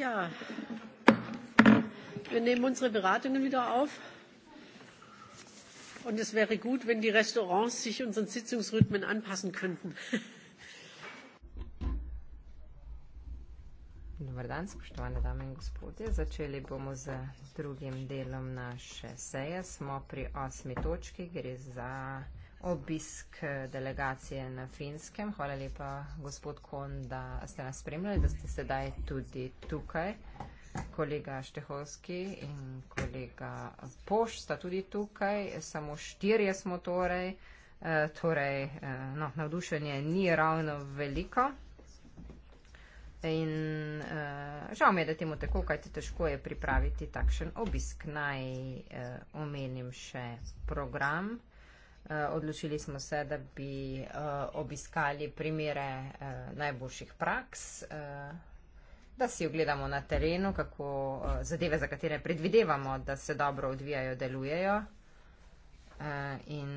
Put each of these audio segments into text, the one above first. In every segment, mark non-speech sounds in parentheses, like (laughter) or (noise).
Ja. wir nehmen unsere beratungen wieder auf und es wäre gut wenn die restaurants sich unseren sitzungsrhythmen anpassen könnten. Dobar dan, spoštovane dame in gospodje. Začeli bomo z drugim delom naše seje. Smo pri osmi točki, gre za obisk eh, delegacije na Finskem. Hvala lepa, gospod Kon, da ste nas spremljali, da ste sedaj tudi tukaj. Kolega Štehovski in kolega Poš sta tudi tukaj, samo štirje smo torej, e, torej e, no, navdušenje ni ravno veliko. In uh, žal mi je, da temu tako, kajti težko je pripraviti takšen obisk. Naj uh, omenim še program. Eh, odločili smo se, da bi eh, obiskali primere eh, najboljših praks, da si ogledamo na terenu, kako zadeve, za katere predvidevamo, da se dobro odvijajo, delujejo. In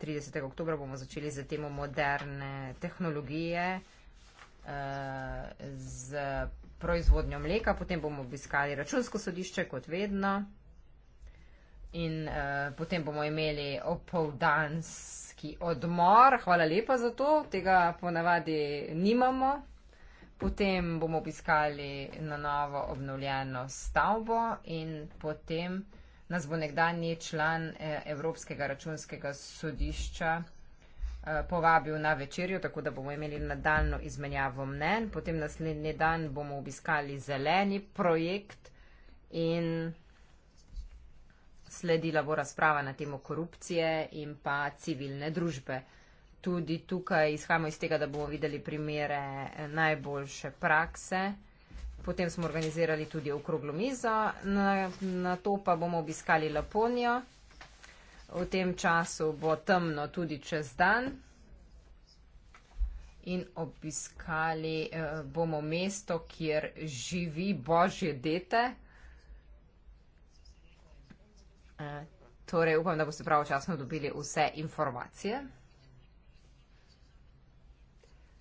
30. oktober bomo začeli z temo moderne tehnologije, z proizvodnjo mleka, potem bomo obiskali računsko sodišče, kot vedno in uh, potem bomo imeli opoldanski odmor. Hvala lepa za to, tega ponavadi nimamo. Potem bomo obiskali na novo obnovljeno stavbo in potem nas bo nekdanji član eh, Evropskega računskega sodišča eh, povabil na večerjo, tako da bomo imeli nadaljno izmenjavo mnen. Potem naslednji dan bomo obiskali zeleni projekt in sledila bo razprava na temo korupcije in pa civilne družbe. Tudi tukaj izhajamo iz tega, da bomo videli primere najboljše prakse. Potem smo organizirali tudi okroglo mizo, na, na to pa bomo obiskali Laponijo. V tem času bo temno tudi čez dan in obiskali eh, bomo mesto, kjer živi božje dete, Torej, upam, da boste pravočasno dobili vse informacije.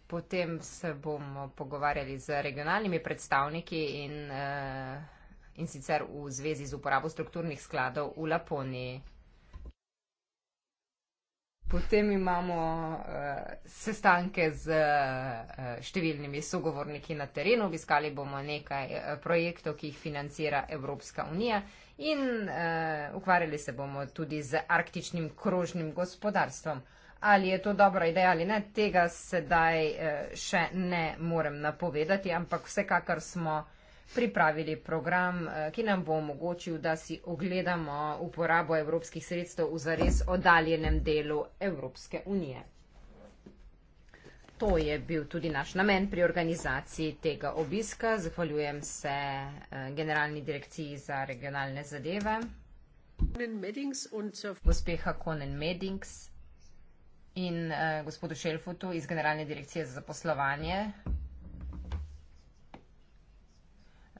Potem se bomo pogovarjali z regionalnimi predstavniki in, eh, in sicer v zvezi z uporabo strukturnih skladov v Laponiji. Potem imamo uh, sestanke z uh, številnimi sogovorniki na terenu, obiskali bomo nekaj uh, projektov, ki jih financira Evropska unija in uh, ukvarjali se bomo tudi z arktičnim krožnim gospodarstvom. Ali je to dobra ideja ali ne, tega sedaj uh, še ne morem napovedati, ampak vsekakor smo uh, pripravili program, eh, ki nam bo omogočil, da si ogledamo uporabo evropskih sredstev v zares oddaljenem delu Evropske unije. To je bil tudi naš namen pri organizaciji tega obiska. Zahvaljujem se eh, Generalni direkciji za regionalne zadeve. Gospe Hakonen Medings in eh, gospodu Šelfutu iz Generalne direkcije za zaposlovanje.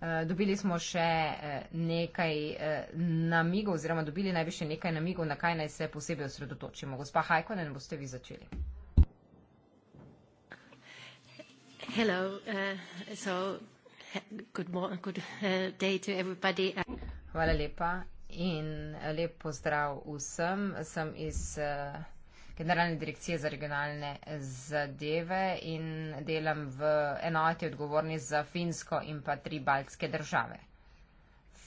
Eh, dobili smo še eh, nekaj eh, namigov, oziroma dobili naj bi še nekaj namigov, na kaj naj se posebej osredotočimo. Gospa Hajko, ne boste vi začeli. Hello, uh, good morning, good day to everybody. Hvala lepa in lep pozdrav vsem. Sem iz uh, generalne direkcije za regionalne zadeve in delam v enoti odgovorni za Finsko in pa tri baltske države.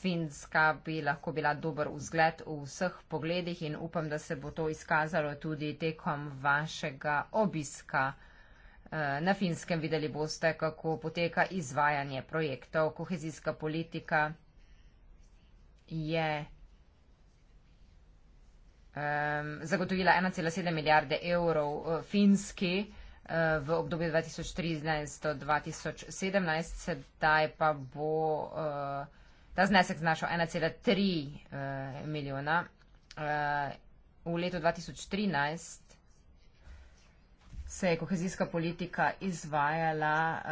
Finska bi lahko bila dober vzgled v vseh pogledih in upam, da se bo to izkazalo tudi tekom vašega obiska. Eh, na Finskem videli boste, kako poteka izvajanje projektov. Kohezijska politika je. Yeah um, zagotovila 1,7 milijarde evrov uh, finski uh, v obdobju 2013-2017, sedaj pa bo uh, ta znesek znašal 1,3 uh, milijona. Uh, v letu 2013 se je kohezijska politika izvajala uh,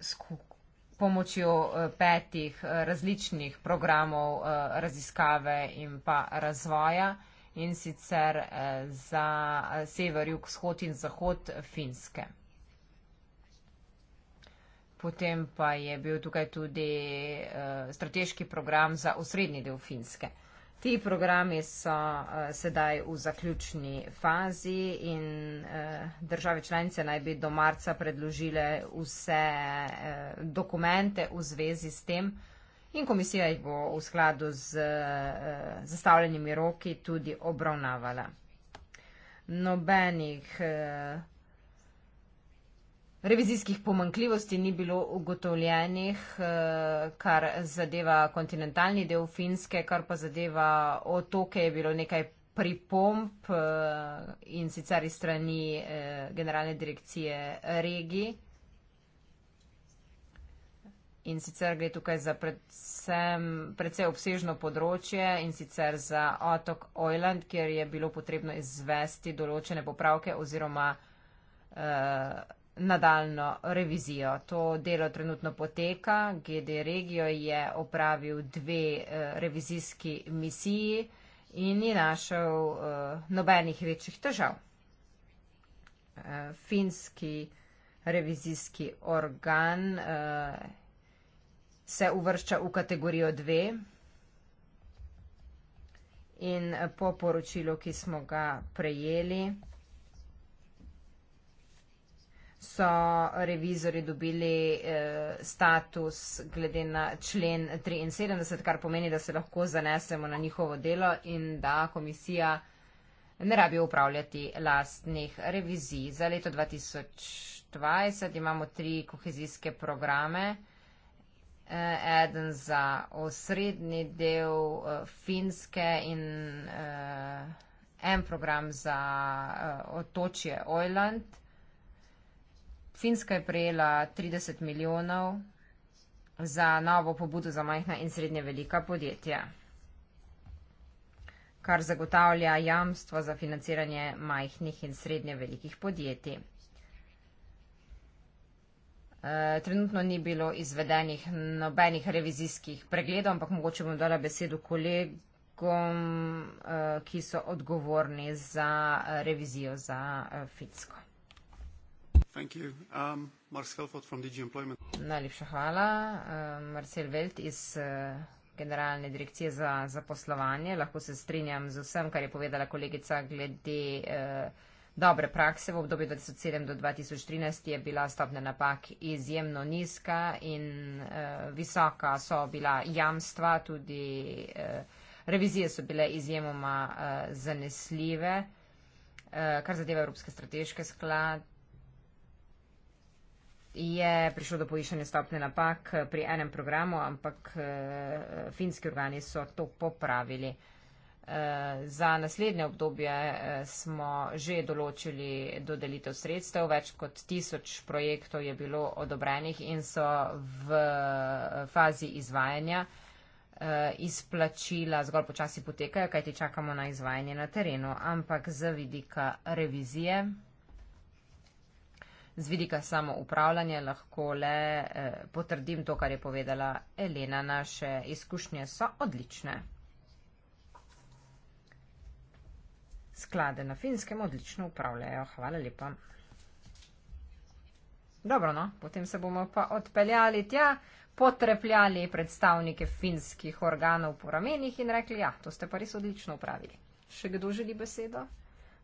skupaj pomočjo petih različnih programov raziskave in pa razvoja in sicer eh, za eh, sever, jug, vzhod in zahod Finske. Potem pa je bil tukaj tudi eh, strateški program za osrednji del Finske. Ti programi so sedaj v zaključni fazi in države članice naj bi do marca predložile vse dokumente v zvezi s tem, in komisija jih bo v skladu z eh, zastavljenimi roki tudi obravnavala. Nobenih eh, revizijskih pomankljivosti ni bilo ugotovljenih, eh, kar zadeva kontinentalni del Finske, kar pa zadeva otoke, je bilo nekaj pripomp in sicer iz strani generalne direkcije regiji. In sicer gre tukaj za predvsem, predvsej obsežno področje in sicer za otok Oiland, kjer je bilo potrebno izvesti določene popravke oziroma eh, nadaljno revizijo. To delo trenutno poteka. GD Regio je opravil dve eh, revizijski misiji in ni našel eh, nobenih večjih težav. Eh, finski revizijski organ. Eh, se uvršča v kategorijo dve in eh, po poročilu, ki smo ga prejeli, so revizori dobili eh, status glede na člen 73, kar pomeni, da se lahko zanesemo na njihovo delo in da komisija ne rabi upravljati lastnih revizij. Za leto 2020 imamo tri kohezijske programe, Eh, eden za osrednji del eh, Finske in eh, en program za otočje Ojland. Finska je prejela 30 milijonov za novo pobudo za majhna in srednje velika podjetja, kar zagotavlja jamstvo za financiranje majhnih in srednje velikih podjetij. Eh, trenutno ni bilo izvedenih nobenih revizijskih pregledov, ampak mogoče bom dala besedo kolegom, eh, ki so odgovorni za eh, revizijo za Finsko. Um, Najlepša hvala. Marcel Velt iz Generalne direkcije za zaposlovanje. Lahko se strinjam z vsem, kar je povedala kolegica glede. Uh, dobre prakse. V obdobju 2007 do 2013 je bila stopna napak izjemno nizka in uh, visoka so bila jamstva, tudi uh, revizije so bile izjemoma uh, zanesljive, uh, kar zadeva Evropske strateške sklad. Je prišlo do povišanja stopne napak pri enem programu, ampak finski organi so to popravili. Uh, Za naslednje obdobje eh, smo že določili dodelitev sredstev, več kot tisoč projektov je bilo odobrenih in so v eh, fazi izvajanja. Eh, izplačila zgolj počasi potekajo, kajti čakamo na izvajanje na terenu, ampak z vidika revizije, z vidika samo upravljanja lahko le potrdim to, kar je povedala Elena. Naše izkušnje so odlične. sklade na finskem odlično upravljajo. Hvala lepa. Dobro, no, potem se bomo pa odpeljali tja, potrepljali predstavnike finskih organov po ramenih in rekli, ja, to ste pa res odlično upravili. Še kdo želi besedo?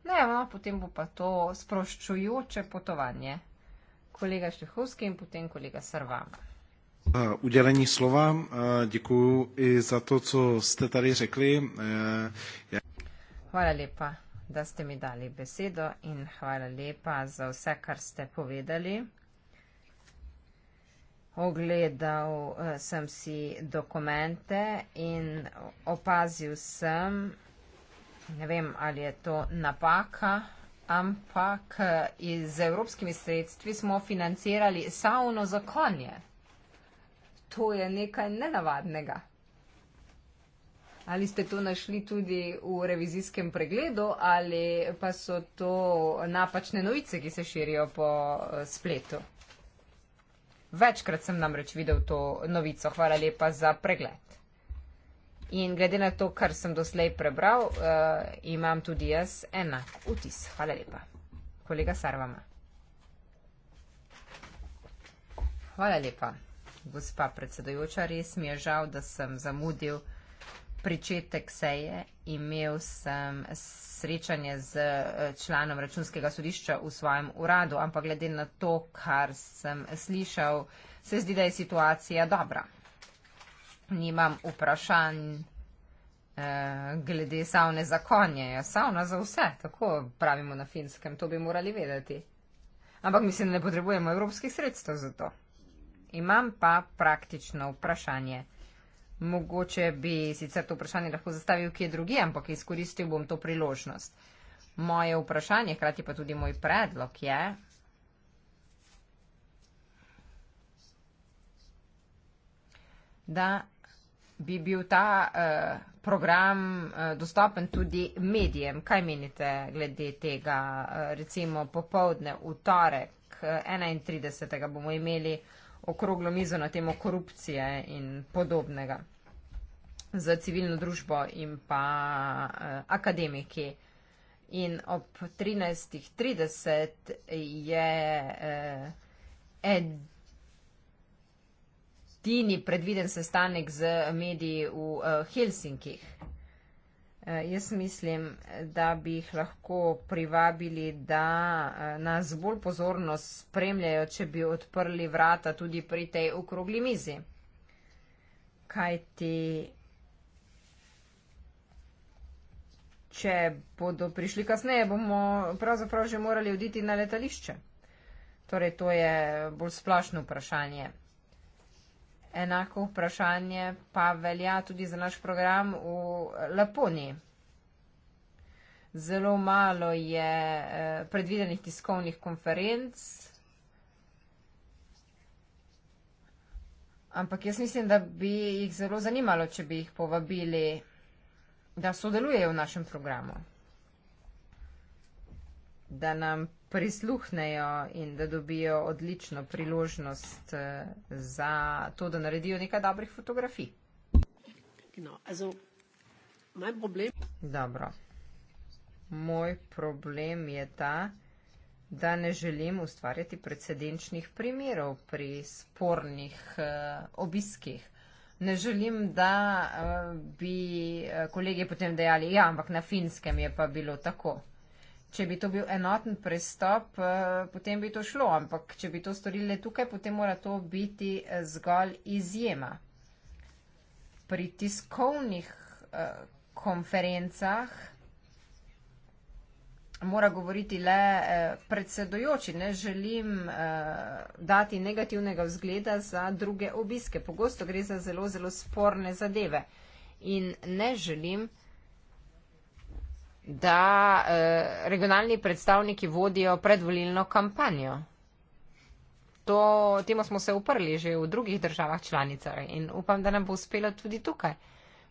Ne, no, potem bo pa to sproščujoče potovanje. Kolega Štehovski in potem kolega Srvam. Uh, eh, udělení slova, uh, eh, děkuji i za to, co jste tady řekli. Uh, já... Hvala lepa, da ste mi dali besedo in hvala lepa za vse, kar ste povedali. Ogledal eh, sem si dokumente in opazil sem, ne vem, ali je to napaka, ampak eh, z evropskimi sredstvi smo financirali savno za konje. To je nekaj nenavadnega. Ali ste to našli tudi v revizijskem pregledu ali pa so to napačne novice, ki se širijo po eh, spletu? Večkrat sem namreč videl to novico. Hvala lepa za pregled. In glede na to, kar sem doslej prebral, uh, imam tudi jaz enak vtis. Hvala lepa. Kolega Sarvama. Hvala lepa. Gospa predsedojoča, res mi je žal, da sem zamudil pričetek seje imel sem srečanje z eh, članom računskega sodišča v svojem uradu, ampak glede na to, kar sem slišal, se zdi, da je situacija dobra. Nimam vprašanj eh, glede savne zakonje. Je ja, savna za vse, tako pravimo na finskem, to bi morali vedeti. Ampak mislim, da ne potrebujemo evropskih sredstev za to. Imam pa praktično vprašanje. Mogoče bi sicer to vprašanje lahko zastavil kje drugi, ampak izkoristil bom to priložnost. Moje vprašanje, hkrati pa tudi moj predlog je. da bi bil ta uh, program uh, dostopen tudi medijem. Kaj menite glede tega? Uh, recimo popovdne v torek uh, 31. bomo imeli okroglo mizo na temo korupcije in podobnega za civilno družbo in pa uh, akademiki. In ob 13.30 je uh, edini predviden sestanek z mediji v uh, Helsinkih. Jaz mislim, da bi jih lahko privabili, da nas bolj pozorno spremljajo, če bi odprli vrata tudi pri tej okrogli mizi. Kaj ti? Te... če bodo prišli kasneje, bomo pravzaprav že morali oditi na letališče. Torej, to je bolj splošno vprašanje. Enako vprašanje pa velja tudi za naš program v Laponiji. Zelo malo je eh, predvidenih tiskovnih konferenc, ampak jaz mislim, da bi jih zelo zanimalo, če bi jih povabili da sodelujejo v našem programu, da nam prisluhnejo in da dobijo odlično priložnost eh, za to, da naredijo nekaj dobrih fotografij. No, Dobro. Moj problem je ta, da ne želim ustvarjati precedenčnih primerov pri spornih uh, obiskih. Ne želim, da eh, bi eh, kolegi potem dejali, ja, ampak na finskem je pa bilo tako. Če bi to bil enoten pristop, eh, potem bi to šlo, ampak če bi to storili tukaj, potem mora to biti zgolj izjema. Pri tiskovnih konferencah mora govoriti le eh, predsedojoči. Ne želim eh, dati negativnega vzgleda za druge obiske. Pogosto gre za zelo, zelo sporne zadeve. In ne želim, da eh, regionalni predstavniki vodijo predvolilno kampanjo. To, temu smo se uprli že v drugih državah članicah in upam, da nam bo uspelo tudi tukaj.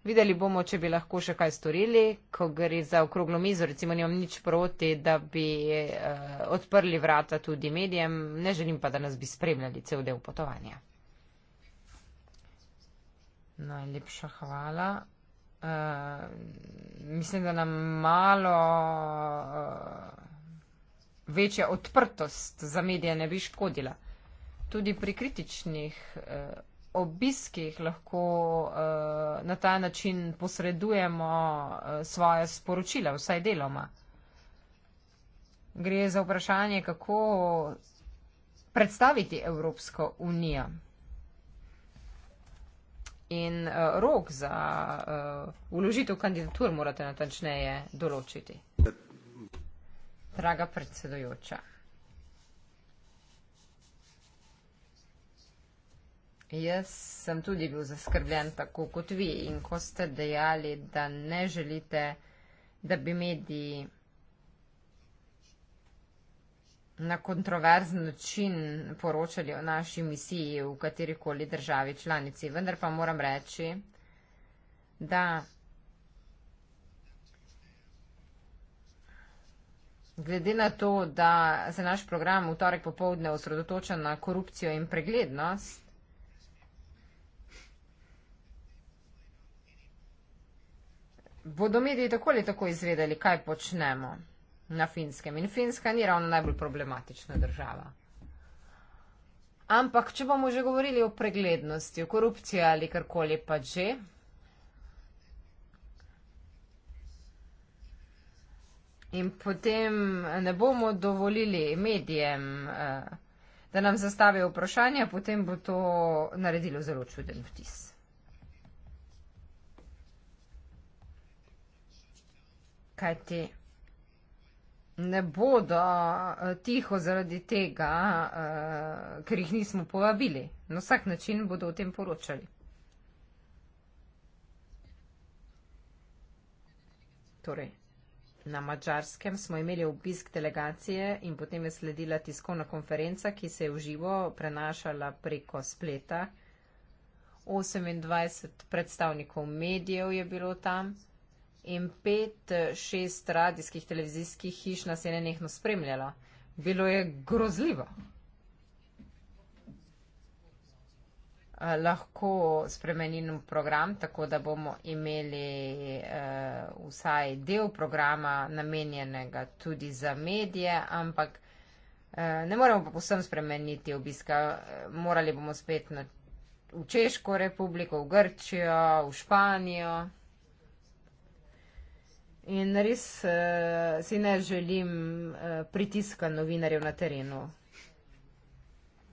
Videli bomo, če bi lahko še kaj storili, ko gre za okroglo mizo, recimo nimam nič proti, da bi eh, odprli vrata tudi medijem, ne želim pa, da nas bi spremljali cel del potovanja. Najlepša hvala. Uh, mislim, da nam malo uh, večja odprtost za medije ne bi škodila. Tudi pri kritičnih. Uh, obiskih lahko uh, na ta način posredujemo uh, eh, svoje sporočila, vsaj deloma. Gre za vprašanje, kako predstaviti Evropsko unijo. In uh, rok za uh, uložitev kandidatur morate natančneje določiti. Draga predsedujoča. Jaz sem tudi bil zaskrbljen, tako kot vi. In ko ste dejali, da ne želite, da bi mediji na kontroverzen način poročali o naši misiji v katerikoli državi članici, vendar pa moram reči, da glede na to, da se naš program v torek popovdne osredotoča na korupcijo in preglednost, bodo mediji tako ali tako izvedeli, kaj počnemo na finskem. In finska ni ravno najbolj problematična država. Ampak, če bomo že govorili o preglednosti, o korupciji ali karkoli pa že, in potem ne bomo dovolili medijem, eh, da nam zastavijo vprašanja, potem bo to naredilo zelo čuden vtis. kaj ti ne bodo eh, tiho zaradi tega, eh, ker jih nismo povabili. Na vsak način bodo o tem poročali. Torej, na Mačarskem smo imeli obisk delegacije in potem je sledila tiskovna konferenca, ki se je v živo prenašala preko spleta. 28 predstavnikov medijev je bilo tam in pet, šest radijskih televizijskih hiš nas je nenehno spremljala. Bilo je grozljivo. Eh, lahko spremenim program, tako da bomo imeli eh, vsaj del programa namenjenega tudi za medije, ampak eh, ne moremo pa posem spremeniti obiska. Morali bomo spet na, v Češko republiko, v Grčijo, v Španijo. In res uh, si ne želim uh, pritiska novinarjev na terenu.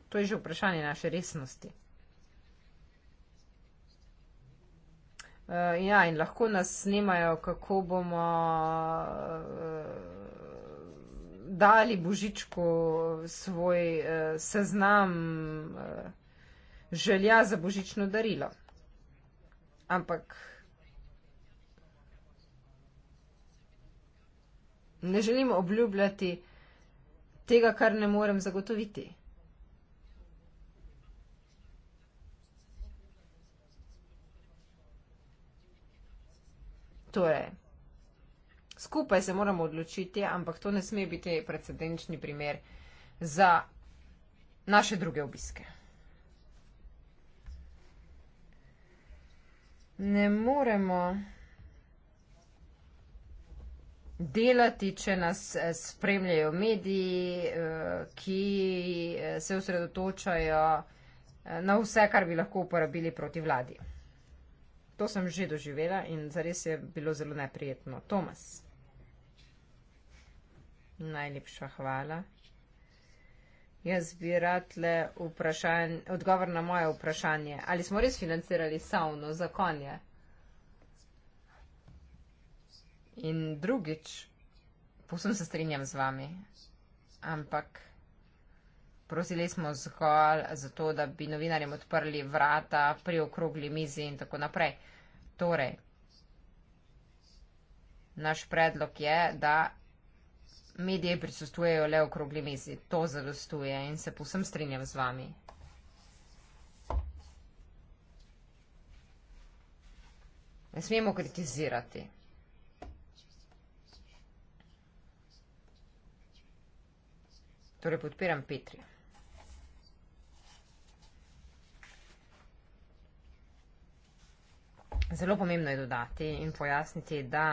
To je že vprašanje naše resnosti. Uh, ja, in lahko nas snimajo, kako bomo uh, dali Božičku svoj uh, seznam uh, želja za Božično darilo. Ampak. Uh, Ne želim obljubljati tega, kar ne morem zagotoviti. Torej, skupaj se moramo odločiti, ampak to ne sme biti precedenčni primer za naše druge obiske. Ne moremo delati, če nas eh, spremljajo mediji, eh, ki eh, se osredotočajo na vse, kar bi lahko uporabili proti vladi. To sem že doživela in zares je bilo zelo neprijetno. Tomas. Najlepša hvala. Jaz bi rad le odgovor na moje vprašanje. Ali smo res financirali savno za konje? In drugič, posem se strinjam z vami, ampak prosili smo zgolj za to, da bi novinarjem odprli vrata pri okrogli mizi in tako naprej. Torej, naš predlog je, da medije prisustujejo le okrogli mizi. To zadostuje in se posem strinjam z vami. Ne smemo kritizirati. Torej podpiram Petri. Zelo pomembno je dodati in pojasniti, da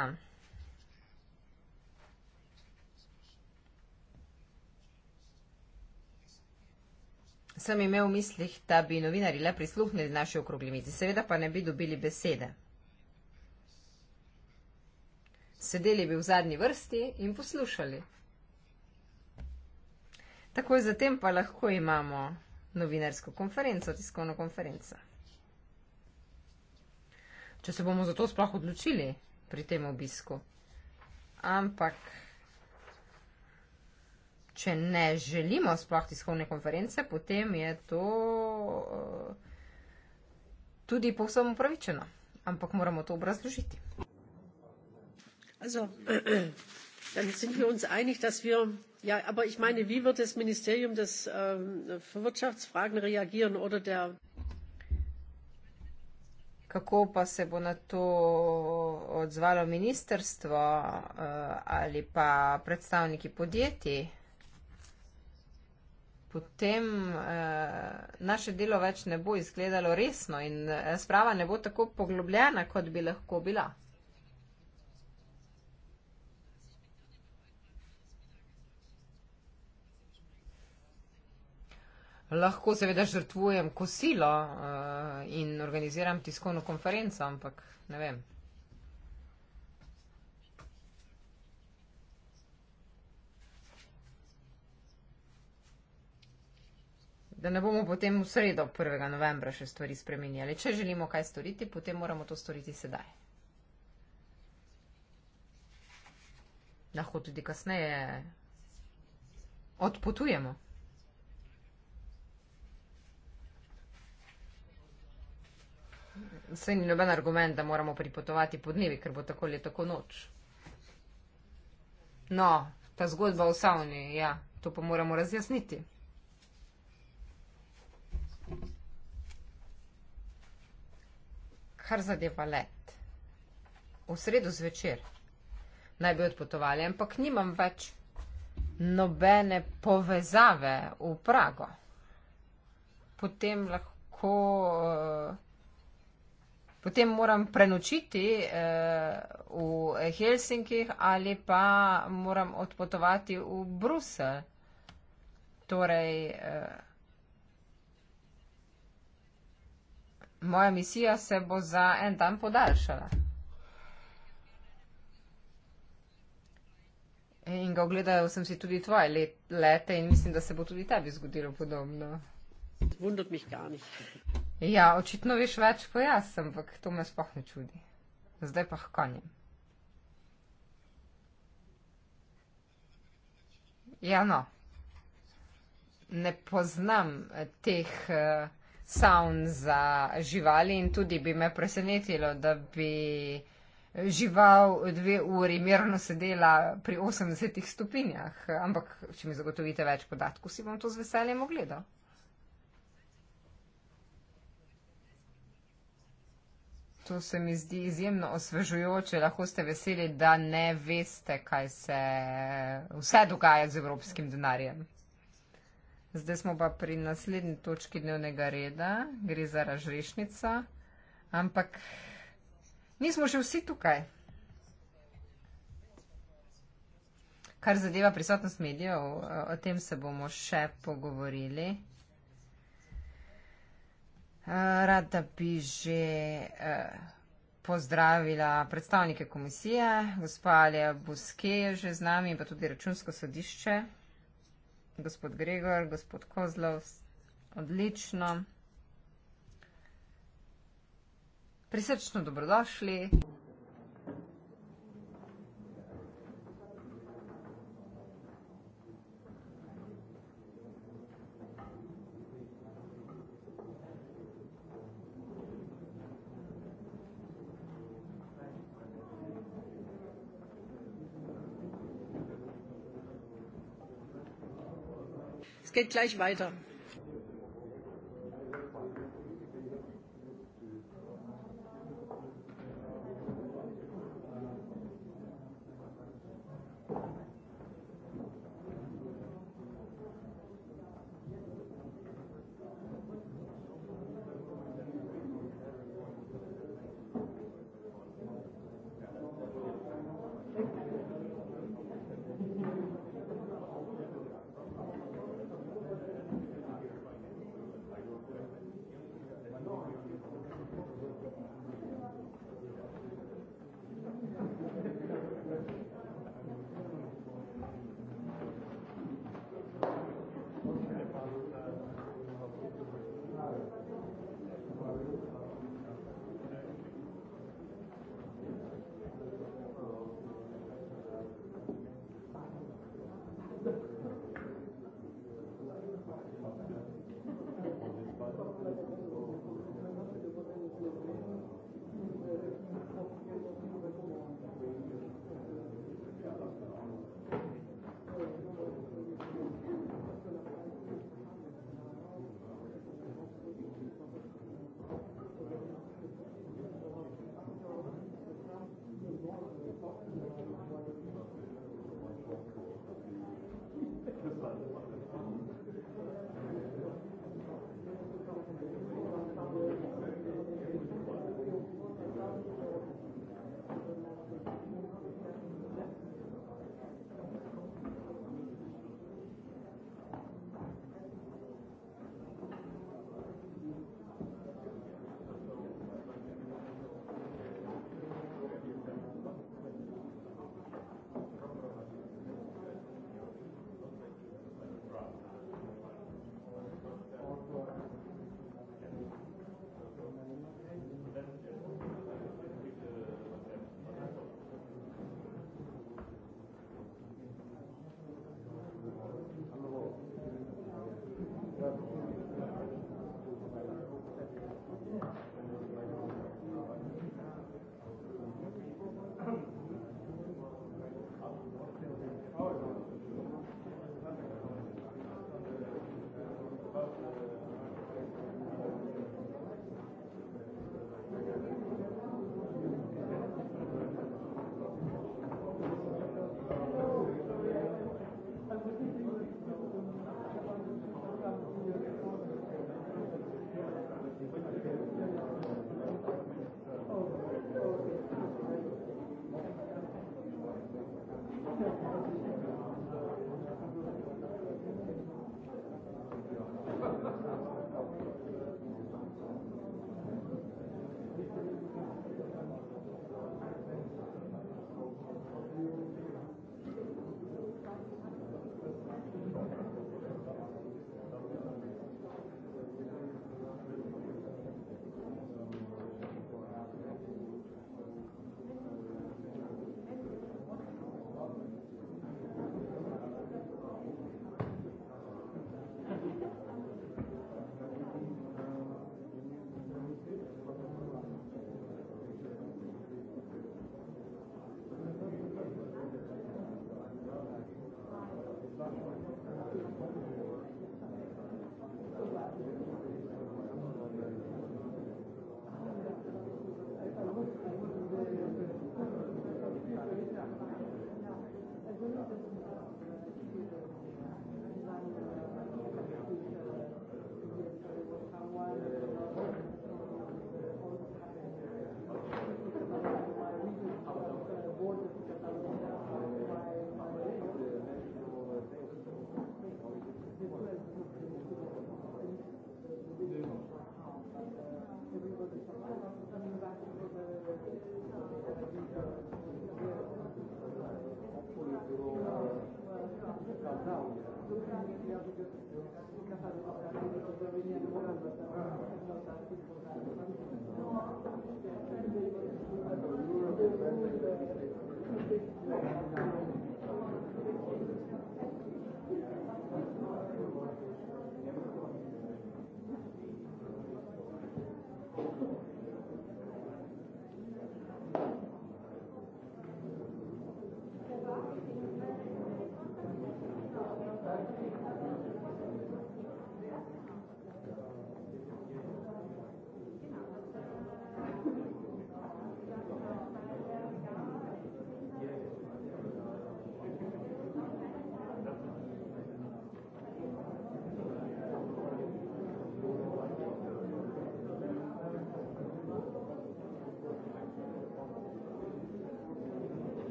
sem imel v mislih, da bi novinari le prisluhnili naši okroglimici, seveda pa ne bi dobili besede. Sedeli bi v zadnji vrsti in poslušali. Takoj zatem pa lahko imamo novinarsko konferenco, tiskovno konferenco. Če se bomo za to sploh odločili pri tem obisku. Ampak, če ne želimo sploh tiskovne konference, potem je to eh, tudi povsem upravičeno. Ampak moramo to obrazložiti. Also, (clears throat) dann sind wir uns einig dass wir ja aber ich meine wie wird das ministerium das, äh, für wirtschaftsfragen reagieren oder der Kako pa se bo na to odzvalo ministerstvo eh, ali pa predstavniki podjetij, potem eh, naše delo več ne bo izgledalo resno in eh, sprava ne bo tako poglobljena, kot bi lahko bila. lahko seveda žrtvujem kosilo uh, in organiziram tiskovno konferenco, ampak ne vem. Da ne bomo potem v sredo 1. novembra še stvari spremenjali. Če želimo kaj storiti, potem moramo to storiti sedaj. Lahko tudi kasneje odpotujemo. vse ni noben argument, da moramo pripotovati po dnevi, ker bo tako ali tako noč. No, ta zgodba v savni, ja, to pa moramo razjasniti. Kar zadeva let. V sredo zvečer naj bi odpotovali, ampak nimam več nobene povezave v Prago. Potem lahko. Uh, Potem moram prenočiti eh, v Helsinkih ali pa moram odpotovati v Brusel. Torej, eh, moja misija se bo za en dan podaljšala. In ga ogledal sem si tudi tvoje let, lete in mislim, da se bo tudi tebi zgodilo podobno. Wundert mich gar nicht. Ja, očitno veš več kot jaz, ampak to me sploh ne čudi. Zdaj pa konjem. Ja, no. Ne poznam eh, teh uh, savn za živali in tudi bi me presenetilo, da bi eh, žival dve uri mirno sedela pri 80 stopinjah. Ampak, če mi zagotovite več podatkov, si bom to z veseljem ogledal. To se mi zdi izjemno osvežujoče. Lahko ste veseli, da ne veste, kaj se vse dogaja z evropskim denarjem. Zdaj smo pa pri naslednji točki dnevnega reda. Gre za razrešnico. Ampak nismo še vsi tukaj. Kar zadeva prisotnost medijev, o tem se bomo še pogovorili. Eh, rada bi že eh, pozdravila predstavnike komisije, gospa Alija Buske je že z nami, pa tudi računsko sodišče, gospod Gregor, gospod Kozlov, odlično. Prisrčno dobrodošli. geht gleich weiter.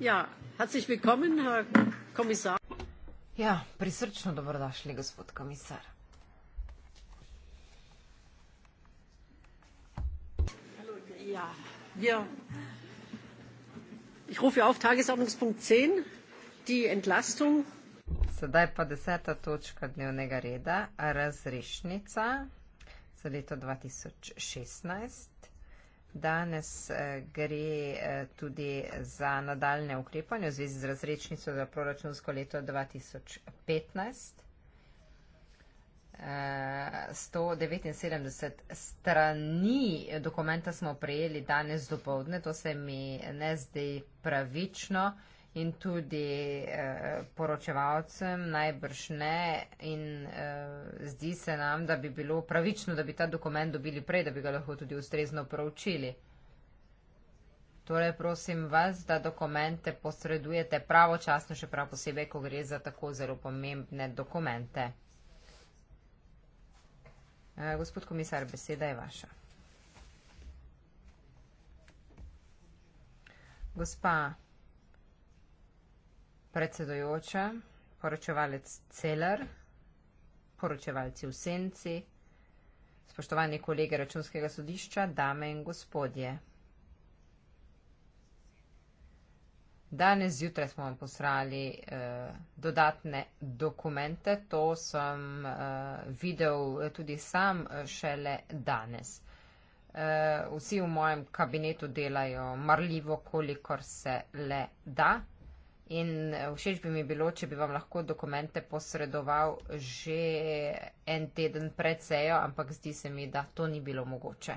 Ja, herzlich willkommen, Herr Kommissar. Ja, prisrčno dobrodošli, gospod komisar. Ja, wir, ich rufe auf Tagesordnungspunkt 10, die Entlastung. Sedaj pa deseta točka dnevnega reda, razrešnica za leto 2016. Danes eh, gre eh, tudi za nadaljne ukrepanje v zvezi z razrečnico za proračunsko leto 2015. 179 eh, strani dokumenta smo prejeli danes dopovdne, to se mi ne zdi pravično in tudi eh, poročevalcem, najbrž ne. In eh, zdi se nam, da bi bilo pravično, da bi ta dokument dobili prej, da bi ga lahko tudi ustrezno proučili. Torej, prosim vas, da dokumente posredujete pravočasno, še prav posebej, ko gre za tako zelo pomembne dokumente. Eh, gospod komisar, beseda je vaša. Gospa predsedojoča, poročevalec Celer, poročevalci v senci, spoštovani kolege računskega sodišča, dame in gospodje. Danes zjutraj smo vam poslali eh, dodatne dokumente, to sem eh, videl tudi sam eh, šele danes. Eh, vsi v mojem kabinetu delajo marljivo, kolikor se le da. In eh, všeč bi mi bilo, če bi vam lahko dokumente posredoval že en teden pred sejo, ampak zdi se mi, da to ni bilo mogoče.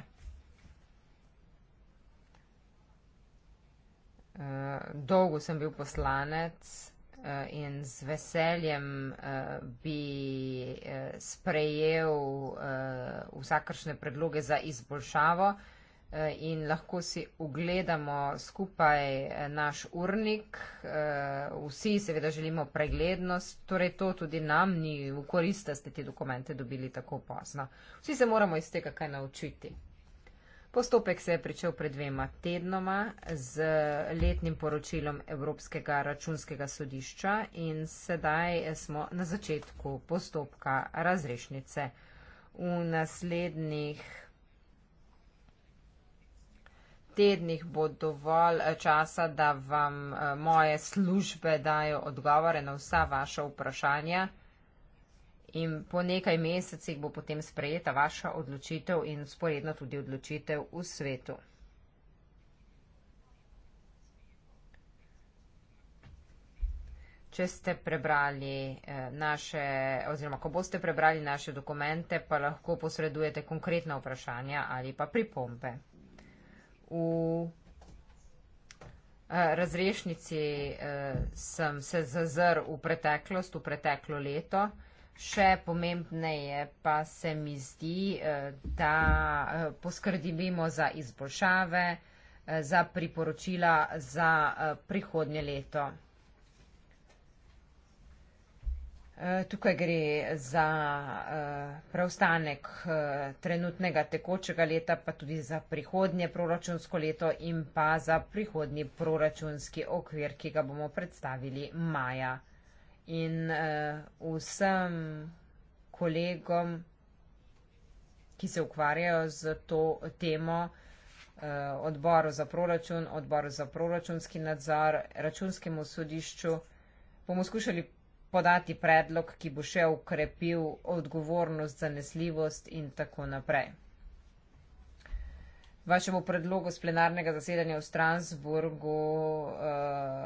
Eh, dolgo sem bil poslanec eh, in z veseljem bi sprejel vsakršne predloge za izboljšavo. Eh, in lahko si ogledamo skupaj eh, naš urnik. Eh, vsi seveda želimo preglednost, torej to tudi nam ni v korist, da ste te dokumente dobili tako pozno. Vsi se moramo iz tega kaj naučiti. Postopek se je pričel pred dvema tednoma z letnim poročilom Evropskega računskega sodišča in sedaj smo na začetku postopka razrešnice. V naslednjih tednih bo dovolj eh, časa, da vam eh, moje službe dajo odgovore na vsa vaša vprašanja in po nekaj mesecih bo potem sprejeta vaša odločitev in sporedno tudi odločitev v svetu. Če ste prebrali eh, naše, oziroma ko boste prebrali naše dokumente, pa lahko posredujete konkretna vprašanja ali pa pripombe v eh, razrešnici eh, sem se zazr v preteklost, v preteklo leto. Še pomembneje pa se mi zdi, eh, da poskrbimo za izboljšave, za priporočila za prihodnje leto. Eh, tukaj gre za eh, preostanek eh, trenutnega tekočega leta, pa tudi za prihodnje proračunsko leto in pa za prihodnji proračunski okvir, ki ga bomo predstavili maja. In vsem kolegom, ki se ukvarjajo z to temo, odboru za proračun, odboru za proračunski nadzor, računskemu sodišču, bomo skušali predstaviti, podati predlog, ki bo še ukrepil odgovornost, zanesljivost in tako naprej. Vašemu predlogu z plenarnega zasedanja v Strasburgu uh,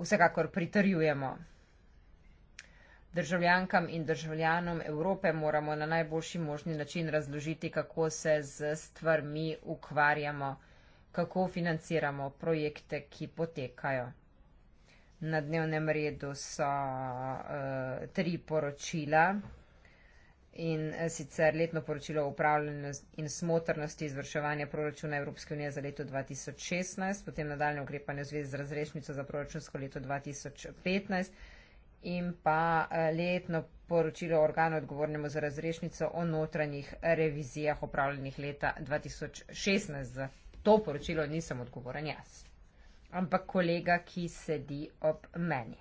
vsekakor pritarjujemo. Državljankam in državljanom Evrope moramo na najboljši možni način razložiti, kako se z stvarmi ukvarjamo, kako financiramo projekte, ki potekajo. Na dnevnem redu so uh, tri poročila in eh, sicer letno poročilo o upravljanju in smotrnosti izvrševanja proračuna Evropske unije za leto 2016, potem nadaljne ukrepanje v zvezi z razrešnico za proračunsko leto 2015 in pa eh, letno poročilo organu odgovornemu za razrešnico o notranjih revizijah upravljenih leta 2016. Za to poročilo nisem odgovoren jaz ampak kolega, ki sedi ob meni.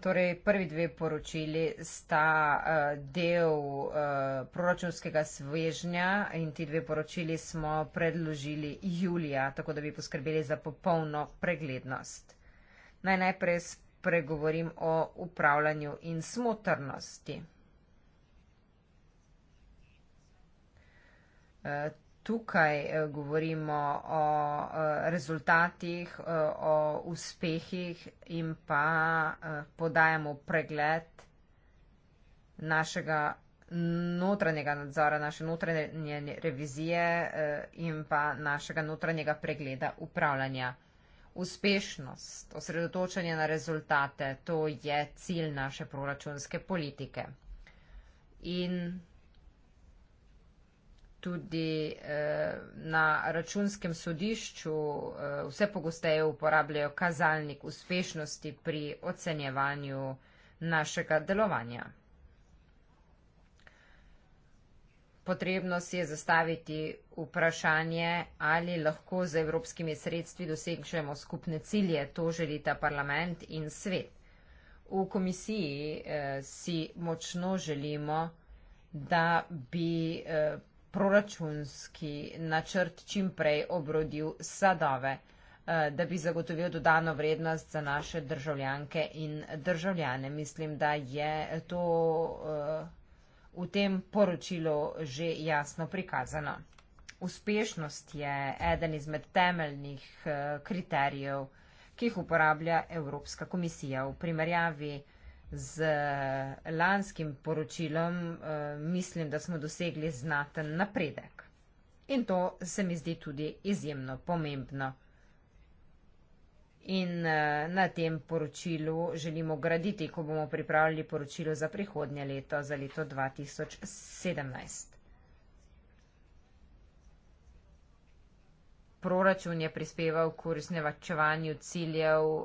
Torej, prvi dve poročili sta uh, del uh, proračunskega svežnja in ti dve poročili smo predložili julija, tako da bi poskrbeli za popolno preglednost. Naj najprej spregovorim o upravljanju in smotrnosti. Uh, tukaj eh, govorimo o eh, rezultatih, eh, o uspehih in pa podajamo pregled našega notranjega nadzora, naše notranje revizije in pa našega notranjega pregleda upravljanja. Uspešnost, osredotočanje na rezultate, to je cilj naše proračunske politike. In tudi eh, na računskem sodišču eh, vse pogosteje uporabljajo kazalnik uspešnosti pri ocenjevanju našega delovanja. Potrebno si je zastaviti vprašanje, ali lahko z evropskimi sredstvi dosegšemo skupne cilje, to želita parlament in svet. V komisiji eh, si močno želimo, da bi eh, proračunski načrt čim prej obrodil sadove, eh, da bi zagotovil dodano vrednost za naše državljanke in državljane. Mislim, da je to eh, v tem poročilu že jasno prikazano. Uspešnost je eden izmed temeljnih eh, kriterijev, ki jih uporablja Evropska komisija v primerjavi z lanskim poročilom eh, mislim, da smo dosegli znaten napredek. In to se mi zdi tudi izjemno pomembno. In eh, na tem poročilu želimo graditi, ko bomo pripravili poročilo za prihodnje leto, za leto 2017. proračun je prispeval k uresnevačevanju ciljev uh,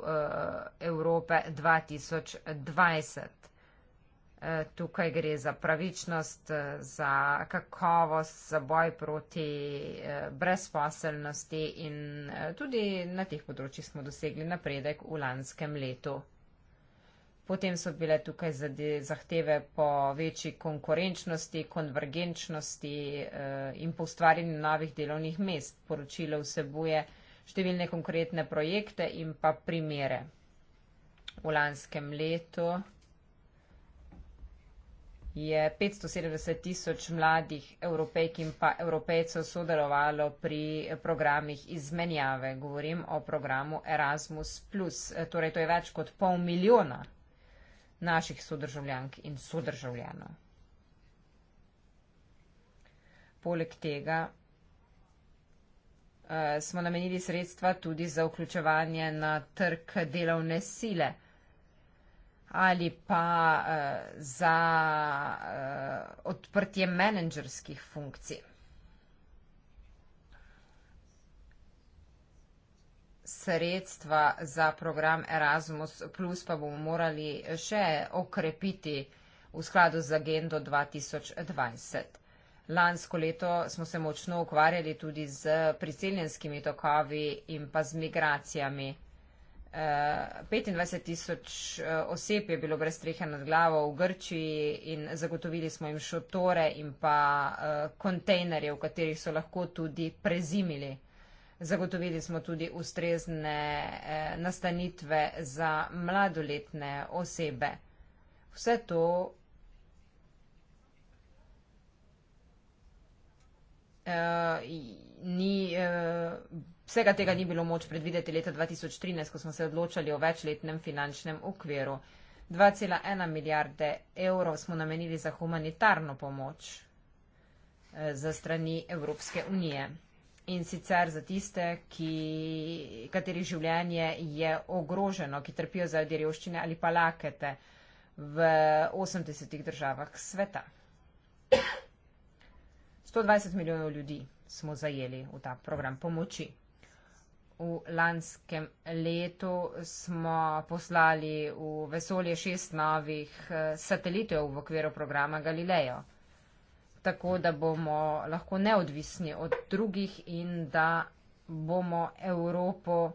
Evrope 2020. Eh, tukaj gre za pravičnost, eh, za kakovost, za boj proti brezposelnosti in tudi na teh področjih smo dosegli napredek v lanskem letu. Potem so bile tukaj zahteve po večji konkurenčnosti, konvergenčnosti eh, in po ustvarjanju novih delovnih mest. Poročilo vsebuje številne konkretne projekte in pa primere. V lanskem letu je 570 tisoč mladih evropejk in pa evropejcev sodelovalo pri programih izmenjave. Govorim o programu Erasmus+. Eh, torej, to je več kot pol milijona naših sodržavljank in sodržavljanov. Poleg tega uh, smo namenili sredstva tudi za vključevanje na trg delovne sile ali pa uh, za uh, odprtje menedžerskih funkcij. sredstva za program Erasmus, pa bomo morali še okrepiti v skladu z agendo 2020. Lansko leto smo se močno ukvarjali tudi z priseljenskimi tokavi in pa z migracijami. 25 eh, tisoč eh, oseb je bilo brez strehe nad glavo v Grčiji in zagotovili smo jim šotore in pa eh, kontejnerje, v katerih so lahko tudi prezimili. Zagotovili smo tudi ustrezne eh, nastanitve za mladoletne osebe. Vse to eh, ni, eh, vsega tega ni bilo moč predvideti leta 2013, ko smo se odločali o večletnem finančnem okviru. 2,1 milijarde evrov smo namenili za humanitarno pomoč za strani Evropske unije. In sicer za tiste, ki, kateri življenje je ogroženo, ki trpijo zaradi revščine ali pa lakete v 80 državah sveta. 120 milijonov ljudi smo zajeli v ta program pomoči. V lanskem letu smo poslali v vesolje šest novih eh, satelitev v okviru programa Galileo tako da bomo lahko neodvisni od drugih in da bomo Evropo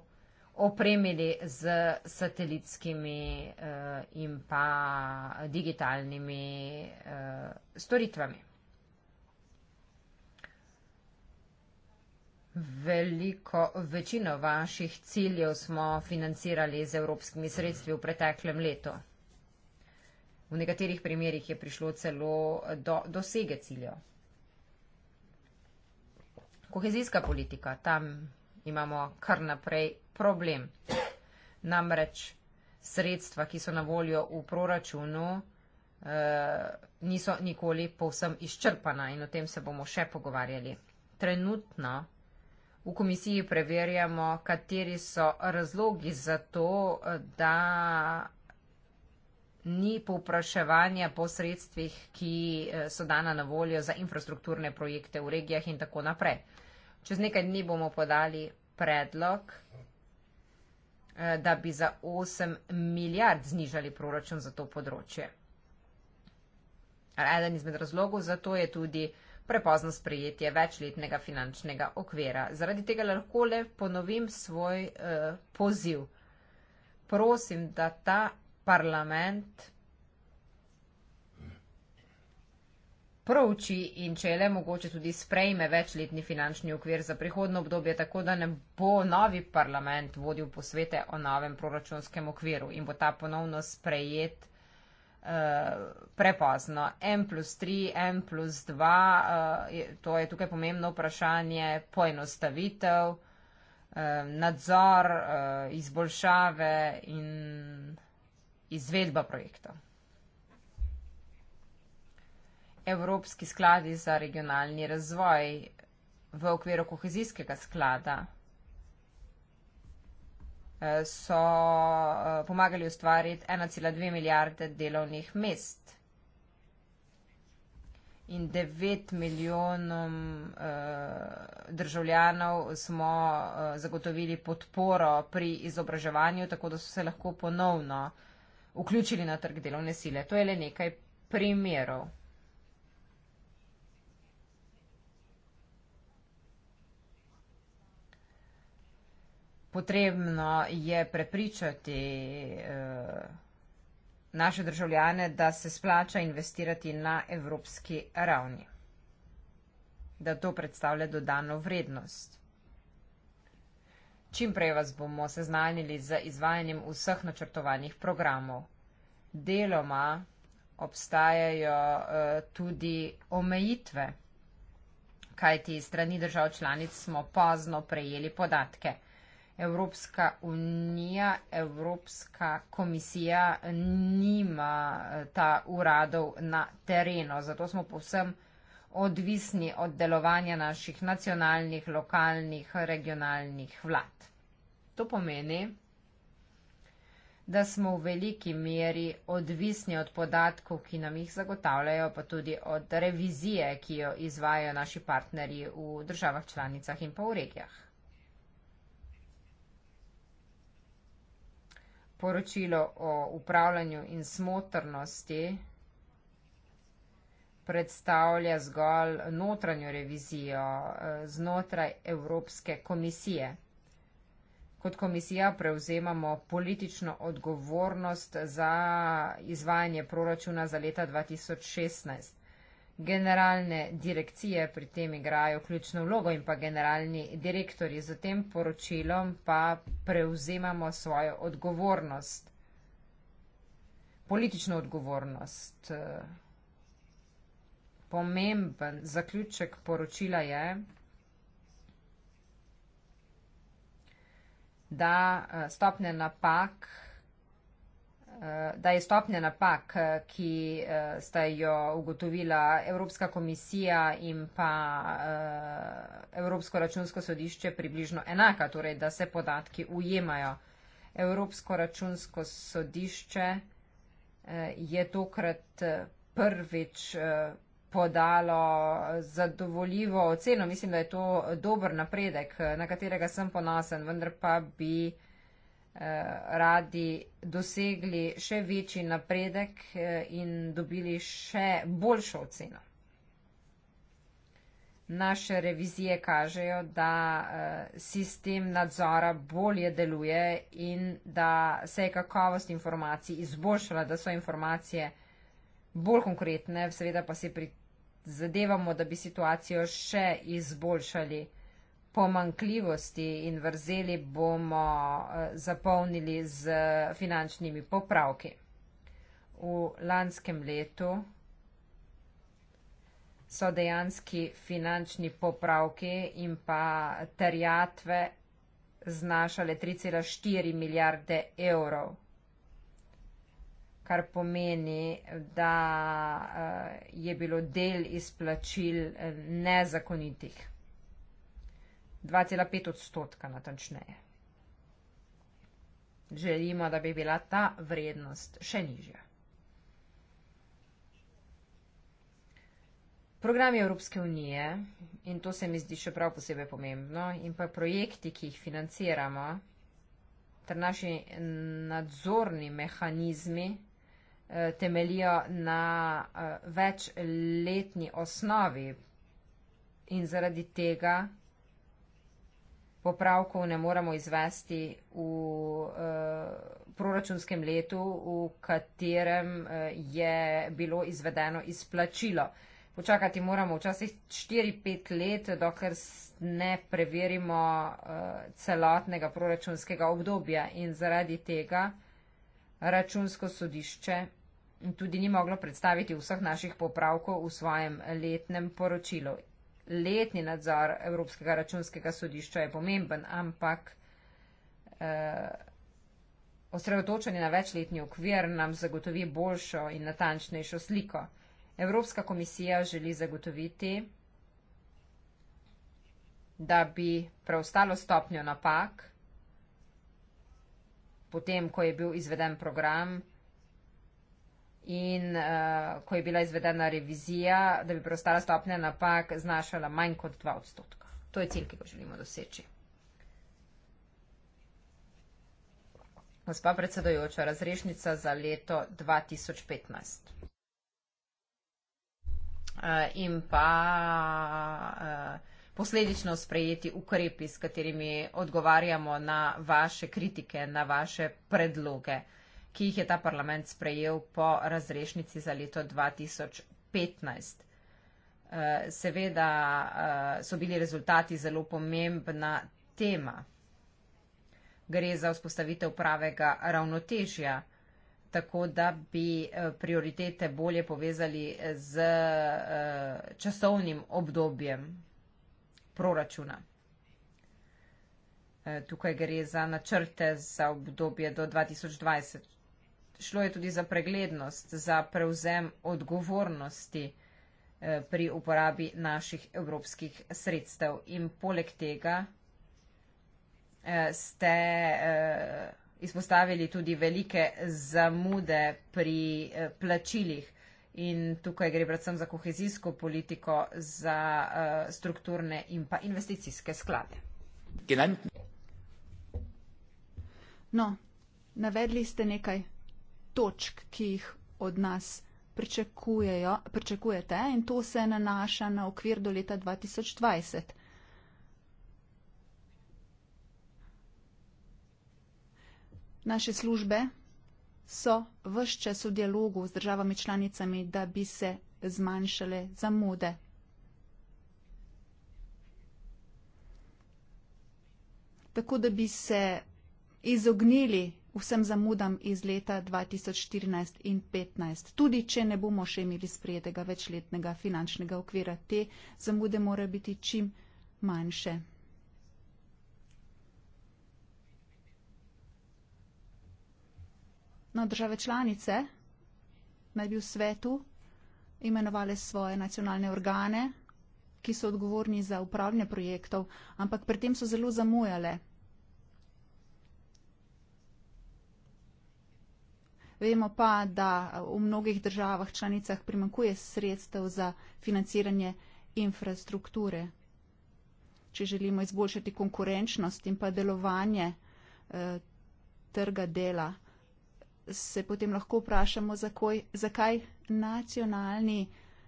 opremili z satelitskimi uh, in pa digitalnimi uh, storitvami. Veliko, večino vaših ciljev smo financirali z evropskimi sredstvi v preteklem letu. V nekaterih primerjih je prišlo celo do dosege ciljev. Kohezijska politika, tam imamo kar naprej problem. Namreč sredstva, ki so na voljo v proračunu, eh, niso nikoli povsem izčrpana in o tem se bomo še pogovarjali. Trenutno v komisiji preverjamo, kateri so razlogi za to, eh, da ni povpraševanja po sredstvih, ki eh, so dana na voljo za infrastrukturne projekte v regijah in tako naprej. Čez nekaj dni bomo podali predlog, eh, da bi za 8 milijard znižali proračun za to področje. Eden izmed razlogov za to je tudi prepozno sprejetje večletnega finančnega okvira. Zaradi tega lahko le ponovim svoj eh, poziv. Prosim, da ta parlament prouči in če je le mogoče tudi sprejme večletni finančni okvir za prihodno obdobje, tako da ne bo novi parlament vodil posvete o novem proračunskem okviru in bo ta ponovno sprejet uh, prepozno. M plus 3, M plus 2, uh, eh, je, to je tukaj pomembno vprašanje, poenostavitev, uh, nadzor, uh, izboljšave in izvedba projekta. Evropski skladi za regionalni razvoj v okviru kohezijskega sklada eh, so eh, pomagali ustvariti 1,2 milijarde delovnih mest in 9 milijonom eh, državljanov smo zagotovili podporo pri izobraževanju, tako da so se lahko ponovno vzpravili vključili na trg delovne sile. To je le nekaj primerov. Potrebno je prepričati eh, naše državljane, da se splača investirati na evropski ravni, da to predstavlja dodano vrednost. Čim prej vas bomo seznanili z izvajanjem vseh načrtovanih programov. Deloma obstajajo eh, tudi omejitve, kajti strani držav članic smo pozno prejeli podatke. Evropska unija, Evropska komisija nima eh, ta uradov na terenu, zato smo povsem prejeli odvisni od delovanja naših nacionalnih, lokalnih, regionalnih vlad. To pomeni, da smo v veliki meri odvisni od podatkov, ki nam jih zagotavljajo, pa tudi od revizije, ki jo izvajo naši partnerji v državah članicah in pa v regijah. Poročilo o upravljanju in smotrnosti predstavlja zgolj notranjo revizijo eh, znotraj Evropske komisije. Kot komisija prevzemamo politično odgovornost za izvajanje proračuna za leta 2016. Generalne direkcije pri tem igrajo ključno vlogo in pa generalni direktori z tem poročilom pa prevzemamo svojo odgovornost, politično odgovornost. Eh, pomemben zaključek poročila je, da eh, stopnje napak eh, da je stopnje napak, eh, ki sta jo ugotovila Evropska komisija in pa Evropsko računsko sodišče približno enaka, torej da se podatki ujemajo. Evropsko računsko sodišče je tokrat prvič podalo zadovoljivo oceno. Mislim, da je to dober napredek, na katerega sem ponosen, vendar pa bi eh, radi dosegli še večji napredek eh, in dobili še boljšo oceno. Naše revizije kažejo, da eh, sistem nadzora bolje deluje in da se je kakovost informacij izboljšala, da so informacije bolj konkretne, seveda pa se pri zadevamo, da bi situacijo še izboljšali. Pomankljivosti in vrzeli bomo eh, zapolnili z finančnimi popravki. V lanskem letu so dejanski finančni popravki in pa terjatve znašale 3,4 milijarde evrov kar pomeni, da eh, je bilo del izplačil eh, nezakonitih. 2,5 odstotka natančneje. Želimo, da bi bila ta vrednost še nižja. Program Evropske unije, in to se mi zdi še prav posebej pomembno, in pa projekti, ki jih financiramo, ter naši nadzorni mehanizmi, Eh, temeljijo na eh, večletni osnovi in zaradi tega popravkov ne moremo izvesti v eh, proračunskem letu, v katerem je bilo izvedeno izplačilo. Počakati moramo včasih 4-5 let, dokler ne preverimo celotnega proračunskega obdobja in zaradi tega računsko sodišče tudi ni moglo predstaviti vseh naših popravkov v svojem letnem poročilu. Letni nadzor Evropskega računskega sodišča je pomemben, ampak eh, osredotočenje na večletni okvir nam zagotovi boljšo in natančnejšo sliko. Evropska komisija želi zagotoviti, da bi preostalo stopnjo napak, potem, ko je bil izveden program, in uh, ko je bila izvedena revizija, da bi preostala stopnja napak znašala manj kot 2 odstotka. To je cilj, ki ga želimo doseči. Gospa predsedojoča, razrešnica za leto 2015. Eh, in pa eh, posledično sprejeti ukrepi, s katerimi odgovarjamo na vaše kritike, na vaše predloge ki jih je ta parlament sprejel po razrešnici za leto 2015. Eh, seveda eh, so bili rezultati zelo pomembna tema. Gre za vzpostavitev pravega ravnotežja, tako da bi eh, prioritete bolje povezali z časovnim obdobjem proračuna. Tukaj gre za načrte za obdobje do 2020, šlo je tudi za preglednost, za prevzem odgovornosti eh, pri uporabi naših evropskih sredstev. In poleg tega eh, ste eh, izpostavili tudi velike zamude pri plačilih. In tukaj gre predvsem za kohezijsko politiko, za strukturne in pa investicijske sklade. No, navedli ste nekaj točk, ki jih od nas pričakujete in to se nanaša na okvir do leta 2020. Naše službe so vse čas v dialogu z državami članicami, da bi se zmanjšale zamude. Tako da bi se izognili vsem zamudam iz leta 2014 in 2015. Tudi, če ne bomo še imeli sprejetega večletnega finančnega okvira, te zamude mora biti čim manjše. No, države članice naj bi v svetu imenovali svoje nacionalne organe, ki so odgovorni za upravljanje projektov, ampak pri tem so zelo zamujale. Vemo pa, da v mnogih državah članicah primankuje sredstev za financiranje infrastrukture. Če želimo izboljšati konkurenčnost in pa delovanje eh, trga dela, se potem lahko vprašamo, zakoj, zakaj nacionalni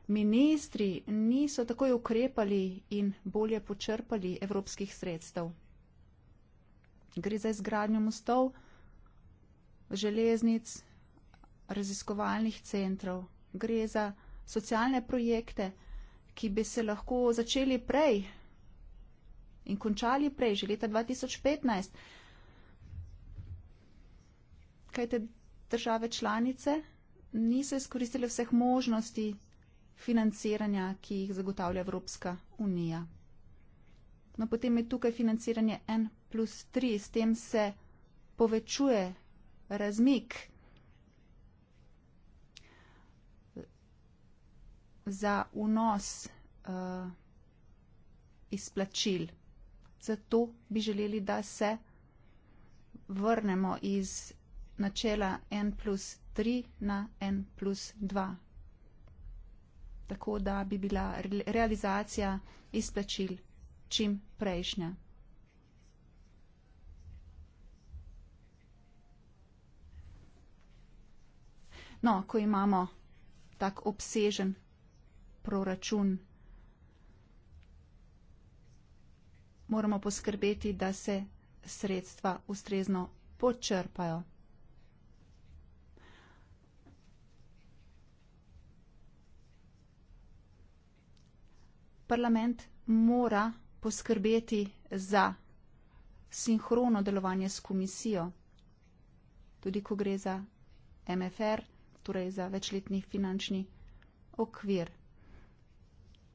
ministri niso takoj ukrepali in bolje počrpali evropskih sredstev. Gre za izgradnjo mostov, železnic, raziskovalnih centrov, gre za socialne projekte, ki bi se lahko začeli prej in končali prej, že leta 2015. Kaj te države članice niso izkoristile vseh možnosti financiranja, ki jih zagotavlja Evropska unija. No, potem je tukaj financiranje 1 plus 3, s tem se povečuje razmik za unos uh, eh, izplačil. Zato bi želeli, da se vrnemo iz načela N plus 3 na N plus 2. Tako da bi bila realizacija izplačil čim prejšnja. No, ko imamo tak obsežen proračun. Moramo poskrbeti, da se sredstva ustrezno počrpajo. Parlament mora poskrbeti za sinhrono delovanje s komisijo, tudi ko gre za MFR, torej za večletni finančni okvir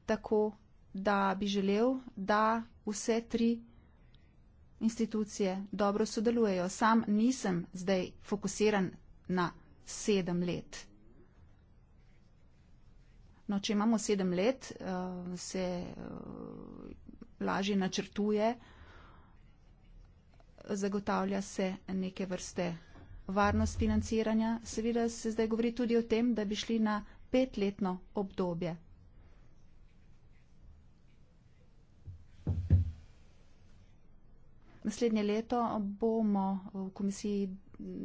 tako, da bi želel, da vse tri institucije dobro sodelujejo. Sam nisem zdaj fokusiran na sedem let. No, če imamo sedem let, eh, se eh, lažje načrtuje, zagotavlja se neke vrste varnost financiranja. Seveda se zdaj govori tudi o tem, da bi šli na petletno obdobje. Naslednje leto bomo v komisiji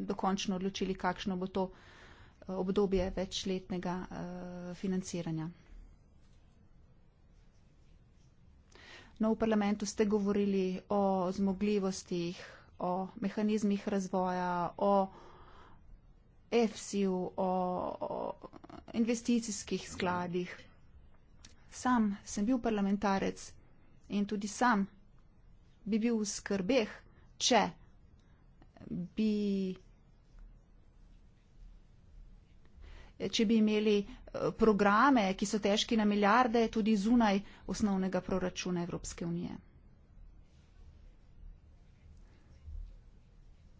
dokončno odločili, kakšno bo to eh, obdobje večletnega eh, financiranja. No, v parlamentu ste govorili o zmogljivostih, o mehanizmih razvoja, o EFSI-ju, o, o investicijskih skladih. Sam sem bil parlamentarec in tudi sam bi bil v skrbeh, če bi, če bi imeli eh, programe, ki so težki na milijarde, tudi zunaj osnovnega proračuna Evropske unije.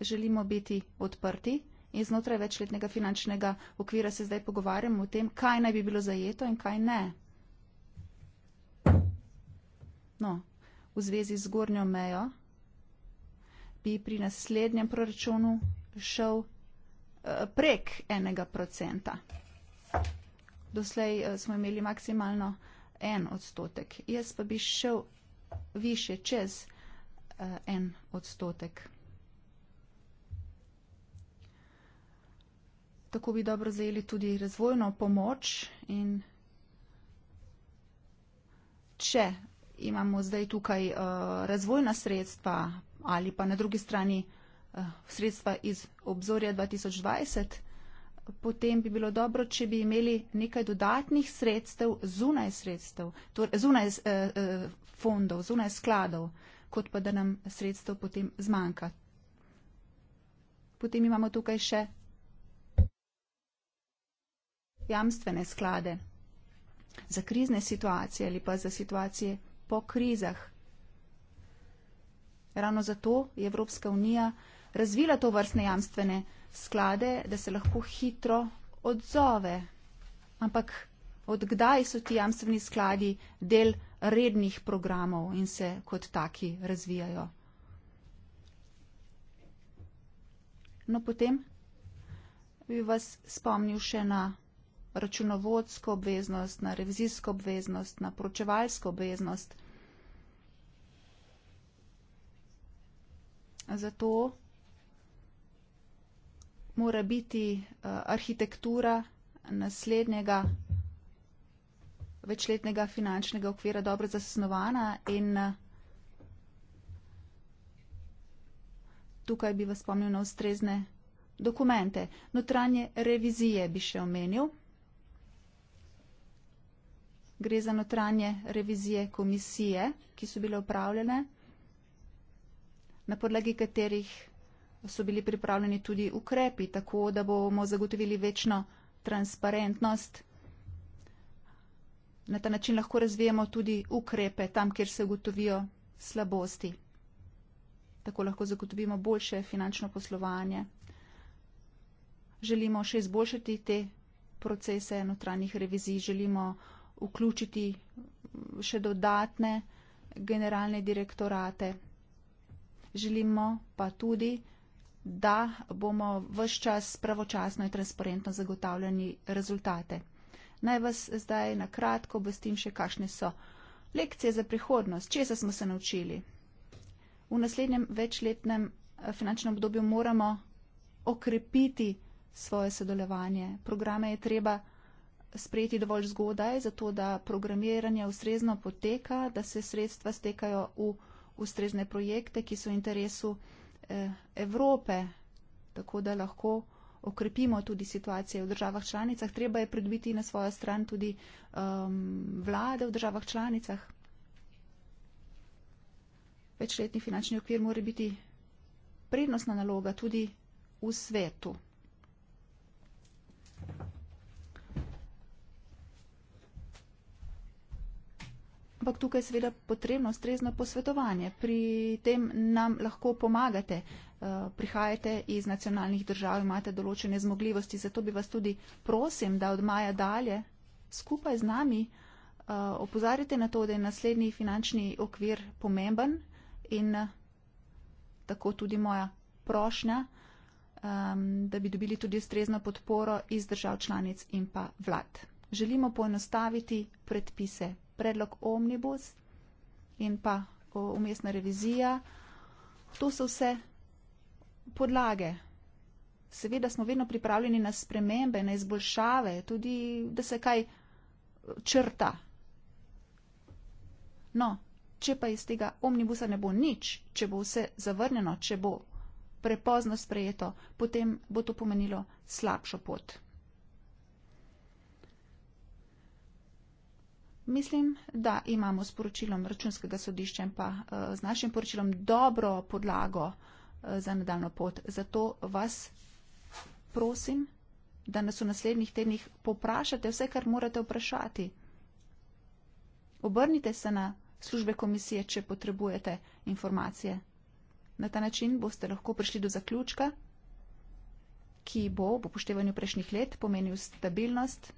Želimo biti odprti in znotraj večletnega finančnega okvira se zdaj pogovarjamo o tem, kaj naj bi bilo zajeto in kaj ne. No v zvezi z gornjo mejo, bi pri naslednjem proračunu šel eh, prek enega procenta. Doslej eh, smo imeli maksimalno en odstotek. Jaz pa bi šel više čez eh, en odstotek. Tako bi dobro zajeli tudi razvojno pomoč in če imamo zdaj tukaj eh, razvojna sredstva ali pa na drugi strani eh, sredstva iz obzorja 2020, potem bi bilo dobro, če bi imeli nekaj dodatnih sredstev zunaj sredstev, torej zunaj eh, fondov, zunaj skladov, kot pa da nam sredstev potem zmanjka. Potem imamo tukaj še jamstvene sklade za krizne situacije ali pa za situacije, po krizah. Ravno zato je Evropska unija razvila to vrstne jamstvene sklade, da se lahko hitro odzove. Ampak odkdaj so ti jamstveni skladi del rednih programov in se kot taki razvijajo? No potem bi vas spomnil še na računovodsko obveznost, na revizijsko obveznost, na poročevalsko obveznost. Zato mora biti eh, arhitektura naslednjega večletnega finančnega okvira dobro zasnovana in eh, tukaj bi vas spomnil na ustrezne dokumente. Notranje revizije bi še omenil. Gre za notranje revizije komisije, ki so bile upravljene na podlagi katerih so bili pripravljeni tudi ukrepi, tako da bomo zagotovili večno transparentnost. Na ta način lahko razvijemo tudi ukrepe tam, kjer se ugotovijo slabosti. Tako lahko zagotovimo boljše finančno poslovanje. Želimo še izboljšati te procese notranjih revizij, želimo vključiti še dodatne generalne direktorate želimo pa tudi, da bomo vse čas pravočasno in transparentno zagotavljali rezultate. Naj vas zdaj na kratko obvestim še, kakšne so lekcije za prihodnost, česa smo se naučili. V naslednjem večletnem eh, finančnem obdobju moramo okrepiti svoje sodelovanje. Programe je treba sprejeti dovolj zgodaj, zato da programiranje ustrezno poteka, da se sredstva stekajo v ustrezne projekte, ki so v interesu eh, Evrope, tako da lahko okrepimo tudi situacijo v državah članicah. Treba je predbiti na svojo stran tudi um, vlade v državah članicah. Večletni finančni okvir mora biti prednostna naloga tudi v svetu. ampak tukaj je seveda potrebno strezno posvetovanje. Pri tem nam lahko pomagate. Eh, prihajate iz nacionalnih držav, imate določene zmogljivosti, zato bi vas tudi prosim, da od maja dalje skupaj z nami eh, opozarjate na to, da je naslednji finančni okvir pomemben in eh, tako tudi moja prošnja, ehm, da bi dobili tudi strezno podporo iz držav članic in pa vlad. Želimo poenostaviti predpise predlog omnibus in pa umestna revizija. To so vse podlage. Seveda smo vedno pripravljeni na spremembe, na izboljšave, tudi da se kaj e, črta. No, če pa iz tega omnibusa ne bo nič, če bo vse zavrnjeno, če bo prepozno sprejeto, potem bo to pomenilo slabšo pot. Mislim, da imamo s poročilom računskega sodišča in pa eh, z našim poročilom dobro podlago eh, za nadaljno pot. Zato vas prosim, da nas v naslednjih tednih poprašate vse, kar morate vprašati. Obrnite se na službe komisije, če potrebujete informacije. Na ta način boste lahko prišli do zaključka, ki bo po poštevanju prejšnjih let pomenil stabilnost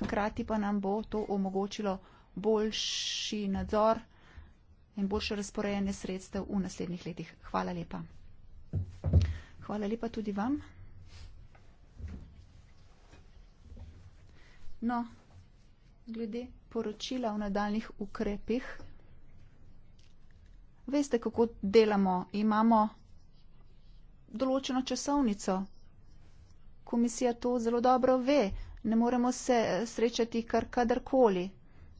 hkrati pa nam bo to omogočilo boljši nadzor in boljše razporejanje sredstev v naslednjih letih. Hvala lepa. Hvala lepa tudi vam. No, glede poročila o nadaljnih ukrepih. Veste, kako delamo. Imamo določeno časovnico. Komisija to zelo dobro ve ne moremo se eh, srečati kar kadarkoli.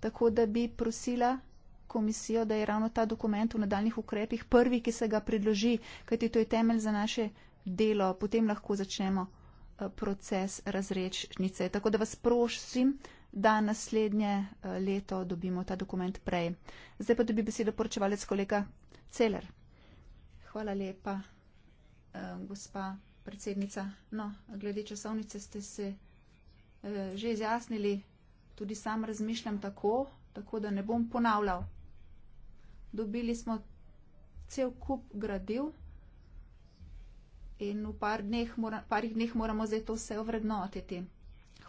Tako da bi prosila komisijo, da je ravno ta dokument v nadaljnih ukrepih prvi, ki se ga predloži, kajti to je temelj za naše delo, potem lahko začnemo eh, proces razrečnice. Tako da vas prosim, da naslednje eh, leto dobimo ta dokument prej. Zdaj pa dobi besedo poročevalec kolega Celer. Hvala lepa, gospa predsednica. No, glede časovnice ste se. Eh, že izjasnili, tudi sam razmišljam tako, tako da ne bom ponavljal. Dobili smo cel kup gradiv in v par dneh mora, parih dneh moramo zdaj to vse ovrednotiti.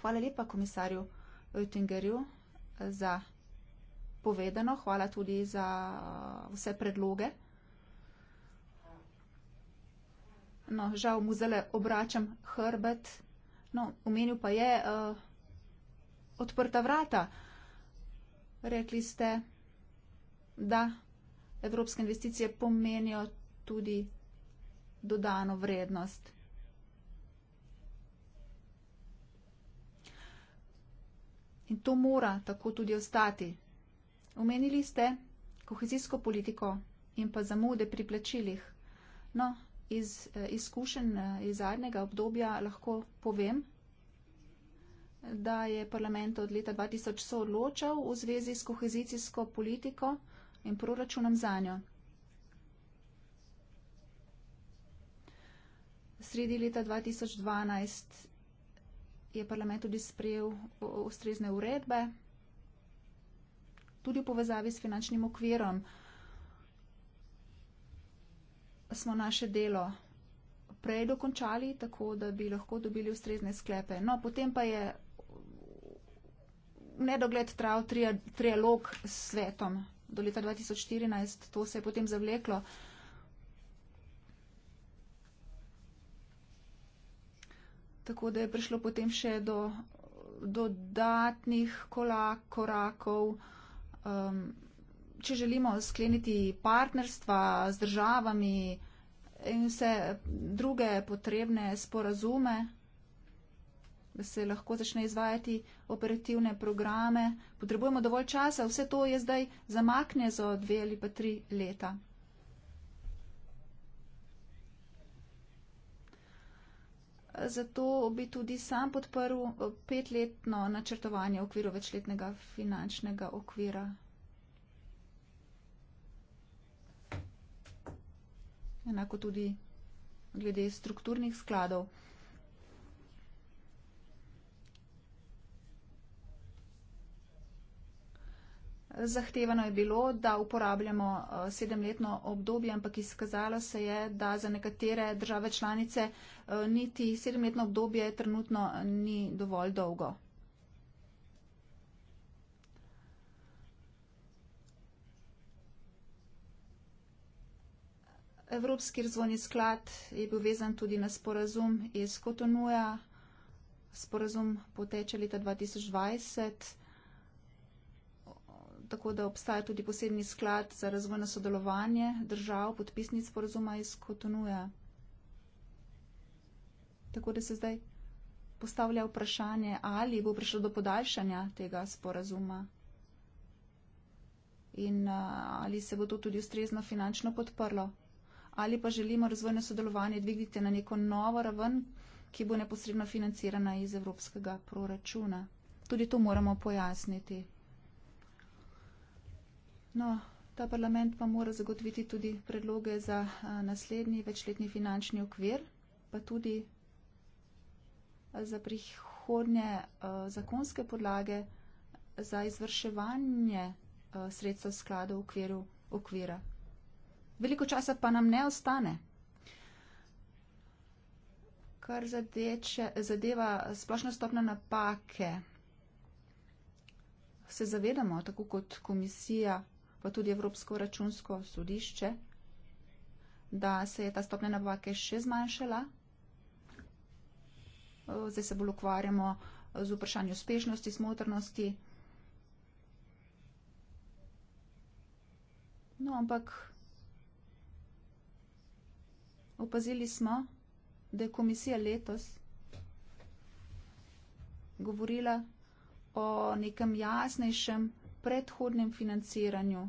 Hvala lepa komisarju Oettingerju eh, za povedano, hvala tudi za eh, vse predloge. No, žal mu zale obračam hrbet. No, omenil pa je uh, odprta vrata. Rekli ste, da evropske investicije pomenijo tudi dodano vrednost. In to mora tako tudi ostati. Omenili ste kohezijsko politiko in pa zamude pri plačilih. No, iz eh, izkušenj eh, iz zadnjega obdobja lahko povem, da je parlament od leta 2000 soodločal v zvezi s kohezicijsko politiko in proračunom za njo. Sredi leta 2012 je parlament tudi sprejel ustrezne uredbe, tudi v povezavi s finančnim okvirom smo naše delo prej dokončali, tako da bi lahko dobili ustrezne sklepe. No, potem pa je v nedogled trajal trialog s svetom do leta 2014, to se je potem zavleklo. Tako da je prišlo potem še do dodatnih korakov. Um, če želimo skleniti partnerstva z državami in vse druge potrebne sporazume, da se lahko začne izvajati operativne programe, potrebujemo dovolj časa, vse to je zdaj zamaknje za dve ali pa tri leta. Zato bi tudi sam podprl petletno načrtovanje v okviru večletnega finančnega okvira. enako tudi glede strukturnih skladov. Zahtevano je bilo, da uporabljamo eh, sedemletno obdobje, ampak izkazalo se je, da za nekatere države članice eh, niti sedemletno obdobje trenutno ni dovolj dolgo. Evropski razvojni sklad je bil vezan tudi na sporazum iz Kotonuja. Sporazum poteče leta 2020, tako da obstaja tudi posebni sklad za razvojno sodelovanje držav, podpisnic sporazuma iz Kotonuja. Tako da se zdaj postavlja vprašanje, ali bo prišlo do podaljšanja tega sporazuma. In ali se bo to tudi ustrezno finančno podprlo? ali pa želimo razvojno sodelovanje dvigniti na neko novo raven, ki bo neposredno financirana iz evropskega proračuna. Tudi to moramo pojasniti. No, ta parlament pa mora zagotoviti tudi predloge za naslednji večletni finančni okvir, pa tudi za prihodnje zakonske podlage za izvrševanje sredstva sklada v okviru okvira veliko časa pa nam ne ostane. Kar zadeče, zadeva splošno stopno napake, se zavedamo, tako kot komisija, pa tudi Evropsko računsko sodišče, da se je ta stopna napake še zmanjšala. Zdaj se bolj ukvarjamo z vprašanjem uspešnosti, smotrnosti. No, ampak Opazili smo, da je komisija letos govorila o nekem jasnejšem predhodnem financiranju.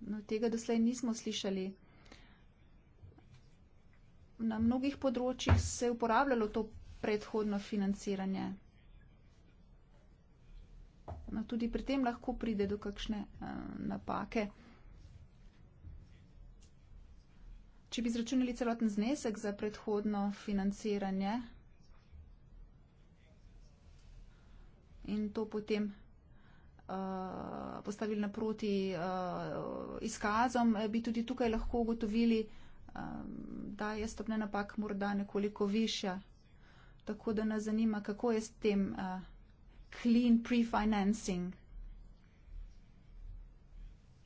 No, tega doslej nismo slišali. Na mnogih področjih se je uporabljalo to predhodno financiranje. No, tudi pri tem lahko pride do kakšne uh, napake. Če bi izračunali celoten znesek za predhodno financiranje in to potem uh, postavili naproti uh, izkazom, eh, bi tudi tukaj lahko ugotovili, uh, da je stopne napak morda nekoliko višja. Tako da nas zanima, kako je s tem uh, clean prefinancing.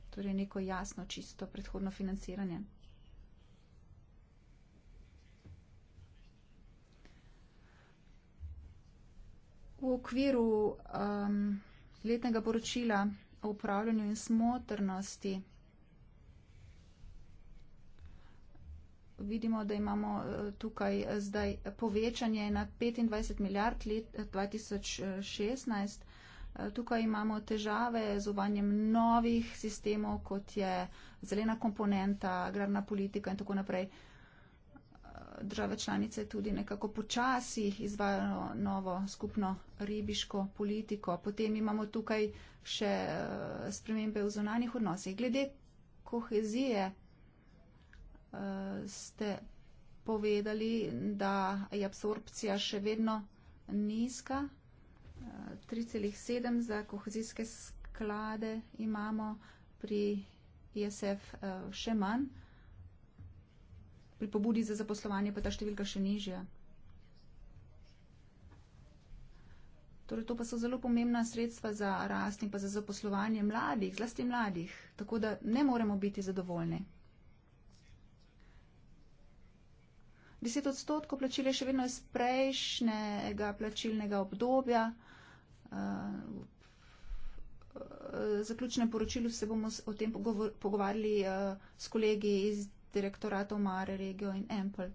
Torej neko jasno, čisto predhodno financiranje. v okviru um, letnega poročila o upravljanju in smotrnosti vidimo, da imamo uh, tukaj uh, zdaj povečanje na 25 milijard let 2016. Uh, tukaj imamo težave z uvanjem novih sistemov, kot je zelena komponenta, agrarna politika in tako naprej. Uh, države članice tudi nekako počasi izvajajo novo skupno ribiško politiko. Potem imamo tukaj še eh, spremembe v zonanih odnosih. Glede kohezije eh, ste povedali, da je absorpcija še vedno nizka. 3,7 eh, za kohezijske sklade imamo pri ISF e še manj pri pobudi za zaposlovanje pa ta številka še nižja. Torej, to pa so zelo pomembna sredstva za rast in pa za zaposlovanje mladih, zlasti mladih, tako da ne moremo biti zadovoljni. 10 odstotkov plačil je še vedno iz prejšnjega plačilnega obdobja. V eh, eh, zaključnem poročilu se bomo o tem pogovarjali eh, s kolegi iz direktoratov Mare, Regio in Empel.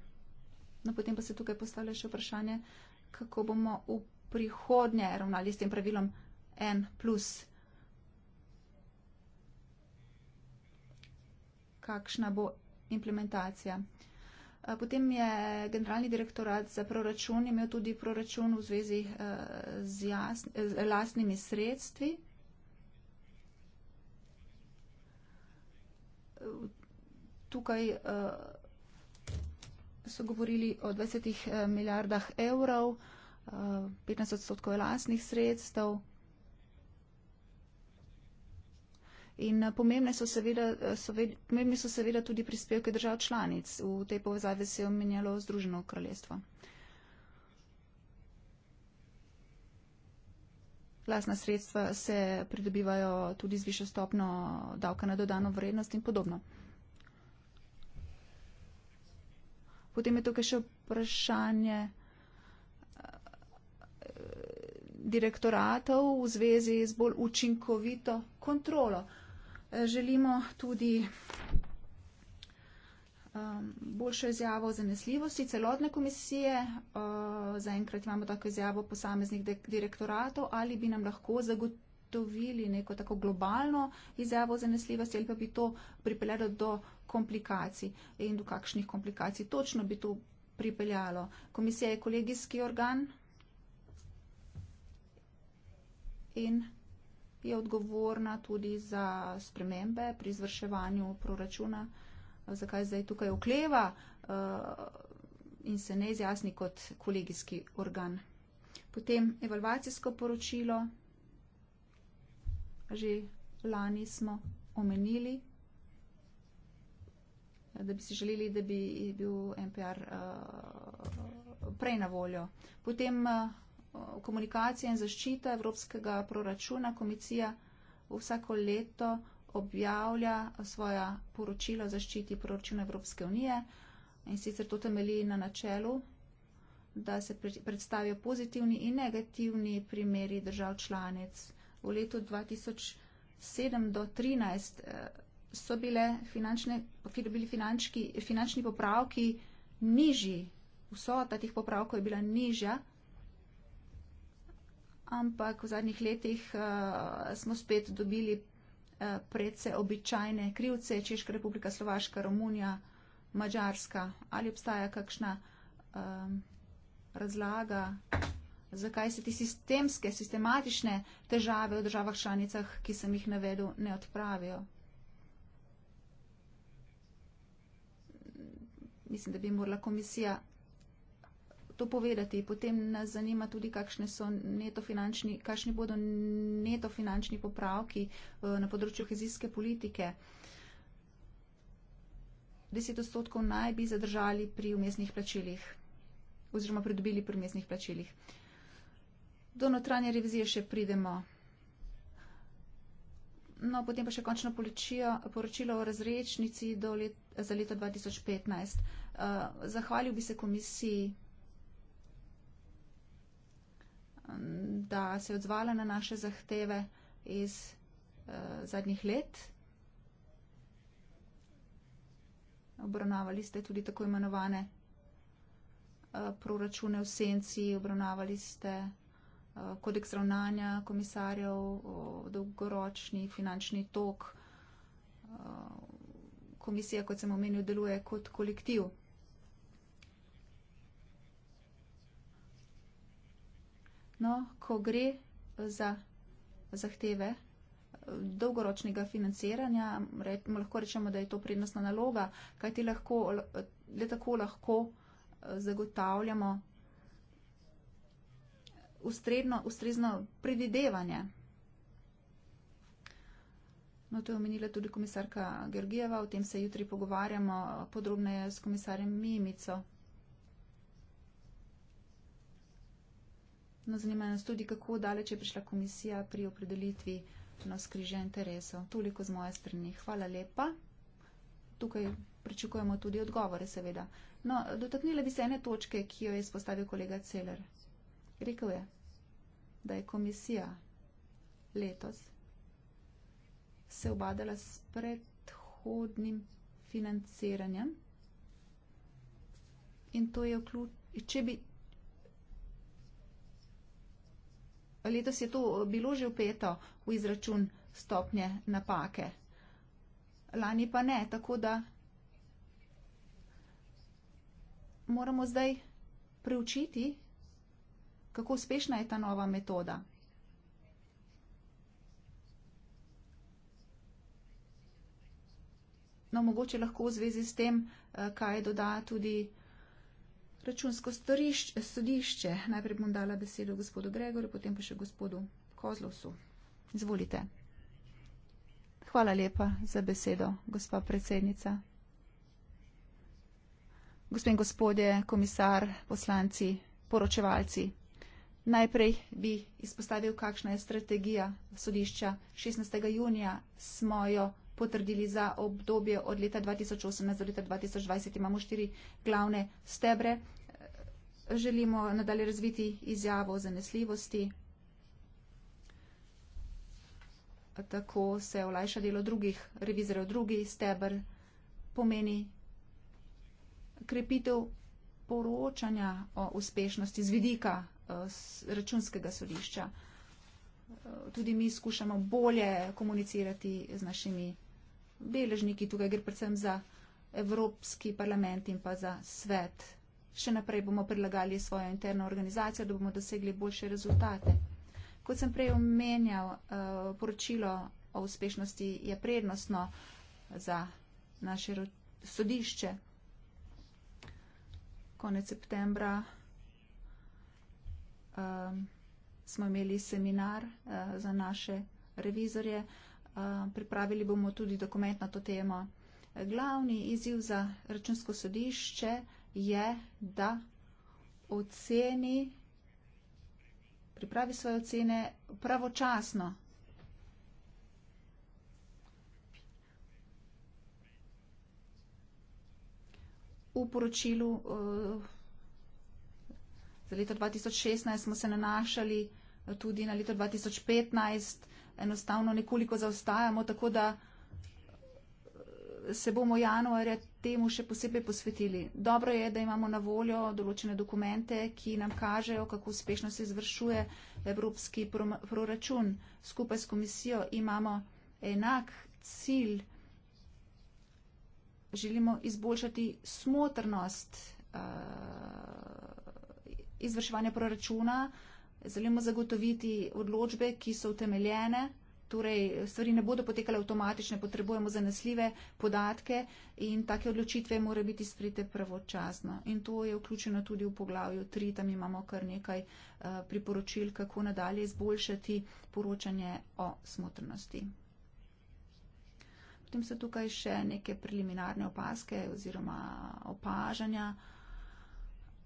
No, potem pa se tukaj postavlja še vprašanje, kako bomo v prihodnje ravnali s tem pravilom N. Kakšna bo implementacija? Potem je generalni direktorat za proračun imel tudi proračun v zvezi z vlastnimi sredstvi tukaj uh, so govorili o 20 eh, milijardah evrov, uh, eh, 15 odstotkov lasnih sredstev. In pomembne so, seveda, so ved, pomembne so seveda tudi prispevke držav članic. V tej povezavi se je omenjalo Združeno kraljestvo. Lasna sredstva se pridobivajo tudi z višjo stopno davka na dodano vrednost in podobno. Potem je tukaj še vprašanje eh, direktoratov v zvezi z bolj učinkovito kontrolo. Eh, želimo tudi ehm, boljšo izjavo o zanesljivosti celotne komisije. Eh, zaenkrat imamo tako izjavo posameznih direktoratov, ali bi nam lahko zagotovili zagotovili neko tako globalno izjavo zanesljivosti ali pa bi to pripeljalo do komplikacij in do kakšnih komplikacij točno bi to pripeljalo. Komisija je kolegijski organ in je odgovorna tudi za spremembe pri izvrševanju proračuna, zakaj zdaj tukaj okleva eh, in se ne izjasni kot kolegijski organ. Potem evalvacijsko poročilo že lani smo omenili, da bi si želeli, da bi bil NPR uh, eh, prej na voljo. Potem uh, komunikacija in zaščita evropskega proračuna. Komisija vsako leto objavlja svoja poročila o zaščiti proračuna Evropske unije in sicer to temelji na načelu da se predstavijo pozitivni in negativni primeri držav članic, v letu 2007 do 2013 eh, so bile finančne, bili finančki, finančni popravki nižji, vsota teh popravkov je bila nižja, ampak v zadnjih letih uh, smo spet dobili uh, eh, predvse običajne krivce, Češka republika, Slovaška, Romunija, Mačarska. Ali obstaja kakšna uh, razlaga? zakaj se ti sistemske, sistematične težave v državah članicah, ki sem jih navedel, ne odpravijo. Mislim, da bi morala komisija to povedati. Potem nas zanima tudi, kakšne so netofinančni, kakšni bodo netofinančni popravki eh, na področju hezijske politike. 10 odstotkov naj bi zadržali pri umestnih plačilih oziroma pridobili pri umestnih plačilih. Uh, Do notranje revizije še pridemo. No, potem pa še končno poličijo, poročilo o razrečnici let, za leto 2015. Uh, eh, zahvalil bi se komisiji, da se je odzvala na naše zahteve iz uh, zadnjih let. Obravnavali ste tudi tako imenovane uh, proračune v senci, obravnavali ste. Eh, kodeks ravnanja komisarjev, dolgoročni finančni tok. Eh, komisija, kot sem omenil, deluje kot kolektiv. No, ko gre za zahteve eh, dolgoročnega financiranja, lahko rečemo, da je to prednostna naloga, kajti lahko, le tako lahko zagotavljamo ustredno, ustrezno predvidevanje. No, to je omenila tudi komisarka Georgijeva, o tem se jutri pogovarjamo podrobneje s komisarjem Mimico. No, zanima nas tudi, kako daleč je prišla komisija pri opredelitvi na skriže interesov. Toliko z moje strani. Hvala lepa. Tukaj pričakujemo tudi odgovore, seveda. No, dotaknila bi se ene točke, ki jo je izpostavil kolega Celer. Rekl je, da je komisija letos se obadala s predhodnim financiranjem in to je vključ... Če bi... Letos je to bilo že upeto v izračun stopnje napake. Lani pa ne, tako da moramo zdaj preučiti kako uspešna je ta nova metoda? No, mogoče lahko v zvezi s tem, eh, kaj doda tudi računsko sodišče. Najprej bom dala besedo gospodu Gregorju, potem pa še gospodu Kozlovsu. Izvolite. Hvala lepa za besedo, gospa predsednica. Gospod in gospodje, komisar, poslanci, poročevalci. Najprej bi izpostavil, kakšna je strategija sodišča. 16. junija smo jo potrdili za obdobje od leta 2018 do leta 2020. Imamo štiri glavne stebre. Želimo nadalje razviti izjavo o zanesljivosti. Tako se olajša delo drugih revizorjev. Drugi stebr pomeni krepitev poročanja o uspešnosti z vidika Eh, računskega sodišča. Eh, tudi mi skušamo bolje komunicirati z našimi beležniki. Tukaj gre predvsem za Evropski parlament in pa za svet. Še naprej bomo predlagali svojo interno organizacijo, da bomo dosegli boljše rezultate. Kot sem prej omenjal, eh, poročilo o uspešnosti je prednostno za naše sodišče. Konec septembra um, smo imeli seminar uh, za naše revizorje. Uh, pripravili bomo tudi dokument na to temo. Glavni izziv za računsko sodišče je, da oceni, pripravi svoje ocene pravočasno. V poročilu uh, Za leto 2016 smo se nanašali eh, tudi na leto 2015, enostavno nekoliko zaostajamo, tako da eh, se bomo januarja temu še posebej posvetili. Dobro je, da imamo na voljo določene dokumente, ki nam kažejo, kako uspešno se izvršuje evropski proračun. Skupaj s komisijo imamo enak cilj. Želimo izboljšati smotrnost. Uh, izvrševanja proračuna, želimo zagotoviti odločbe, ki so utemeljene. Torej, stvari ne bodo potekale avtomatično, potrebujemo zanesljive podatke in take odločitve morajo biti sprite pravočasno. In to je vključeno tudi v poglavju 3, tam imamo kar nekaj eh, priporočil, kako nadalje izboljšati poročanje o smotrnosti. Potem so tukaj še neke preliminarne opaske oziroma opažanja.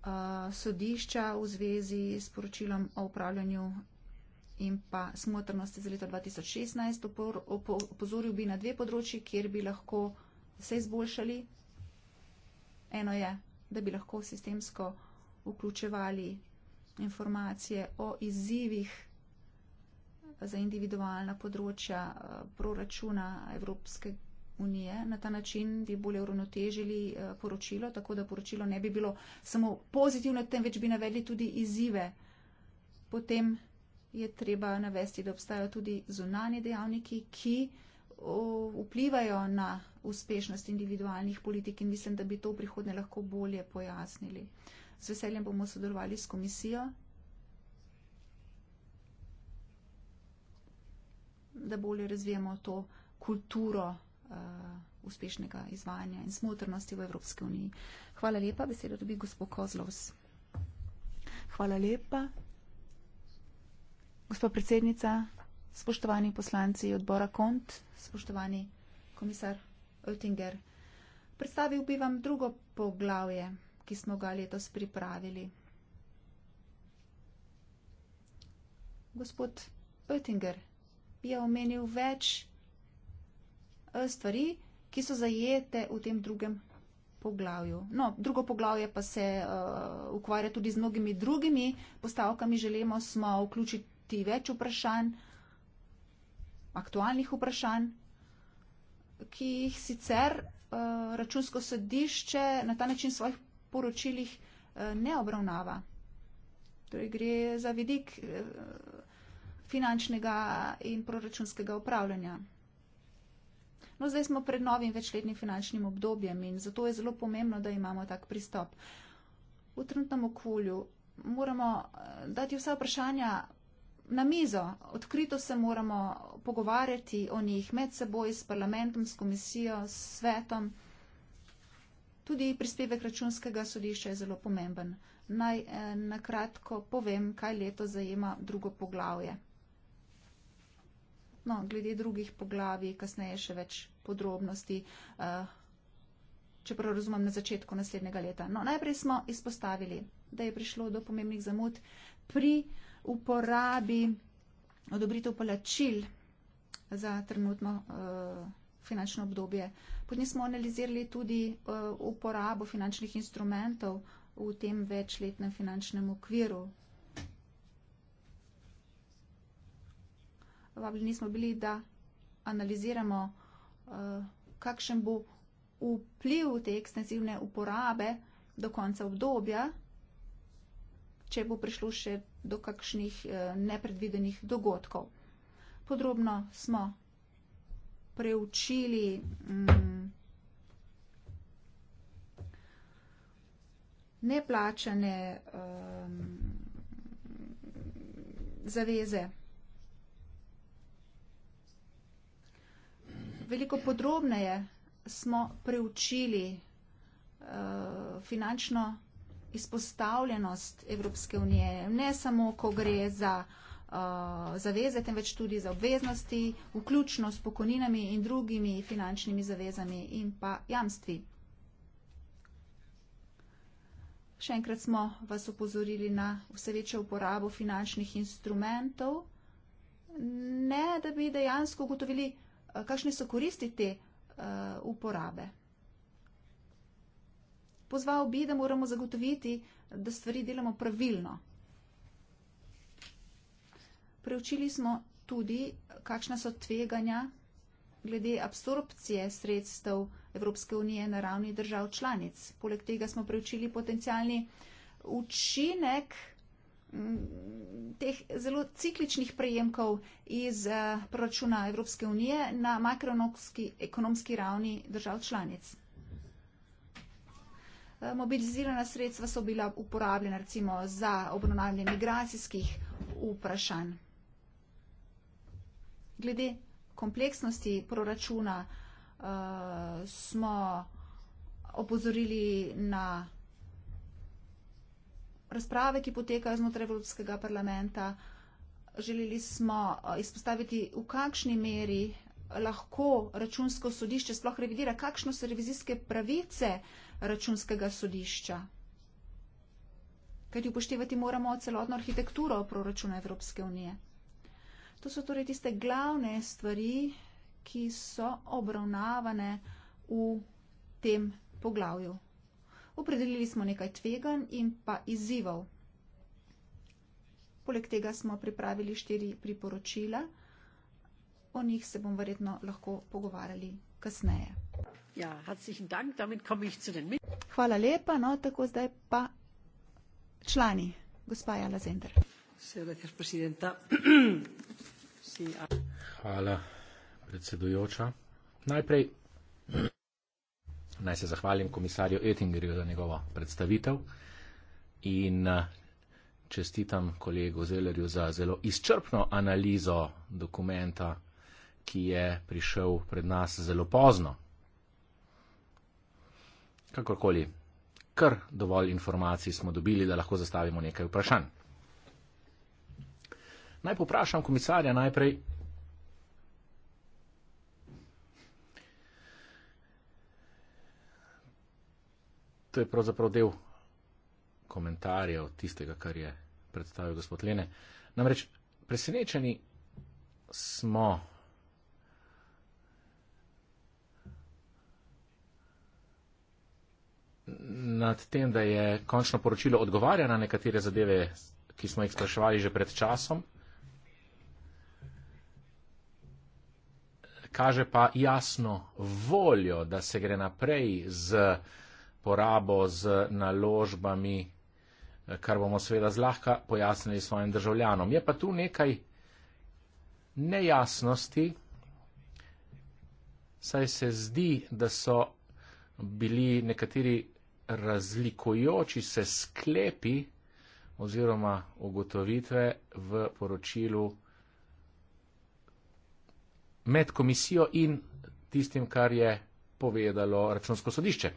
Eh, sodišča v zvezi s poročilom o upravljanju in pa smotrnosti za leto 2016. Opor, opo, opozoril bi na dve področji, kjer bi lahko se izboljšali. Eno je, da bi lahko sistemsko vključevali informacije o izzivih za individualna področja eh, proračuna Evropske unije. Na ta način bi bolje uravnotežili eh, poročilo, tako da poročilo ne bi bilo samo pozitivno, temveč bi navedli tudi izzive. Potem je treba navesti, da obstajajo tudi zunani dejavniki, ki vplivajo na uspešnost individualnih politik in mislim, da bi to v prihodnje lahko bolje pojasnili. Z veseljem bomo sodelovali s komisijo, da bolje razvijemo to kulturo uh, uspešnega izvajanja in smotrnosti v Evropske uniji. Hvala lepa, besedo dobi gospod Kozlovs. Hvala lepa. Gospod predsednica, spoštovani poslanci odbora KONT, spoštovani komisar Oettinger, predstavil bi vam drugo poglavje, ki smo ga letos pripravili. Gospod Oettinger je omenil več Eh, stvari, ki so zajete v tem drugem poglavju. No, drugo poglavje pa se uh, ukvarja tudi z mnogimi drugimi postavkami. Želimo smo vključiti več vprašanj, aktualnih vprašanj, ki jih sicer uh, računsko sodišče na ta način svojih poročilih uh, ne obravnava. Torej gre za vidik. Uh, finančnega in proračunskega upravljanja. No, zdaj smo pred novim večletnim finančnim obdobjem in zato je zelo pomembno, da imamo tak pristop. V trenutnem okolju moramo eh, dati vsa vprašanja na mizo, odkrito se moramo pogovarjati o njih med seboj, s parlamentom, s komisijo, s svetom. Tudi prispevek računskega sodišča je zelo pomemben. Naj eh, nakratko povem, kaj leto zajema drugo poglavje. No, glede drugih poglavij, kasneje še več podrobnosti, uh, čeprav razumem na začetku naslednjega leta. No, najprej smo izpostavili, da je prišlo do pomembnih zamud pri uporabi odobritev plačil za trenutno uh, finančno obdobje. Potem smo analizirali tudi uh, uporabo finančnih instrumentov v tem večletnem finančnem okviru, vabljeni smo bili, da analiziramo, eh, kakšen bo vpliv te ekstensivne uporabe do konca obdobja, če bo prišlo še do kakšnih eh, nepredvidenih dogodkov. Podrobno smo preučili mm, neplačane eh, zaveze. veliko podrobneje smo preučili uh, finančno izpostavljenost Evropske unije. Ne samo, ko gre za uh, zaveze, temveč tudi za obveznosti, vključno s pokojninami in drugimi finančnimi zavezami in pa jamstvi. Še enkrat smo vas upozorili na vse večjo uporabo finančnih instrumentov, ne da bi dejansko ugotovili, Eh, kakšne so koristi te uh, uporabe. Pozval bi, da moramo zagotoviti, da stvari delamo pravilno. Preučili smo tudi, kakšna so tveganja glede absorpcije sredstev Evropske unije na ravni držav članic. Poleg tega smo preučili potencialni učinek uh, teh zelo cikličnih prejemkov iz eh, proračuna Evropske unije na makroekonomski ekonomski ravni držav članic. Eh, mobilizirana sredstva so bila uporabljena recimo za obravnavanje migracijskih vprašanj. Glede kompleksnosti proračuna uh, smo opozorili na razprave, ki potekajo znotraj Evropskega parlamenta. Želeli smo izpostaviti, v kakšni meri lahko računsko sodišče sploh revidira, kakšno so revizijske pravice računskega sodišča. Kajti upoštevati moramo celotno arhitekturo proračuna Evropske unije. To so torej tiste glavne stvari, ki so obravnavane v tem poglavju. Opredelili smo nekaj tvegan in pa izzivov. Poleg tega smo pripravili štiri priporočila. O njih se bom verjetno lahko pogovarjali kasneje. Ja, Hvala lepa, no tako zdaj pa člani, gospa Jala Zender. (clears throat) Ah. Hvala, predsedujoča. Najprej Naj se zahvalim komisarju Ettingerju za njegovo predstavitev in eh, čestitam kolegu Zellerju za zelo izčrpno analizo dokumenta, ki je prišel pred nas zelo pozno. Kakorkoli, kar dovolj informacij smo dobili, da lahko zastavimo nekaj vprašanj. Naj poprašam komisarja najprej, To je pravzaprav del komentarja od tistega, kar je predstavil gospod Lene. Namreč presenečeni smo. Nad tem, da je končno poročilo odgovarjalo na nekatere zadeve, ki smo jih spraševali že pred časom, kaže pa jasno voljo, da se gre naprej z uh, porabo z naložbami, kar bomo seveda zlahka pojasnili svojim državljanom. Je pa tu nekaj nejasnosti, saj se zdi, da so bili nekateri razlikujoči se sklepi oziroma ugotovitve v poročilu med komisijo in tistim, kar je povedalo računsko sodišče.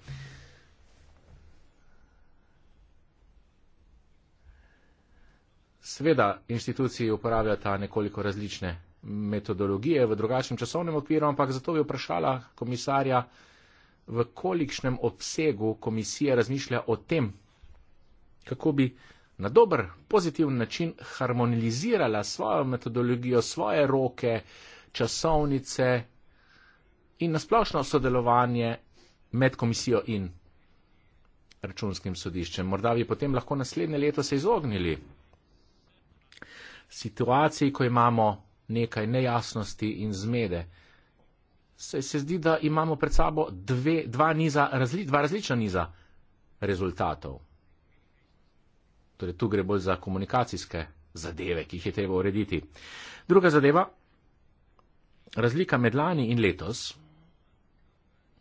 Sveda, inštituciji uporabljata nekoliko različne metodologije v drugačnem časovnem okviru, ampak zato bi vprašala komisarja, v kolikšnem obsegu komisija razmišlja o tem, kako bi na dober, pozitiven način harmonizirala svojo metodologijo, svoje roke, časovnice in nasplošno sodelovanje med komisijo in računskim sodiščem. Morda bi potem lahko naslednje leto se izognili situaciji, ko imamo nekaj nejasnosti in zmede. Se, se zdi, da imamo pred sabo dve, dva, niza, razli, dva različna niza rezultatov. Torej, tu gre bolj za komunikacijske zadeve, ki jih je treba urediti. Druga zadeva, razlika med lani in letos.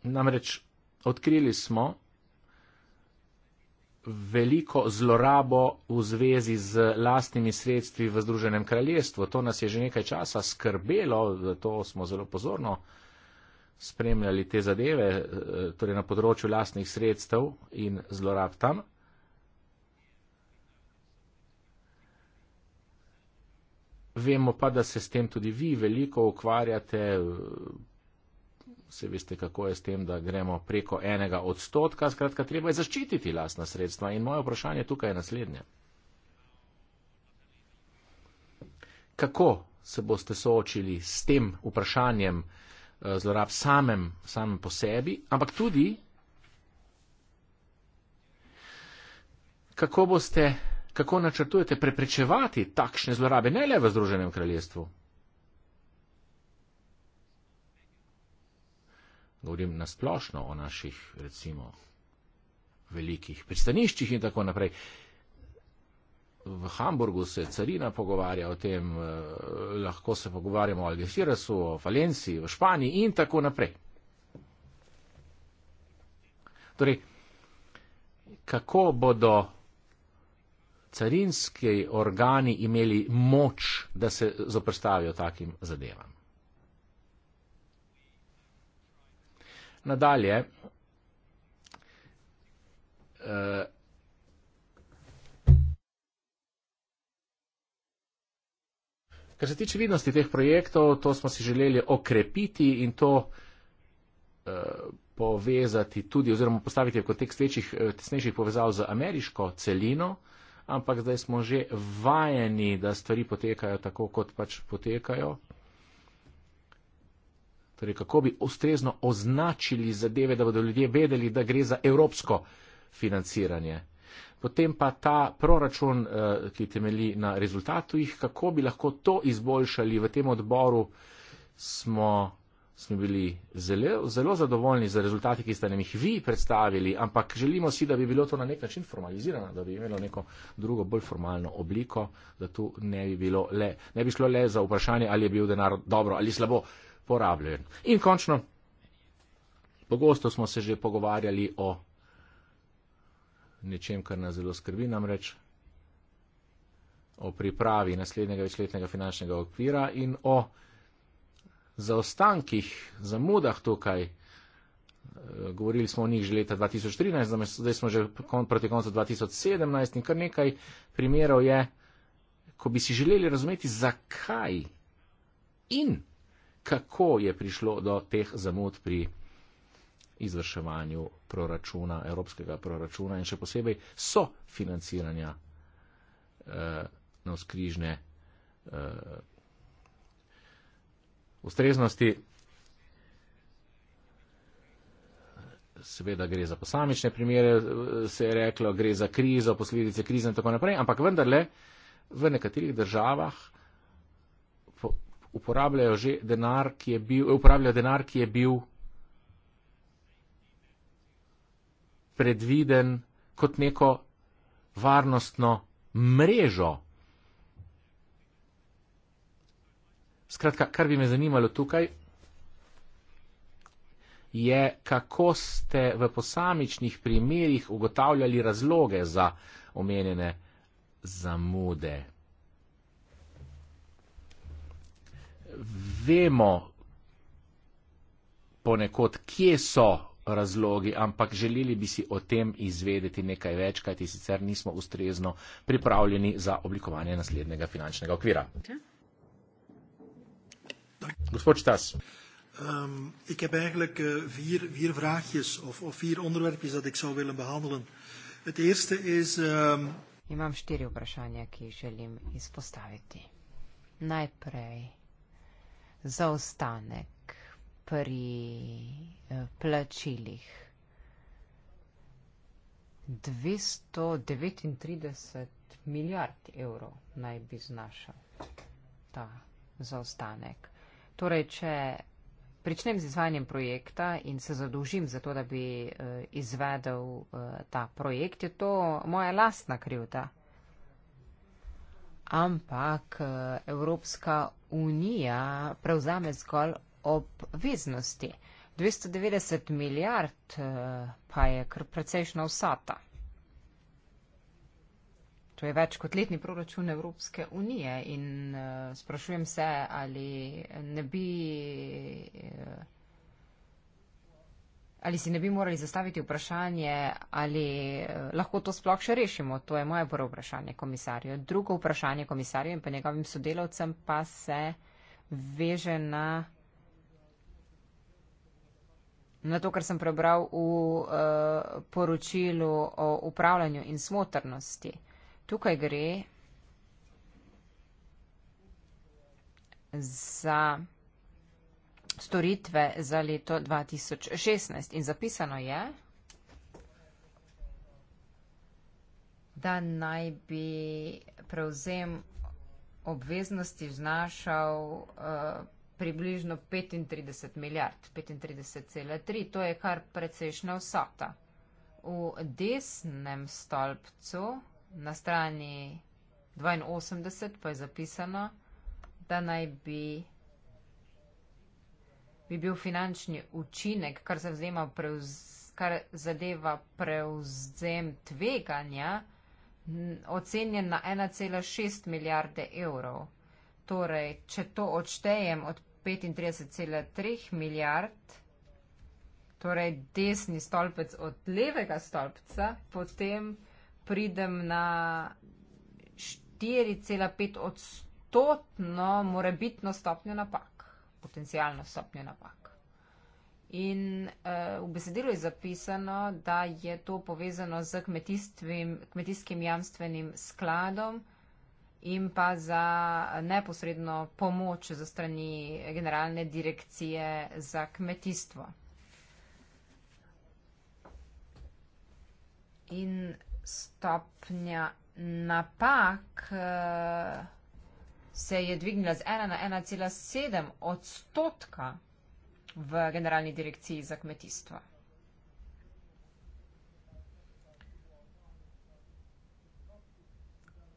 Namreč odkrili smo, veliko zlorabo v zvezi z lastnimi sredstvi v Združenem kraljestvu. To nas je že nekaj časa skrbelo, zato smo zelo pozorno spremljali te zadeve, eh, torej na področju lastnih sredstev in zlorab tam. Vemo pa, da se s tem tudi vi veliko ukvarjate, se veste, kako je s tem, da gremo preko enega odstotka, skratka, treba je zaščititi lasna sredstva. In moje vprašanje tukaj je naslednje. Kako se boste soočili s tem vprašanjem eh, zlorab samem, samem po sebi, ampak tudi kako boste, kako načrtujete preprečevati takšne zlorabe, ne le v Združenem kraljestvu, govorim nasplošno o naših, recimo, velikih pristaniščih in tako naprej. V Hamburgu se carina pogovarja o tem, eh, lahko se pogovarjamo o Algeciresu, o Valenciji, v Španiji in tako naprej. Torej, kako bodo carinski organi imeli moč, da se zoprstavijo takim zadevam? Nadalje, eh, kar se tiče vidnosti teh projektov, to smo si želeli okrepiti in to eh, povezati tudi oziroma postaviti v kontekst večjih, eh, tesnejših povezav z ameriško celino, ampak zdaj smo že vajeni, da stvari potekajo tako, kot pač potekajo torej kako bi ustrezno označili zadeve, da bodo ljudje vedeli, da gre za evropsko financiranje. Potem pa ta proračun, eh, ki temelji na rezultatih, kako bi lahko to izboljšali v tem odboru, smo, smo bili zelo, zelo zadovoljni za rezultati, ki ste nam jih vi predstavili, ampak želimo si, da bi bilo to na nek način formalizirano, da bi imelo neko drugo, bolj formalno obliko, da tu ne bi, bilo le, ne bi šlo le za vprašanje, ali je bil denar dobro ali slabo porabljen. In končno, pogosto smo se že pogovarjali o nečem, kar nas zelo skrbi, namreč o pripravi naslednjega večletnega finančnega okvira in o zaostankih, zamudah tukaj. E, govorili smo o njih že leta 2013, zdaj smo že proti koncu 2017 in kar nekaj primerov je, ko bi si želeli razumeti, zakaj in kako je prišlo do teh zamud pri izvrševanju proračuna, evropskega proračuna in še posebej so financiranja eh, na vzkrižne eh, ustreznosti. Seveda gre za posamične primere, eh, se je reklo, gre za krizo, posledice krize in tako naprej, ampak vendarle v nekaterih državah uporabljajo že denar, ki je bil, uporabljajo denar, ki je bil predviden kot neko varnostno mrežo. Skratka, kar bi me zanimalo tukaj, je, kako ste v posamičnih primerjih ugotavljali razloge za omenjene zamude. vemo ponekod, kje so razlogi, ampak želeli bi si o tem izvedeti nekaj več, kajti sicer nismo ustrezno pripravljeni za oblikovanje naslednjega finančnega okvira. Gospod Štas. Um, ik heb eigenlijk uh, vier, vier vraagjes of, of vier onderwerpjes dat ik zou willen behandelen. Het eerste is. Um... Imam vier vragen die ik wil Najprej zaostanek pri eh, plačilih. 239 milijard evrov naj bi znašal ta zaostanek. Torej, če pričnem z izvajanjem projekta in se zadolžim za to, da bi eh, izvedel eh, ta projekt, je to moja lastna krivda. Ampak Evropska unija prevzame zgolj obveznosti. 290 milijard eh, pa je kar precejšna vsata. To je več kot letni proračun Evropske unije in eh, sprašujem se, ali ne bi. Eh, ali si ne bi morali zastaviti vprašanje, ali eh, lahko to sploh še rešimo. To je moje prvo vprašanje komisarju. Drugo vprašanje komisarju in pa njegovim sodelovcem pa se veže na, na to, kar sem prebral v uh, poročilu o upravljanju in smotrnosti. Tukaj gre za storitve za leto 2016 in zapisano je, da naj bi prevzem obveznosti znašal uh, približno 35 milijard, 35,3, to je kar precejšnja vsota. V desnem stolpcu na strani 82 pa je zapisano, da naj bi bi bil finančni učinek, kar, prevz, kar zadeva prevzem tveganja, ocenjen na 1,6 milijarde evrov. Torej, če to odštejem od 35,3 milijard, torej desni stolpec od levega stolpca, potem pridem na 4,5 odstotno morebitno stopnjo napak potencijalno stopnjo napak. In uh, v besedilu je zapisano, da je to povezano z kmetijskim jamstvenim skladom in pa za neposredno pomoč za strani generalne direkcije za kmetijstvo. In stopnja napak. Uh, se je dvignila z 1 na 1,7 odstotka v generalni direkciji za kmetijstvo.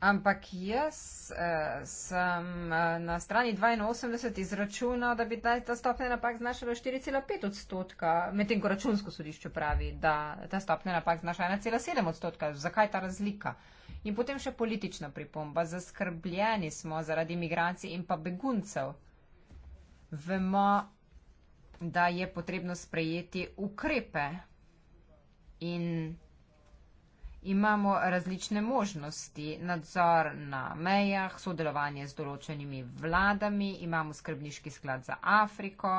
Ampak jaz eh, sem eh, na strani 82 izračunal, da bi ta stopnja napak znašala 4,5 odstotka, medtem ko računsko sodišče pravi, da ta stopnja napak znaša 1,7 odstotka. Zakaj ta razlika? Eh, In potem še politična pripomba. Zaskrbljeni smo zaradi migracij in pa beguncev. Vemo, da je potrebno sprejeti ukrepe in imamo različne možnosti. Nadzor na mejah, sodelovanje z določenimi vladami, imamo skrbniški sklad za Afriko,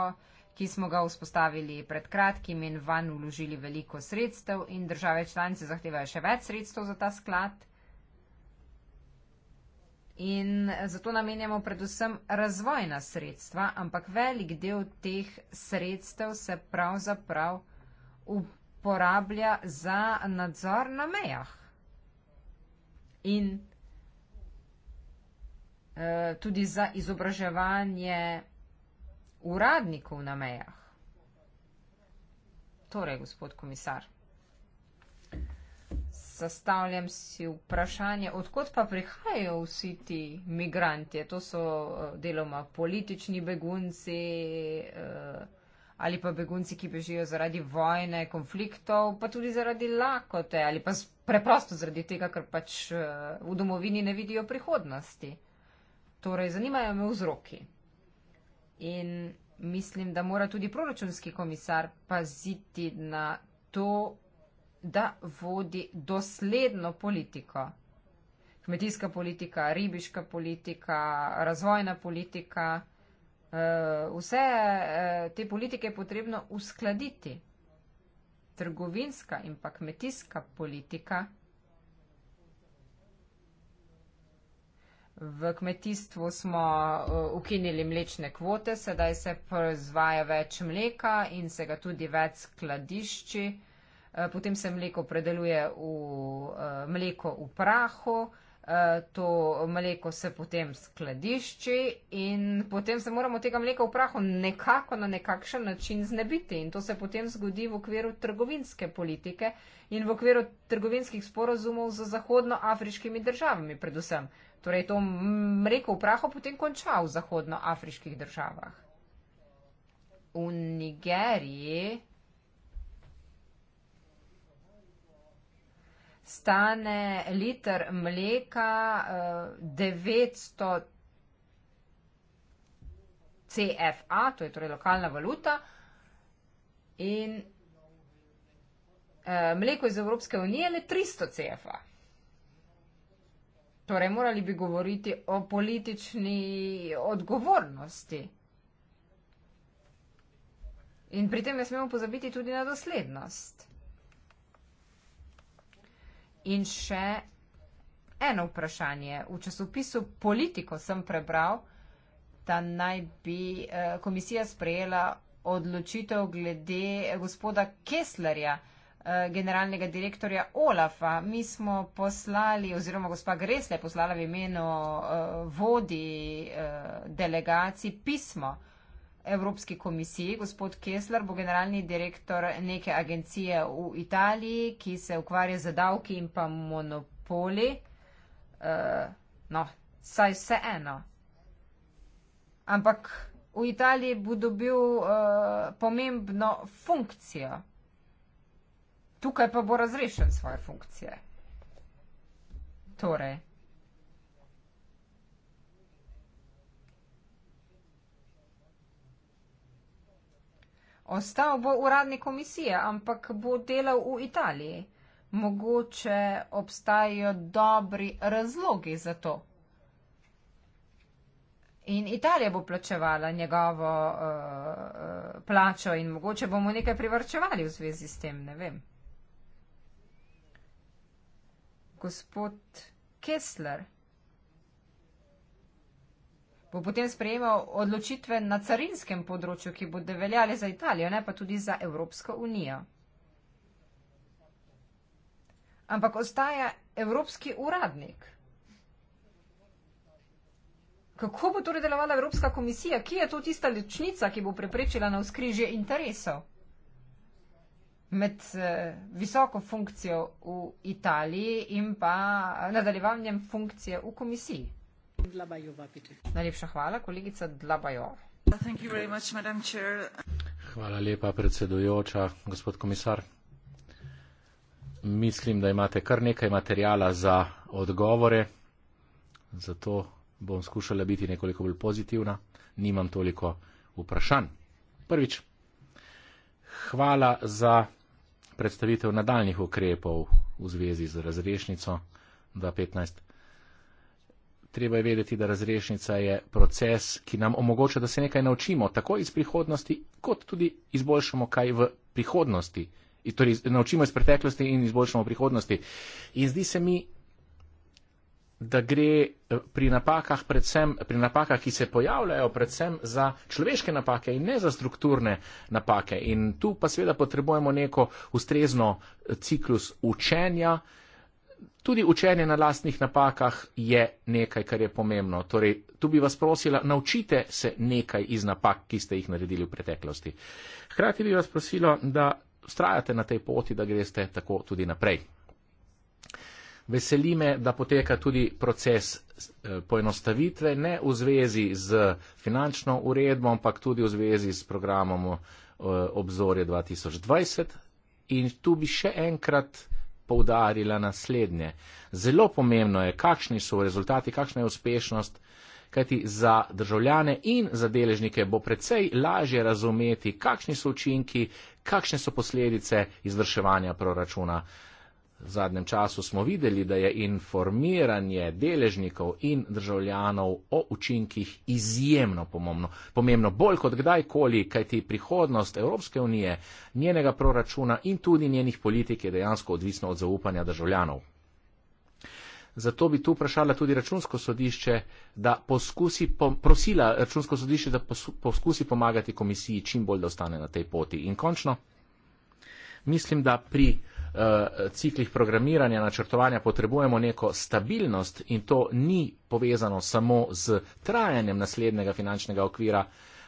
ki smo ga vzpostavili pred kratkim in van vložili veliko sredstev in države članice zahtevajo še več sredstev za ta sklad in zato namenjamo predvsem razvojna sredstva, ampak velik del teh sredstev se pravzaprav uporablja za nadzor na mejah. In eh, tudi za izobraževanje uradnikov na mejah. Torej, gospod komisar zastavljam si vprašanje, odkot pa prihajajo vsi ti migranti? To so eh, deloma politični begunci eh, ali pa begunci, ki bežijo zaradi vojne, konfliktov, pa tudi zaradi lakote ali pa preprosto zaradi tega, ker pač eh, v domovini ne vidijo prihodnosti. Torej, zanimajo me vzroki. In mislim, da mora tudi proračunski komisar paziti na to, da vodi dosledno politiko. Kmetijska politika, ribiška politika, razvojna politika, eh, vse eh, te politike je potrebno uskladiti. Trgovinska in pa kmetijska politika V kmetijstvu smo eh, ukinili mlečne kvote, sedaj se proizvaja več mleka in se ga tudi več skladišči. Eh, potem se mleko predeluje v eh, mleko v prahu, eh, to mleko se potem skladišči in potem se moramo tega mleka v prahu nekako na nekakšen način znebiti in to se potem zgodi v okviru trgovinske politike in v okviru trgovinskih sporozumov z zahodnoafriškimi državami predvsem. Torej to mleko v prahu potem konča v zahodnoafriških državah. V Nigeriji stane liter mleka 900 eh, CFA, to je torej lokalna valuta. In eh, mleko iz Evropske unije je le 300 CFA. Torej, morali bi govoriti o politični odgovornosti. In pri tem ne smemo pozabiti tudi na doslednost. In še eno vprašanje. V časopisu Politiko sem prebral, da naj bi eh, komisija sprejela odločitev glede gospoda Kesslerja, eh, generalnega direktorja Olafa. Mi smo poslali, oziroma gospa Gresle poslala v imenu eh, vodi delegaciji pismo. Evropski komisiji. Gospod Kessler bo generalni direktor neke agencije v Italiji, ki se ukvarja z davki in pa monopoli. Uh, no, saj vse eno. Ampak v Italiji bo dobil uh, pomembno funkcijo. Tukaj pa bo razrešen svoje funkcije. Torej. ostal v uradni komisiji, ampak bo delal v Italiji. Mogoče obstajajo dobri razlogi za to. In Italija bo plačevala njegovo uh, plačo in mogoče bomo nekaj privrčevali v zvezi s tem, ne vem. Gospod Kessler bo potem sprejemal odločitve na carinskem področju, ki bodo veljale za Italijo, ne pa tudi za Evropsko unijo. Ampak ostaja evropski uradnik. Kako bo torej delovala Evropska komisija? Kje je to tista ličnica, ki bo preprečila na vzkrižje interesov med eh, visoko funkcijo v Italiji in pa nadaljevanjem funkcije v komisiji? Najlepša hvala, kolegica Dlabajo. Hvala lepa, predsedujoča, gospod komisar. Mislim, da imate kar nekaj materijala za odgovore, zato bom skušala biti nekoliko bolj pozitivna. Nimam toliko vprašanj. Prvič, hvala za predstavitev nadaljnih ukrepov v zvezi z razrešnico 2015 treba je vedeti, da razrešnica je proces, ki nam omogoča, da se nekaj naučimo, tako iz prihodnosti, kot tudi izboljšamo kaj v prihodnosti. In torej, naučimo iz preteklosti in izboljšamo prihodnosti. In zdi se mi, da gre eh, pri napakah, predvsem, pri napakah, ki se pojavljajo, predvsem za človeške napake in ne za strukturne napake. In tu pa seveda potrebujemo neko ustrezno eh, ciklus učenja, tudi učenje na lastnih napakah je nekaj, kar je pomembno. Torej, tu bi vas prosila, naučite se nekaj iz napak, ki ste jih naredili v preteklosti. Hkrati bi vas prosila, da ustrajate na tej poti, da greste tako tudi naprej. Veseli me, da poteka tudi proces eh, poenostavitve, ne v zvezi z finančno uredbo, ampak tudi v zvezi s programom eh, Obzorje 2020. In tu bi še enkrat poudarila naslednje. Zelo pomembno je, kakšni so rezultati, kakšna je uspešnost, kajti za državljane in za deležnike bo precej lažje razumeti, kakšni so učinki, kakšne so posledice izvrševanja proračuna. V zadnjem času smo videli, da je informiranje deležnikov in državljanov o učinkih izjemno pomembno. Pomembno bolj kot kdajkoli, kajti prihodnost Evropske unije, njenega proračuna in tudi njenih politik je dejansko odvisna od zaupanja državljanov. Zato bi tu vprašala tudi računsko sodišče, da poskusi, prosila računsko sodišče, da poskusi pomagati komisiji čim bolj, da ostane na tej poti. In končno, mislim, da pri Eh, ciklih programiranja, načrtovanja potrebujemo neko stabilnost in to ni povezano samo z trajanjem naslednjega finančnega okvira,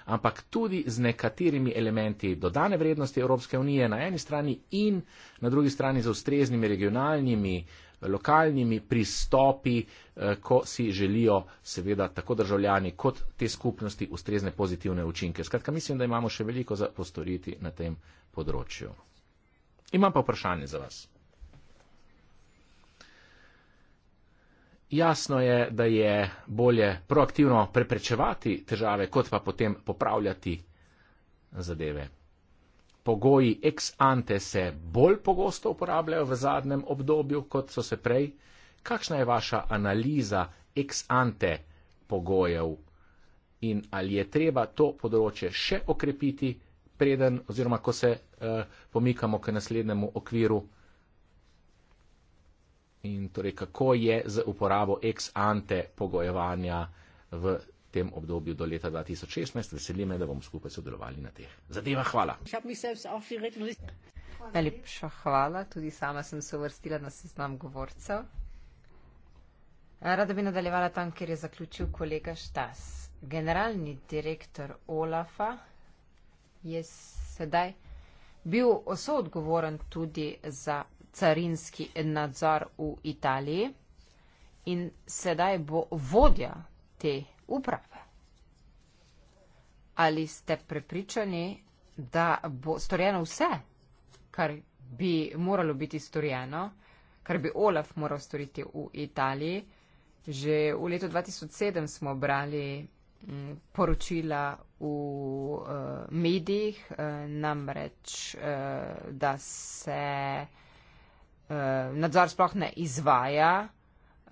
ampak tudi z nekaterimi elementi dodane vrednosti Evropske unije na eni strani in na drugi strani z ustreznimi regionalnimi, lokalnimi pristopi, eh, ko si želijo seveda tako državljani kot te skupnosti ustrezne pozitivne učinke. Skratka, mislim, da imamo še veliko za postoriti na tem področju. Imam pa vprašanje za vas. Jasno je, da je bolje proaktivno preprečevati težave, kot pa potem popravljati zadeve. Pogoji ex ante se bolj pogosto uporabljajo v zadnjem obdobju, kot so se prej. Kakšna je vaša analiza ex ante pogojev in ali je treba to področje še okrepiti, preden oziroma ko se eh, pomikamo k naslednjemu okviru. In torej, kako je z uporabo ex ante pogojevanja v V tem obdobju do leta 2016 veseli me, da bomo skupaj sodelovali na teh zadevah. Hvala. Najlepša hvala, tudi sama sem se uvrstila na seznam govorcev. Rada bi nadaljevala tam, kjer je zaključil kolega Štas. Generalni direktor OLAFA je sedaj bil soodgovoren tudi za carinski nadzor v Italiji in sedaj bo vodja te uprave. Ali ste prepričani, da bo storjeno vse, kar bi moralo biti storjeno, kar bi Olaf moral storiti v Italiji? Že v letu 2007 smo brali mm, poročila v uh, medijih, uh, namreč, uh, da se uh, nadzor sploh ne izvaja uh,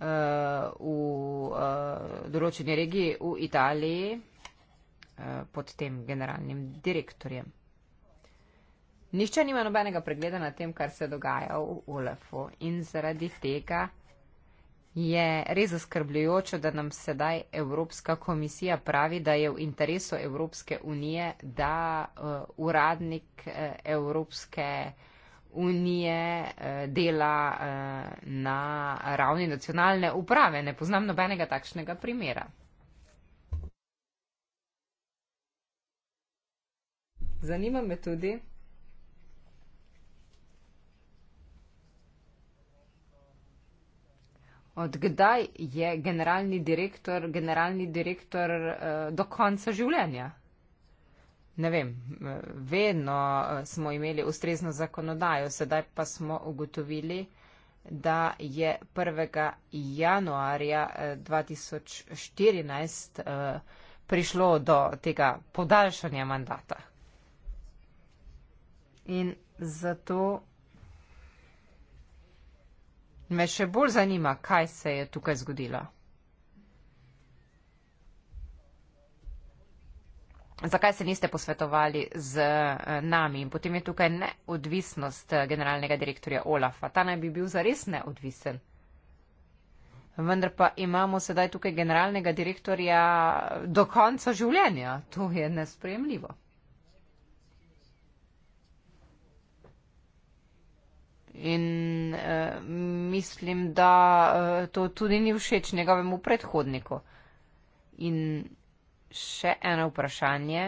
v uh, določeni regiji v Italiji uh, pod tem generalnim direktorjem. Nihče nima nobenega pregleda na tem, kar se dogaja v OLEF-u in zaradi tega Je res zaskrbljujoče, da nam sedaj Evropska komisija pravi, da je v interesu Evropske unije, da uh, uradnik uh, Evropske unije uh, dela uh, na ravni nacionalne uprave. Ne poznam nobenega takšnega primera. Zanima me tudi, Od kdaj je generalni direktor generalni direktor uh, do konca življenja? Ne vem, eh, vedno eh, smo imeli ustrezno zakonodajo, sedaj pa smo ugotovili, da je 1. januarja 2014 prišlo do tega podaljšanja mandata. In zato Me še bolj zanima, kaj se je tukaj zgodilo. Zakaj se niste posvetovali z eh, nami? In potem je tukaj neodvisnost eh, generalnega direktorja Olafa. Ta naj bi bil zares neodvisen. Vendar pa imamo sedaj tukaj generalnega direktorja do konca življenja. To je nespremljivo. In uh, mislim, da uh, to tudi ni všeč njegovemu predhodniku. In še eno vprašanje.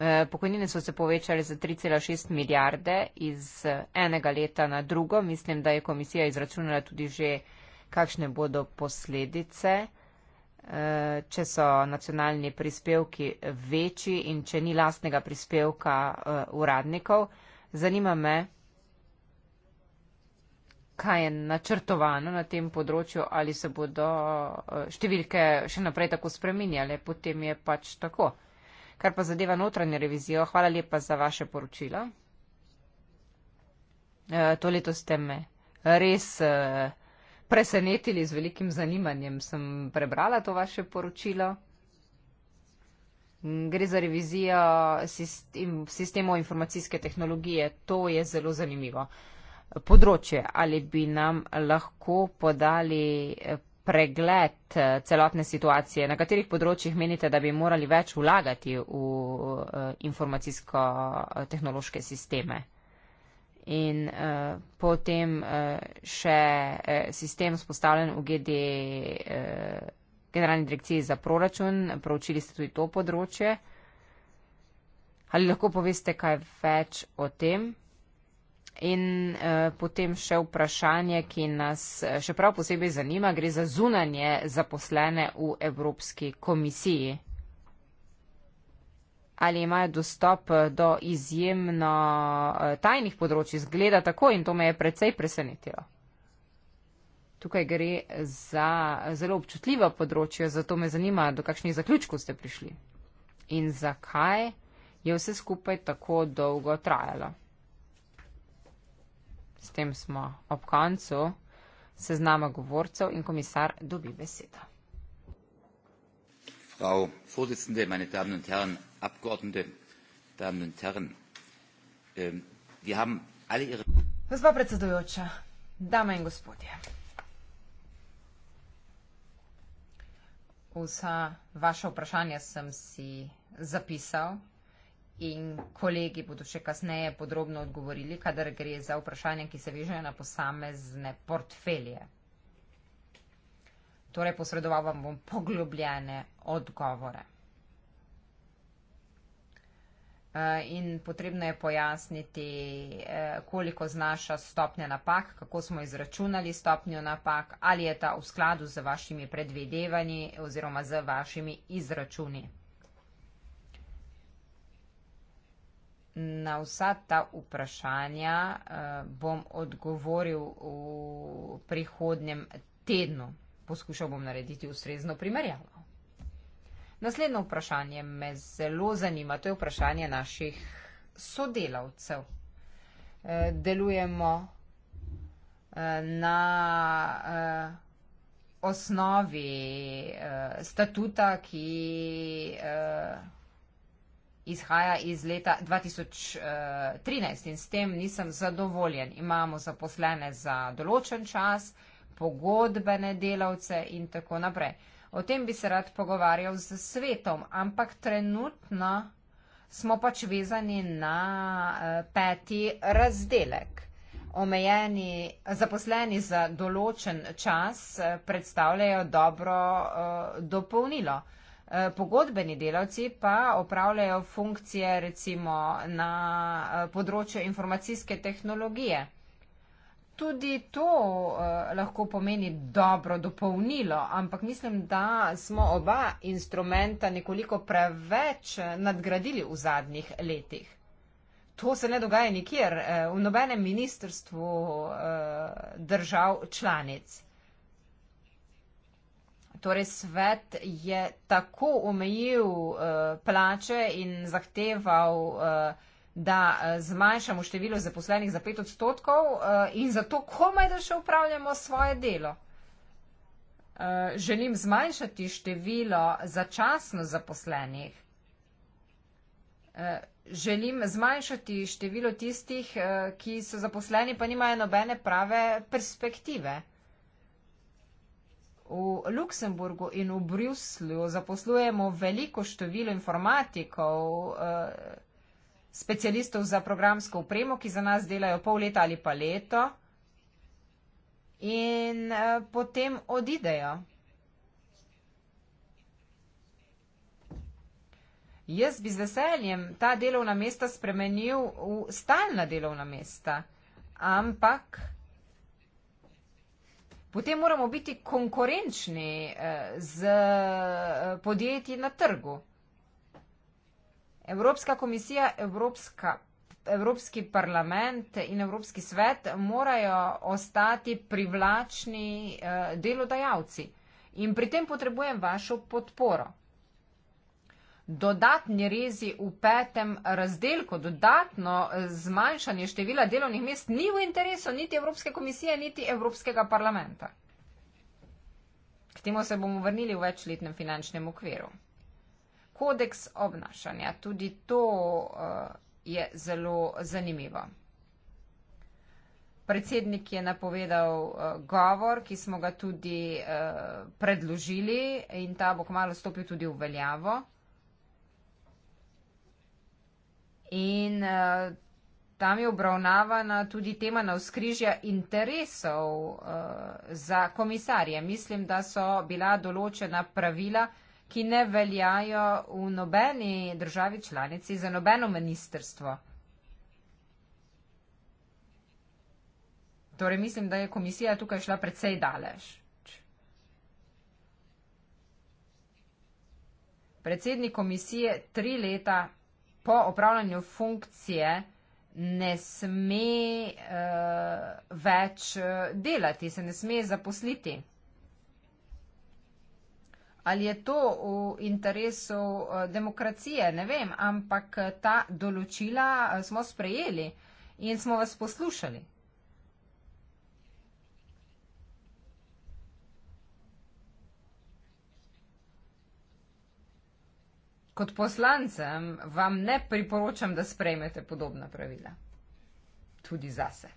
Eh, pokojnine so se povečale za 3,6 milijarde iz enega leta na drugo. Mislim, da je komisija izračunala tudi že, kakšne bodo posledice če so nacionalni prispevki večji in če ni lastnega prispevka eh, uradnikov. Zanima me, kaj je načrtovano na tem področju, ali se bodo eh, številke še naprej tako spreminjale, potem je pač tako. Kar pa zadeva notranjo revizijo, hvala lepa za vaše poročilo. Eh, to leto ste me res presenetili z velikim zanimanjem. Sem prebrala to vaše poročilo. Gre za revizijo sistemov informacijske tehnologije. To je zelo zanimivo področje. Ali bi nam lahko podali eh, pregled eh, celotne situacije, na katerih področjih menite, da bi morali več vlagati v eh, informacijsko-tehnološke sisteme? in eh, potem eh, še eh, sistem spostavljen v GD, Generalni direkciji za proračun. Proučili ste tudi to področje. Ali lahko poveste kaj več o tem? In eh, potem še vprašanje, ki nas še prav posebej zanima, gre za zunanje zaposlene v Evropski komisiji ali imajo dostop eh, do izjemno eh, tajnih področji. Zgleda tako in to me je precej presenetilo. Tukaj gre za zelo občutljivo področje, zato me zanima, do kakšnih zaključkov ste prišli in zakaj je vse skupaj tako dolgo trajalo. S tem smo ob koncu seznama govorcev in komisar dobi besedo. Frau Vorsitzende, meine Damen und Herren, Abgeordnete, Damen und Herren, ähm, wir haben alle Ihre. Gospod predsedujoča, dame in gospodje. Vsa vaša vprašanja sem si zapisal in kolegi bodo še kasneje podrobno odgovorili, kadar gre za vprašanja, ki se vežejo na posamezne portfelje. Torej posredoval vam bom poglobljene odgovore. Eh, in potrebno je pojasniti, eh, koliko znaša stopnja napak, kako smo izračunali stopnjo napak, ali je ta v skladu z vašimi predvidevanji oziroma z vašimi izračuni. Na vsa ta vprašanja eh, bom odgovoril v prihodnjem tednu. Poskušal bom narediti ustrezno primerjavo. Naslednje vprašanje me zelo zanima, to je vprašanje naših sodelavcev. Eh, delujemo eh, na eh, osnovi statuta, ki izhaja iz leta 2013 in s tem nisem zadovoljen. Imamo zaposlene za določen čas, pogodbene delavce in tako naprej. O tem bi se rad pogovarjal z svetom, ampak trenutno smo pač vezani na eh, peti razdelek. Omejeni zaposleni za določen čas eh, predstavljajo dobro eh, dopolnilo. Pogodbeni delavci pa opravljajo funkcije recimo na področju informacijske tehnologije tudi to uh, lahko pomeni dobro dopolnilo, ampak mislim, da smo oba instrumenta nekoliko preveč eh, nadgradili v zadnjih letih. To se ne dogaja nikjer, uh, v nobenem ministrstvu uh, držav članic. Torej, svet je tako omejil uh, plače in zahteval uh, da eh, zmanjšamo število zaposlenih za pet odstotkov eh, in zato komaj, da še upravljamo svoje delo. Eh, želim zmanjšati število začasno zaposlenih. Želim zmanjšati število tistih, ki so zaposleni, pa nimajo nobene prave perspektive. V Luksemburgu in v Bruslju zaposlujemo veliko število informatikov, specialistov za programsko upremo, ki za nas delajo pol leta ali pa leto in eh, potem odidejo. Jaz bi z veseljem ta delovna mesta spremenil v stalna delovna mesta, ampak potem moramo biti konkurenčni eh, z eh, podjetji na trgu. Evropska komisija, Evropska, Evropski parlament in Evropski svet morajo ostati privlačni eh, delodajalci in pri tem potrebujem vašo podporo. Dodatni rezi v petem razdelku, dodatno eh, zmanjšanje števila delovnih mest ni v interesu niti Evropske komisije, niti Evropskega parlamenta. K temu se bomo vrnili v večletnem finančnem okviru kodeks obnašanja. Tudi to uh, je zelo zanimivo. Predsednik je napovedal uh, govor, ki smo ga tudi uh, predložili in ta bo kmalo stopil tudi v veljavo. In uh, tam je obravnavana tudi tema na vzkrižja interesov uh, za komisarje. Mislim, da so bila določena pravila, uh, ki ne veljajo v nobeni državi članici za nobeno ministrstvo. Torej mislim, da je komisija tukaj šla predvsej daleč. Predsednik komisije tri leta po opravljanju funkcije ne sme uh, več eh, delati, se ne sme zaposliti ali je to v interesu eh, demokracije, ne vem, ampak eh, ta določila eh, smo sprejeli in smo vas poslušali. Kot poslancem vam ne priporočam, da sprejmete podobna pravila. Tudi zase.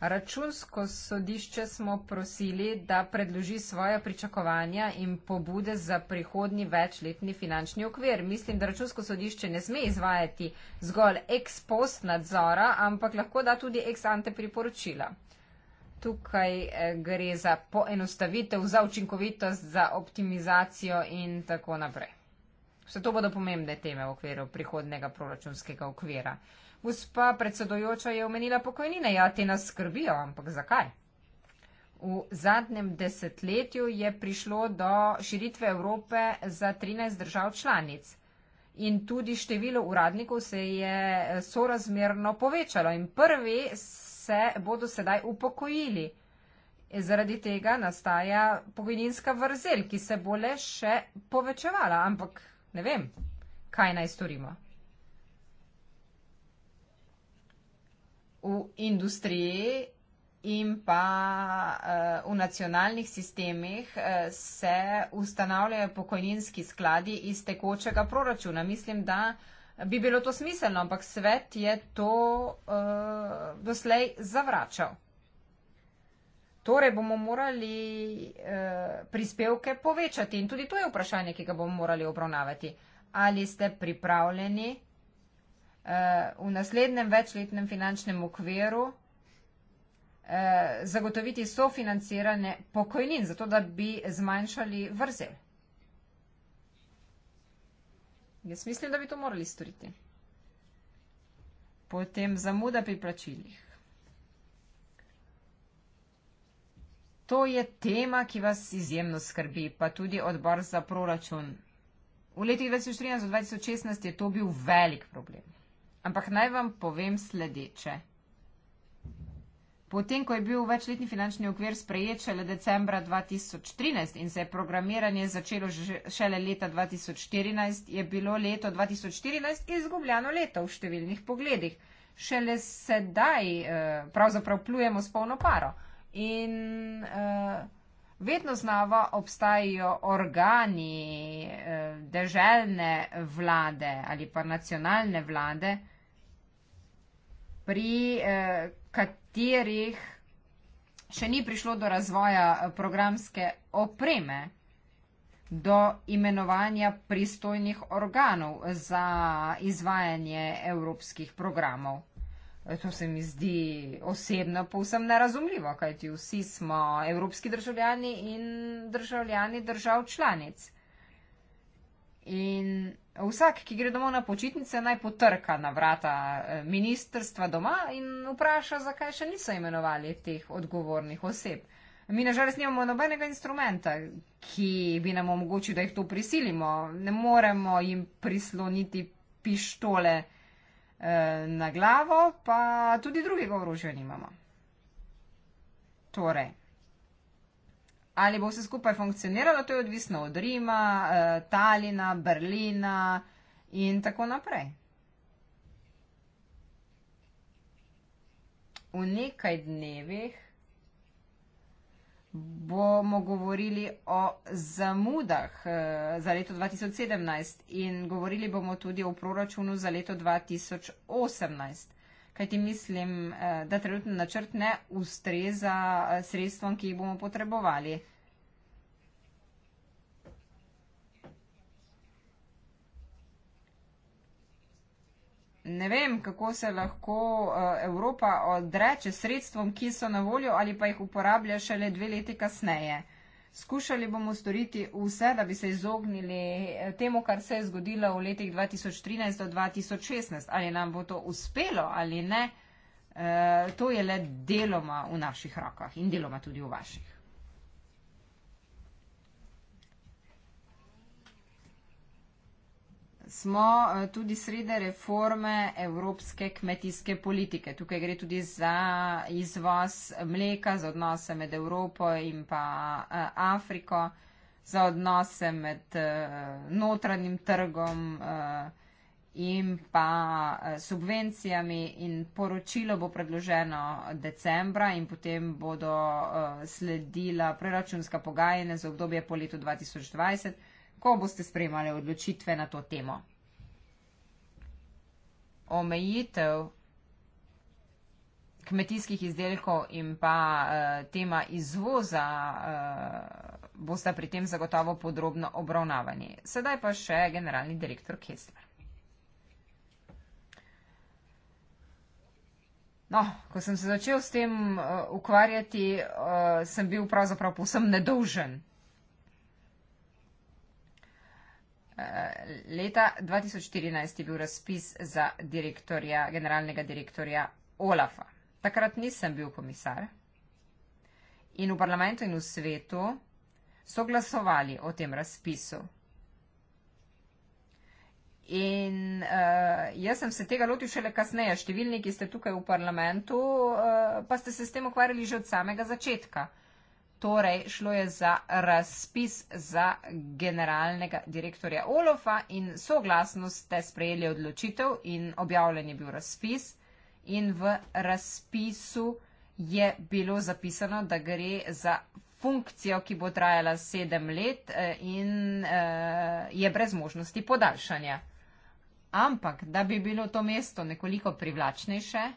Računsko sodišče smo prosili, da predloži svoje pričakovanja in pobude za prihodni večletni finančni okvir. Mislim, da računsko sodišče ne sme izvajati zgolj ex post nadzora, ampak lahko da tudi ex ante priporočila. Tukaj eh, gre za poenostavitev, za učinkovitost, za optimizacijo in tako naprej. Vse to bodo pomembne teme v okviru prihodnega proračunskega okvira. Gospa predsedojoča je omenila pokojnine. Ja, te nas skrbijo, ampak zakaj? V zadnjem desetletju je prišlo do širitve Evrope za 13 držav članic in tudi število uradnikov se je eh, sorazmerno povečalo in prvi se bodo sedaj upokojili. Zaradi tega nastaja pokojninska vrzel, ki se bo le še povečevala, ampak ne vem, kaj naj storimo. v industriji in pa uh, v nacionalnih sistemih uh, se ustanavljajo pokojninski skladi iz tekočega proračuna. Mislim, da bi bilo to smiselno, ampak svet je to uh, doslej zavračal. Torej bomo morali uh, prispevke povečati in tudi to je vprašanje, ki ga bomo morali obravnavati. Ali ste pripravljeni? Eh, v naslednjem večletnem finančnem okviru eh, zagotoviti sofinanciranje pokojnin, zato da bi zmanjšali vrzel. Jaz mislim, da bi to morali storiti. Potem zamuda pri plačilih. To je tema, ki vas izjemno skrbi, pa tudi odbor za proračun. V letih 2013-2016 je to bil velik problem. Ampak naj vam povem sledeče. Potem, ko je bil večletni finančni okvir sprejet šele decembra 2013 in se je programiranje začelo šele leta 2014, je bilo leto 2014 izgubljeno leto v številnih pogledih. Šele sedaj eh, pravzaprav plujemo s polno paro in eh, vedno znova obstajajo organi, eh, deželne vlade ali pa nacionalne vlade, pri eh, katerih še ni prišlo do razvoja eh, programske opreme, do imenovanja pristojnih organov za izvajanje evropskih programov. Eh, to se mi zdi osebno povsem nerazumljivo, kajti vsi smo evropski državljani in državljani držav članic. In Vsak, ki gre domov na počitnice, naj potrka na vrata eh, ministrstva doma in vpraša, zakaj še niso imenovali teh odgovornih oseb. Mi nažalost nimamo nobenega instrumenta, ki bi nam omogočil, da jih to prisilimo. Ne moremo jim prisloniti pištole eh, na glavo, pa tudi drugega orožja nimamo. Torej ali bo vse skupaj funkcioniralo, to je odvisno od Rima, eh, Talina, Berlina in tako naprej. V nekaj dnevih bomo govorili o zamudah eh, za leto 2017 in govorili bomo tudi o proračunu za leto 2018 kaj ti mislim, eh, da trenutni načrt ne ustreza eh, sredstvom, ki jih bomo potrebovali. Ne vem, kako se lahko eh, Evropa odreče sredstvom, ki so na voljo ali pa jih uporablja šele dve leti kasneje. Skušali bomo storiti vse, da bi se izognili eh, temu, kar se je zgodilo v letih 2013 do 2016. Ali nam bo to uspelo ali ne, eh, to je le deloma v naših rokah in deloma tudi v vaših. smo eh, tudi srede reforme evropske kmetijske politike. Tukaj gre tudi za izvoz mleka, za odnose med Evropo in pa eh, Afriko, za odnose med eh, notranjim trgom in pa subvencijami in poročilo bo predloženo decembra in potem bodo sledila preračunska pogajanja za obdobje po letu 2020 ko boste sprejemali odločitve na to temo. Omejitev kmetijskih izdelkov in pa uh, tema izvoza uh, eh, boste pri tem zagotovo podrobno obravnavani. Sedaj pa še generalni direktor Kessler. No, ko sem se začel s tem uh, ukvarjati, uh, sem bil pravzaprav posem nedolžen Eh, leta 2014 je bil razpis za direktorja, generalnega direktorja Olafa. Takrat nisem bil komisar in v parlamentu in v svetu so glasovali o tem razpisu. In uh, jaz sem se tega lotil šele kasneje. Številni, ki ste tukaj v parlamentu, uh, pa ste se s tem ukvarjali že od samega začetka. Uh, Torej, šlo je za razpis za generalnega direktorja Olofa in soglasno ste sprejeli odločitev in objavljen je bil razpis. In v razpisu je bilo zapisano, da gre za funkcijo, ki bo trajala sedem let eh, in eh, je brez možnosti podaljšanja. Ampak, da bi bilo to mesto nekoliko privlačnejše,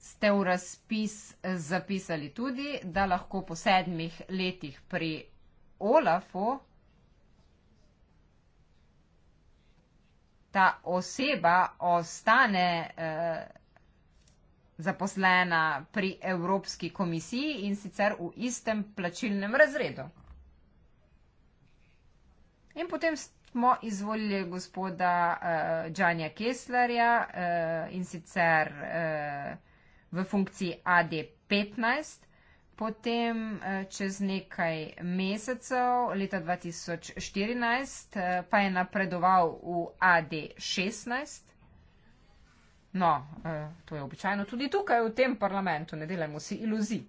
ste v razpis zapisali tudi, da lahko po sedmih letih pri Olafu ta oseba ostane eh, zaposlena pri Evropski komisiji in sicer v istem plačilnem razredu. In potem smo izvolili gospoda eh, Džanja eh, Keslerja eh, in sicer eh, v funkciji AD15, potem eh, čez nekaj mesecev, leta 2014, eh, pa je napredoval v AD16. No, eh, to je običajno tudi tukaj v tem parlamentu, ne delajmo si iluzij.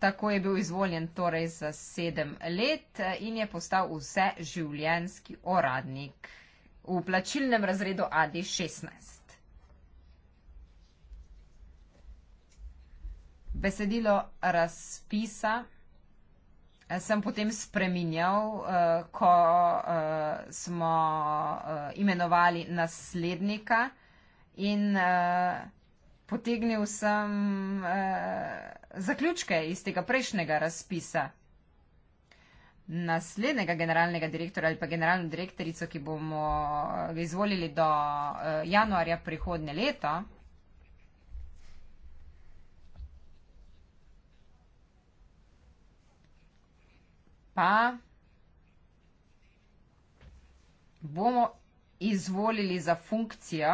Tako je bil izvoljen torej za sedem let in je postal vse življenski oradnik v plačilnem razredu AD16. besedilo razpisa eh, sem potem spreminjal, eh, ko eh, smo imenovali naslednika in potegnil sem zaključke iz tega prejšnjega razpisa naslednjega generalnega direktorja ali pa generalno direktorico, ki bomo izvolili do januarja prihodnje leto. pa bomo izvolili za funkcijo,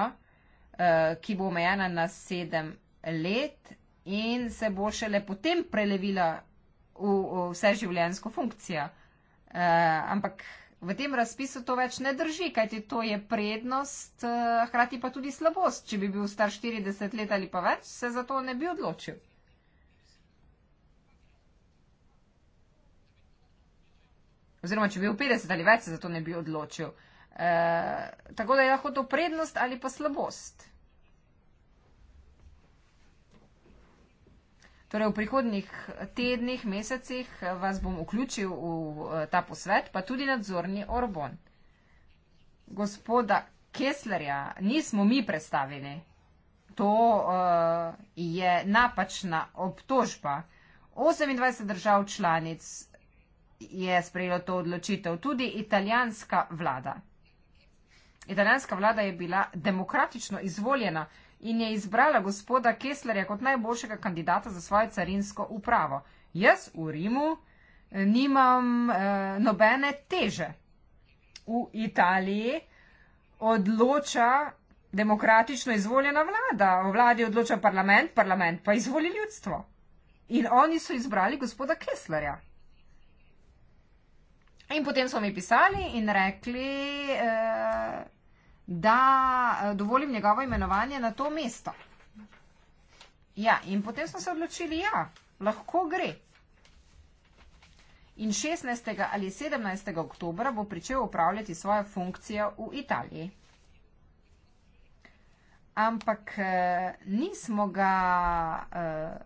eh, ki bo omejena na sedem let in se bo šele potem prelevila v vse življenjsko funkcijo. Eh, ampak v tem razpisu to več ne drži, kajti to je prednost, eh, hkrati pa tudi slabost. Če bi bil star 40 let ali pa več, se za to ne bi odločil. oziroma če bi bil 50 ali več, se za to ne bi odločil. E, tako da je lahko to prednost ali pa slabost. Torej, v prihodnih tednih, mesecih vas bom vključil v e, ta posvet, pa tudi nadzorni Orbon. Gospoda Kesslerja nismo mi predstavili. To uh, je napačna obtožba. 28 držav članic je sprejela to odločitev. Tudi italijanska vlada. Italijanska vlada je bila demokratično izvoljena in je izbrala gospoda Kesslerja kot najboljšega kandidata za svojo carinsko upravo. Jaz v Rimu eh, nimam eh, nobene teže. V Italiji odloča demokratično izvoljena vlada, v vladi odloča parlament, parlament pa izvoli ljudstvo. In oni so izbrali gospoda Kesslerja. In potem so mi pisali in rekli, eh, da eh, dovolim njegovo imenovanje na to mesto. Ja, in potem smo se odločili, ja, lahko gre. In 16. ali 17. oktobra bo pričel upravljati svojo funkcijo v Italiji. Ampak eh, nismo ga eh,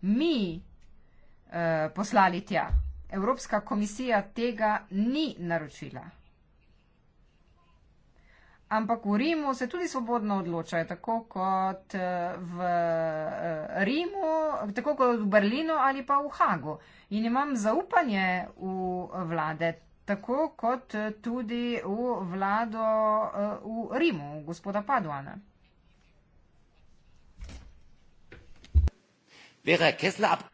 mi eh, poslali tja. Evropska komisija tega ni naročila. Ampak v Rimu se tudi svobodno odločajo, tako kot eh, v eh, Rimu, tako kot v Berlinu ali pa v Hagu. In imam zaupanje v vlade, tako kot eh, tudi v vlado v Rimu, gospoda Paduana. Vera Kessler.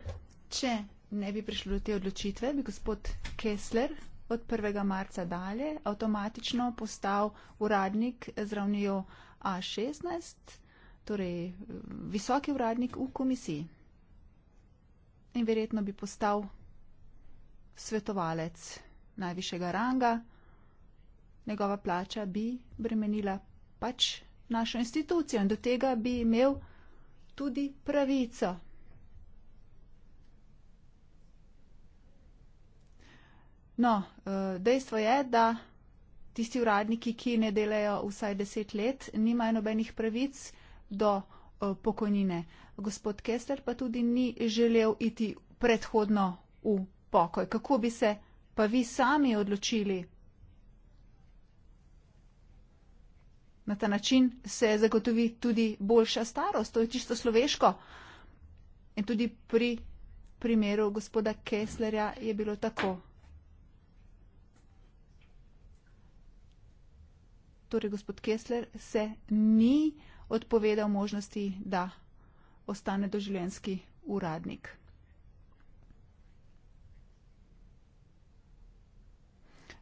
Če ne bi prišlo do te odločitve, bi gospod Kessler od 1. marca dalje avtomatično postal uradnik z ravnijo A16, torej visoki uradnik v komisiji. In verjetno bi postal svetovalec najvišjega ranga, njegova plača bi bremenila pač našo institucijo in do tega bi imel tudi pravico. No, eh, dejstvo je, da tisti uradniki, ki ne delajo vsaj deset let, nimajo nobenih pravic do eh, pokojnine. Gospod Kester pa tudi ni želel iti predhodno v pokoj. Kako bi se pa vi sami odločili? Na ta način se zagotovi tudi boljša starost, to je čisto sloveško. In tudi pri primeru gospoda Kesslerja je bilo tako. torej gospod Kessler, se ni odpovedal možnosti, da ostane doživljenski uradnik.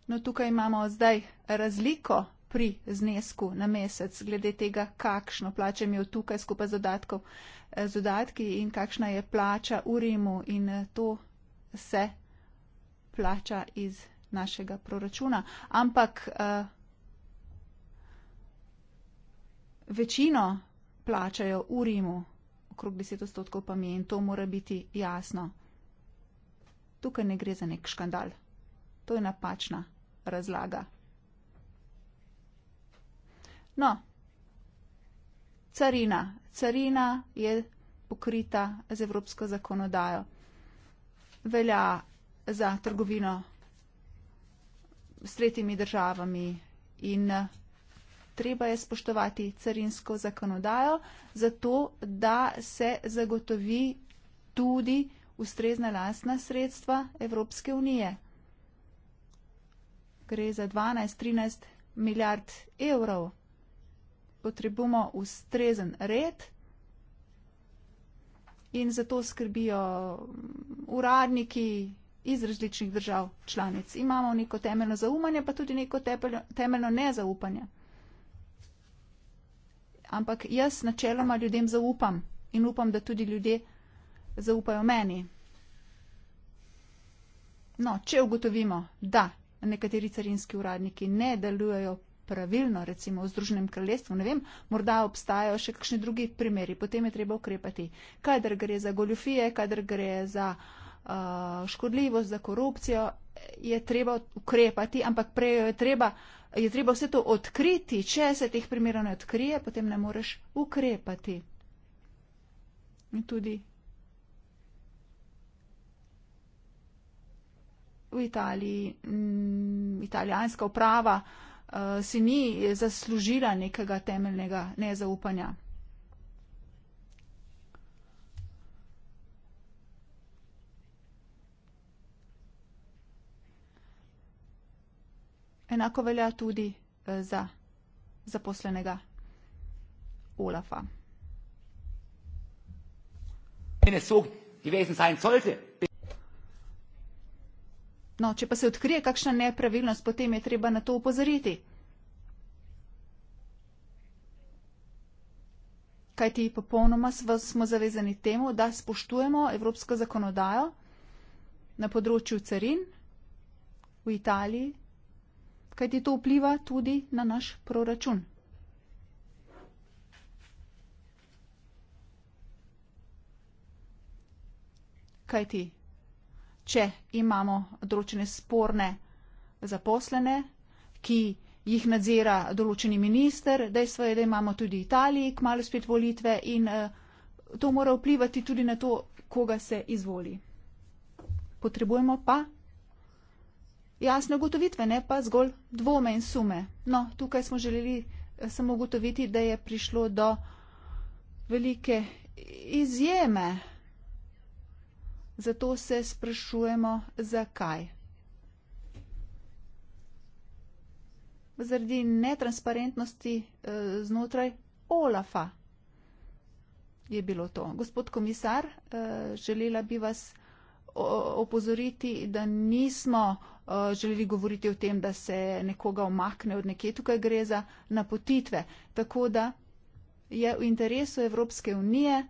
No, tukaj imamo zdaj razliko pri znesku na mesec, glede tega, kakšno plače mi je tukaj skupaj z, dodatkov, eh, z dodatki in kakšna je plača v Rimu in eh, to se plača iz našega proračuna. Ampak uh, večino plačajo v Rimu, okrog 10 odstotkov pa mi in to mora biti jasno. Tukaj ne gre za nek škandal. To je napačna razlaga. No, carina. Carina je pokrita z evropsko zakonodajo. Velja za trgovino s tretjimi državami in treba je spoštovati carinsko zakonodajo, zato da se zagotovi tudi ustrezna lastna sredstva Evropske unije. Gre za 12-13 milijard evrov. Potrebujemo ustrezen red in zato skrbijo mm, uradniki iz različnih držav članic. Imamo neko temeljno zaumanje, pa tudi neko temeljno nezaupanje ampak jaz načeloma ljudem zaupam in upam, da tudi ljudje zaupajo meni. No, če ugotovimo, da nekateri carinski uradniki ne delujejo pravilno, recimo v Združenem kraljestvu, ne vem, morda obstajajo še kakšni drugi primeri, potem je treba ukrepati. Kadar gre za goljufije, kadar gre za Eh, škodljivost, za korupcijo, je treba ukrepati, ampak prej je treba, je treba vse to odkriti. Če se teh primerov ne odkrije, potem ne moreš ukrepati. In tudi v Italiji, m, mm, italijanska uprava uh, si ni zaslužila nekega temeljnega nezaupanja. Enako velja tudi eh, za zaposlenega Olafa. No, če pa se odkrije kakšna nepravilnost, potem je treba na to upozoriti. Kaj ti popolnoma smo zavezani temu, da spoštujemo evropsko zakonodajo na področju carin v Italiji kajti to vpliva tudi na naš proračun. Kajti, če imamo določene sporne zaposlene, ki jih nadzira določeni minister, dejstvo je, da imamo tudi Italiji kmalo spet volitve in eh, to mora vplivati tudi na to, koga se izvoli. Potrebujemo pa jasne ugotovitve, ne pa zgolj dvome in sume. No, tukaj smo želeli eh, samo ugotoviti, da je prišlo do velike izjeme. Zato se sprašujemo, zakaj. Zaradi netransparentnosti e, znotraj Olafa je bilo to. Gospod komisar, e, želela bi vas opozoriti, da nismo eh, želeli govoriti o tem, da se nekoga omakne od nekje tukaj gre za napotitve. Tako da je v interesu Evropske unije,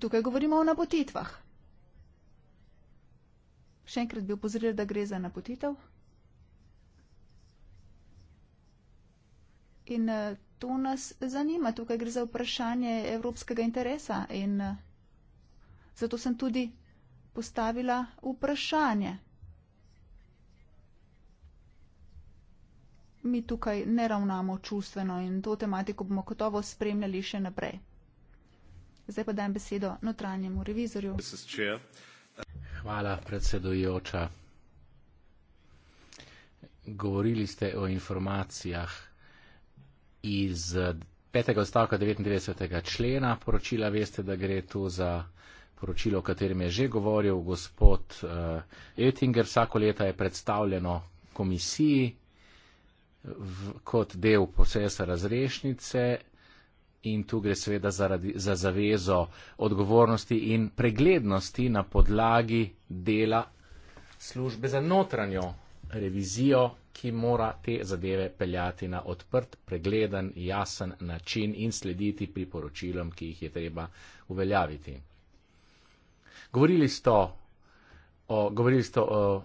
Tukaj govorimo o napotitvah. Še enkrat bi upozorili, da gre za napotitev. In eh, to nas zanima. Tukaj gre za vprašanje evropskega interesa in eh, zato sem tudi postavila vprašanje. Mi tukaj ne ravnamo čustveno in to tematiko bomo gotovo spremljali še naprej. Zdaj pa dajem besedo notranjemu revizorju. Hvala, predsedujoča. Govorili ste o informacijah iz eh, petega odstavka 99. člena poročila veste, da gre tu za poročilo, o katerem je že govoril gospod eh, Ettinger. Vsako leto je predstavljeno komisiji v, kot del procesa razrešnice. In tu gre seveda zaradi, za zavezo odgovornosti in preglednosti na podlagi dela službe za notranjo revizijo, ki mora te zadeve peljati na odprt, pregleden, jasen način in slediti priporočilom, ki jih je treba uveljaviti. Govorili ste o, govorili ste o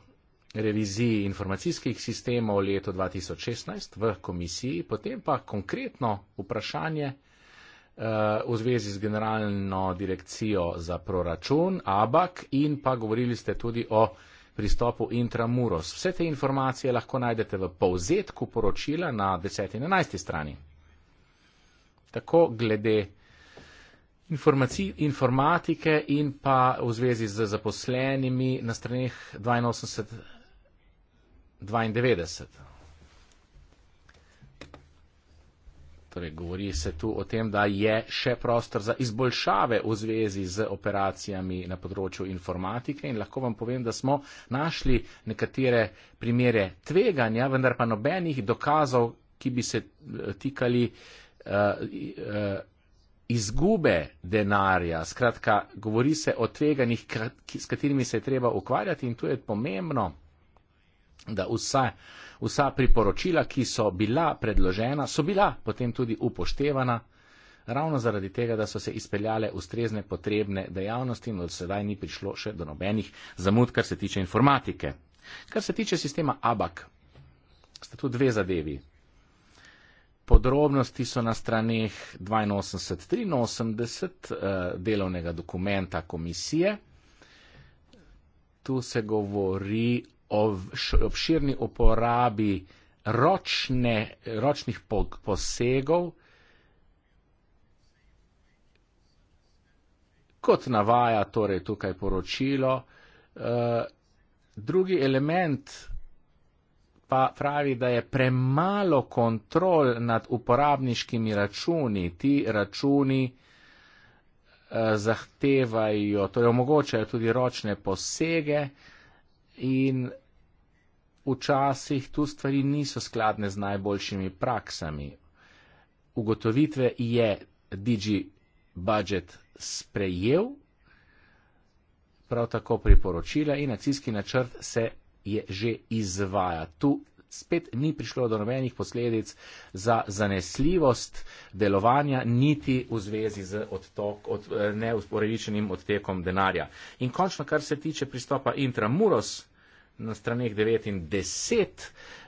reviziji informacijskih sistemov leto 2016 v komisiji, potem pa konkretno vprašanje eh, v zvezi z generalno direkcijo za proračun, ABAK in pa govorili ste tudi o pristopu intramuros. Vse te informacije lahko najdete v povzetku poročila na 10. in 11. strani. Tako glede informatike in pa v zvezi z zaposlenimi na straneh 82-92. Torej, govori se tu o tem, da je še prostor za izboljšave v zvezi z operacijami na področju informatike in lahko vam povem, da smo našli nekatere primere tveganja, vendar pa nobenih dokazov, ki bi se eh, tikali eh, eh, izgube denarja. Skratka, govori se o tveganjih, s katerimi se je treba ukvarjati in tu je pomembno, da vse vsa priporočila, ki so bila predložena, so bila potem tudi upoštevana, ravno zaradi tega, da so se izpeljale ustrezne potrebne dejavnosti in od sedaj ni prišlo še do nobenih zamud, kar se tiče informatike. Kar se tiče sistema ABAK, sta tu dve zadevi. Podrobnosti so na straneh 82-83 eh, delovnega dokumenta komisije. Tu se govori obširni uporabi ročne, ročnih posegov, kot navaja torej tukaj poročilo. Eh, drugi element pa pravi, da je premalo kontrol nad uporabniškimi računi. Ti računi eh, zahtevajo, torej omogočajo tudi ročne posege in včasih tu stvari niso skladne z najboljšimi praksami. Ugotovitve je Digi budget sprejel, prav tako priporočila in nacijski načrt se je že izvaja. Tu spet ni prišlo do nobenih posledic za zanesljivost delovanja, niti v zvezi z odtok, od, eh, neusporedičenim odtekom denarja. In končno, kar se tiče pristopa intramuros, na straneh 9 in 10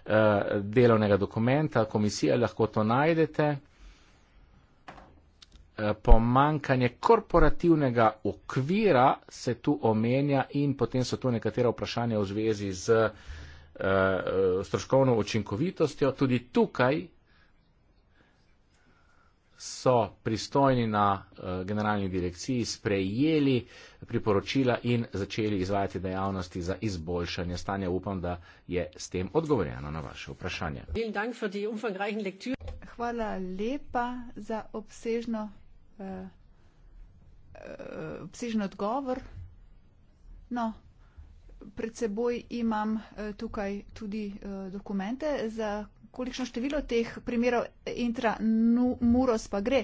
eh, delovnega dokumenta, komisija lahko to najdete. Eh, pomankanje korporativnega okvira se tu omenja in potem so tu nekatera vprašanja v zvezi z uh, stroškovno učinkovitostjo. Tudi tukaj so pristojni na eh, generalni direkciji sprejeli priporočila in začeli izvajati dejavnosti za izboljšanje stanja. Upam, da je s tem odgovorjeno na vaše vprašanje. Hvala lepa za obsežno, eh, eh, obsežen odgovor. No, pred seboj imam tukaj tudi dokumente za kolikšno število teh primerov intramuros pa gre?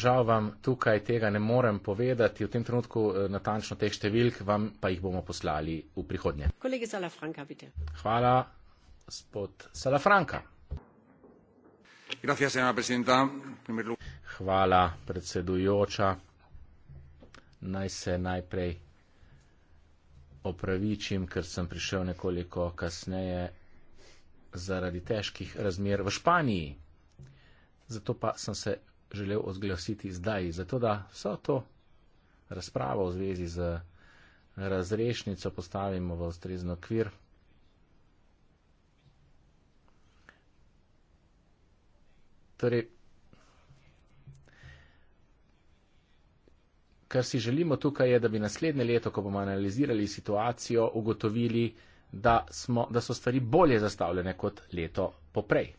Žal vam tukaj tega ne morem povedati, v tem trenutku eh, natančno teh številk vam pa jih bomo poslali v prihodnje. Kolegi Salafranka, vidite. Hvala, gospod Salafranka. Hvala, predsedujoča. Naj se najprej opravičim, ker sem prišel nekoliko kasneje zaradi težkih razmer v Španiji. Zato pa sem se želel odglasiti zdaj, zato da vso to razpravo v zvezi z razrešnico postavimo v ustrezno kvir. Torej, kar si želimo tukaj je, da bi naslednje leto, ko bomo analizirali situacijo, ugotovili, da, smo, da so stvari bolje zastavljene kot leto poprej.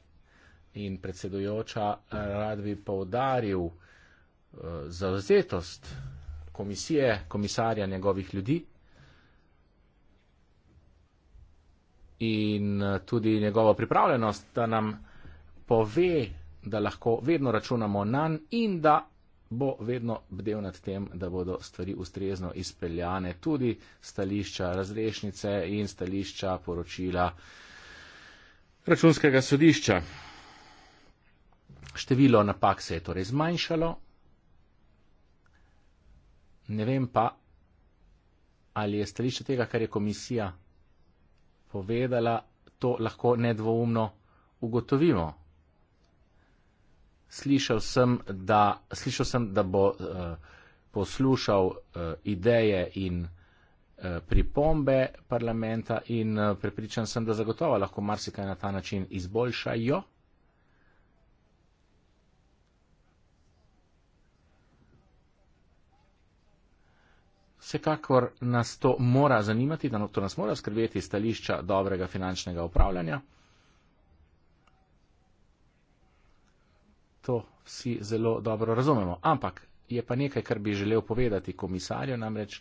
In predsedujoča, eh, rad bi povdaril uh, eh, zauzetost komisije, komisarja njegovih ljudi in eh, tudi njegovo pripravljenost, da nam pove, da lahko vedno računamo na njim in da bo vedno bdel nad tem, da bodo stvari ustrezno izpeljane, tudi stališča razrešnice in stališča poročila računskega sodišča. Število napak se je torej zmanjšalo. Ne vem pa, ali je stališče tega, kar je komisija povedala, to lahko nedvoumno ugotovimo slišal sem, da, slišal sem, da bo uh, poslušal uh, ideje in uh, pripombe parlamenta in uh, prepričan sem, da zagotovo lahko marsikaj na ta način izboljšajo. Vsekakor nas to mora zanimati, da to nas mora skrbeti stališča dobrega finančnega upravljanja. to vsi zelo dobro razumemo. Ampak je pa nekaj, kar bi želel povedati komisarju, namreč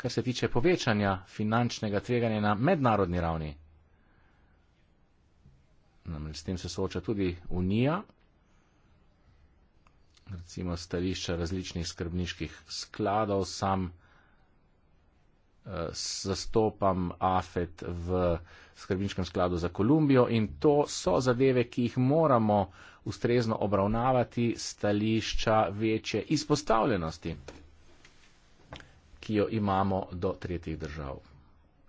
kar se tiče povečanja finančnega tveganja na mednarodni ravni. Namreč s tem se sooča tudi Unija, recimo stališča različnih skrbniških skladov, sam eh, zastopam AFET v skrbniškem skladu za Kolumbijo in to so zadeve, ki jih moramo ustrezno obravnavati stališča večje izpostavljenosti, ki jo imamo do tretjih držav.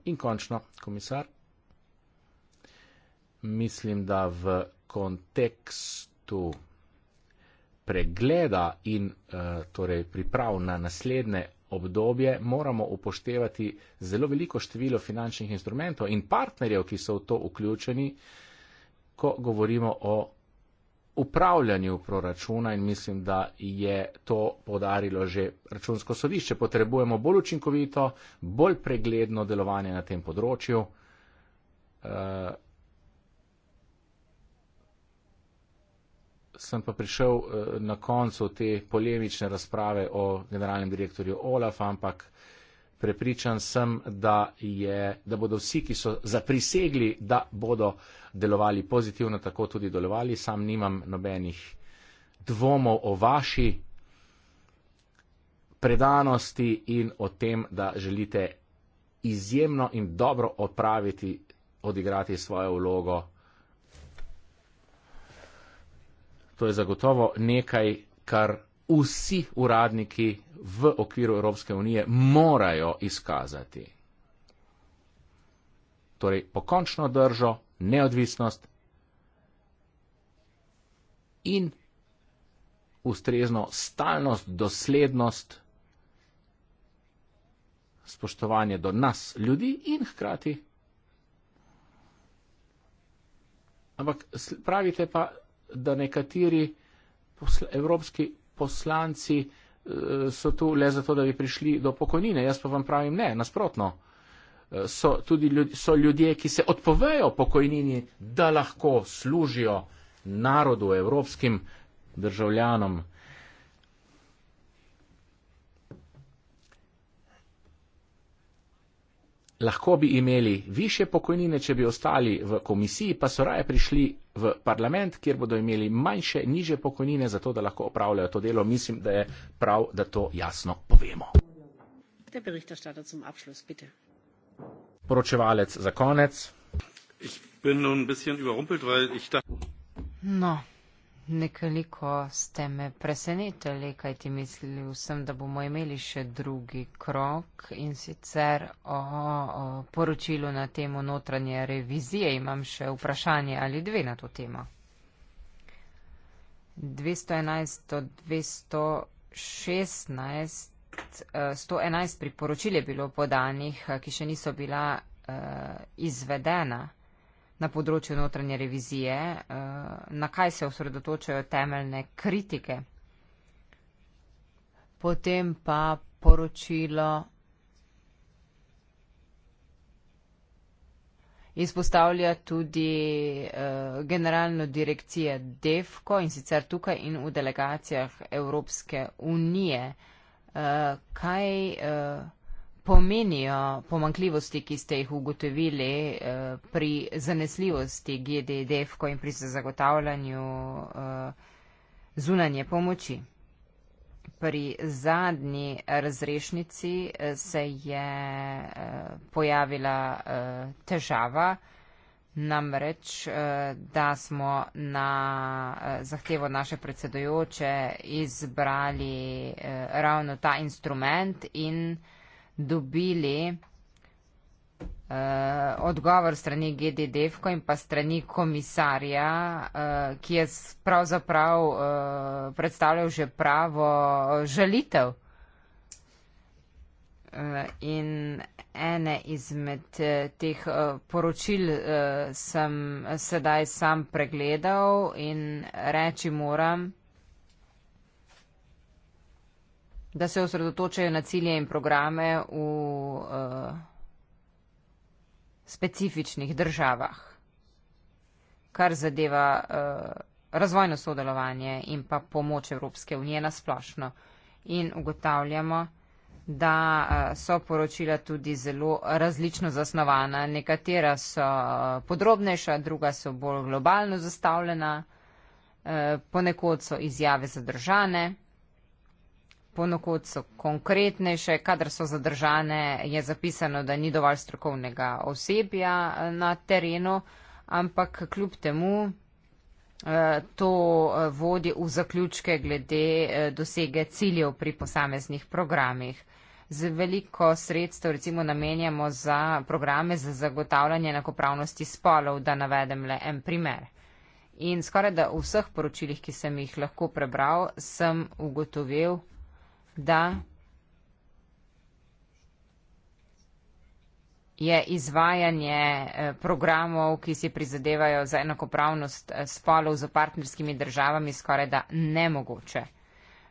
In končno, komisar, mislim, da v kontekstu pregleda in eh, torej priprav na naslednje obdobje moramo upoštevati zelo veliko število finančnih instrumentov in partnerjev, ki so v to vključeni, ko govorimo o upravljanju proračuna in mislim, da je to podarilo že računsko sodišče. Potrebujemo bolj učinkovito, bolj pregledno delovanje na tem področju. Uh, sem pa prišel uh, na koncu te polemične razprave o generalnem direktorju Olaf, ampak prepričan sem, da, je, da bodo vsi, ki so zaprisegli, da bodo delovali pozitivno, tako tudi delovali. Sam nimam nobenih dvomov o vaši predanosti in o tem, da želite izjemno in dobro odpraviti, odigrati svojo vlogo. To je zagotovo nekaj, kar vsi uradniki v okviru Evropske unije morajo izkazati. Torej, pokončno držo, neodvisnost in ustrezno stalnost, doslednost, spoštovanje do nas, ljudi in hkrati. Ampak pravite pa, da nekateri evropski poslanci Eh, so tu le zato, da bi prišli do pokojnine. Jaz pa vam pravim ne, nasprotno. Eh, so tudi so ljudje, ki se odpovejo pokojnini, da lahko služijo narodu, evropskim državljanom. lahko bi imeli više pokojnine, če bi ostali v komisiji, pa so raje prišli v parlament, kjer bodo imeli manjše, niže pokojnine, zato da lahko opravljajo to delo. Mislim, da je prav, da to jasno povemo. Poročevalec za konec. No. Nekoliko ste me presenetili, kaj ti mislil sem, da bomo imeli še drugi krok in sicer o, o poročilu na temo notranje revizije. Imam še vprašanje ali dve na to temo. 211-216, 111 eh, priporočil je bilo podanih, eh, ki še niso bila uh, izvedena na področju notranje revizije, eh, na kaj se osredotočajo temeljne kritike. Potem pa poročilo izpostavlja tudi eh, generalno direkcijo DEFCO in sicer tukaj in v delegacijah Evropske unije. Eh, kaj pomenijo pomankljivosti, ki ste jih ugotovili eh, pri zanesljivosti GDDF, ko jim pri zagotavljanju eh, zunanje pomoči? Pri zadnji razrešnici eh, se je pojavila težava, namreč, da smo na zahtevo naše predsedojoče izbrali ravno ta instrument in dobili uh, odgovor strani GD Defko in pa strani komisarja, uh, ki je pravzaprav uh, predstavljal že pravo žalitev. In ene izmed teh poročil sem sedaj sam pregledal in reči moram, da se osredotočajo na cilje in programe v uh, specifičnih državah, kar zadeva uh, razvojno sodelovanje in pa pomoč Evropske unije na splošno. In ugotavljamo, da eh, so poročila tudi zelo različno zasnovana. Nekatera so podrobnejša, druga so bolj globalno zastavljena, ponekod so izjave zadržane ponekod so konkretnejše, kadar so zadržane, je zapisano, da ni dovolj strokovnega osebja eh, na terenu, ampak kljub temu eh, to eh, vodi v zaključke glede dosege ciljev pri posameznih programih. Z veliko sredstev recimo namenjamo za programe za zagotavljanje enakopravnosti spolov, da navedem le en primer. In skoraj da v vseh poročilih, ki sem jih lahko prebral, sem ugotovil, da je izvajanje eh, programov, ki si prizadevajo za enakopravnost eh, spolov z partnerskimi državami, skoraj da nemogoče.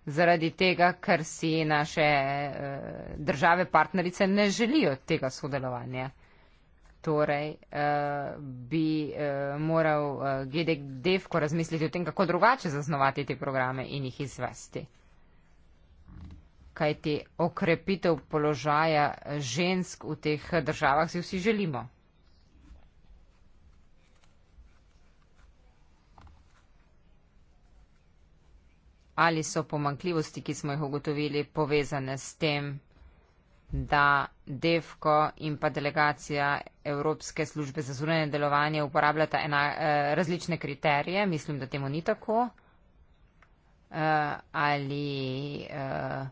Zaradi tega, ker si naše eh, države partnerice ne želijo tega sodelovanja. Torej, bi moral GDDF-ko razmisliti o tem, kako drugače zaznovati te programe in jih izvesti kajti okrepitev položaja žensk v teh državah si vsi želimo. Ali so pomankljivosti, ki smo jih ugotovili, povezane s tem, da DEFCO in pa delegacija Evropske službe za zunanje delovanje uporabljata ena, eh, različne kriterije? Mislim, da temu ni tako. Eh, ali eh,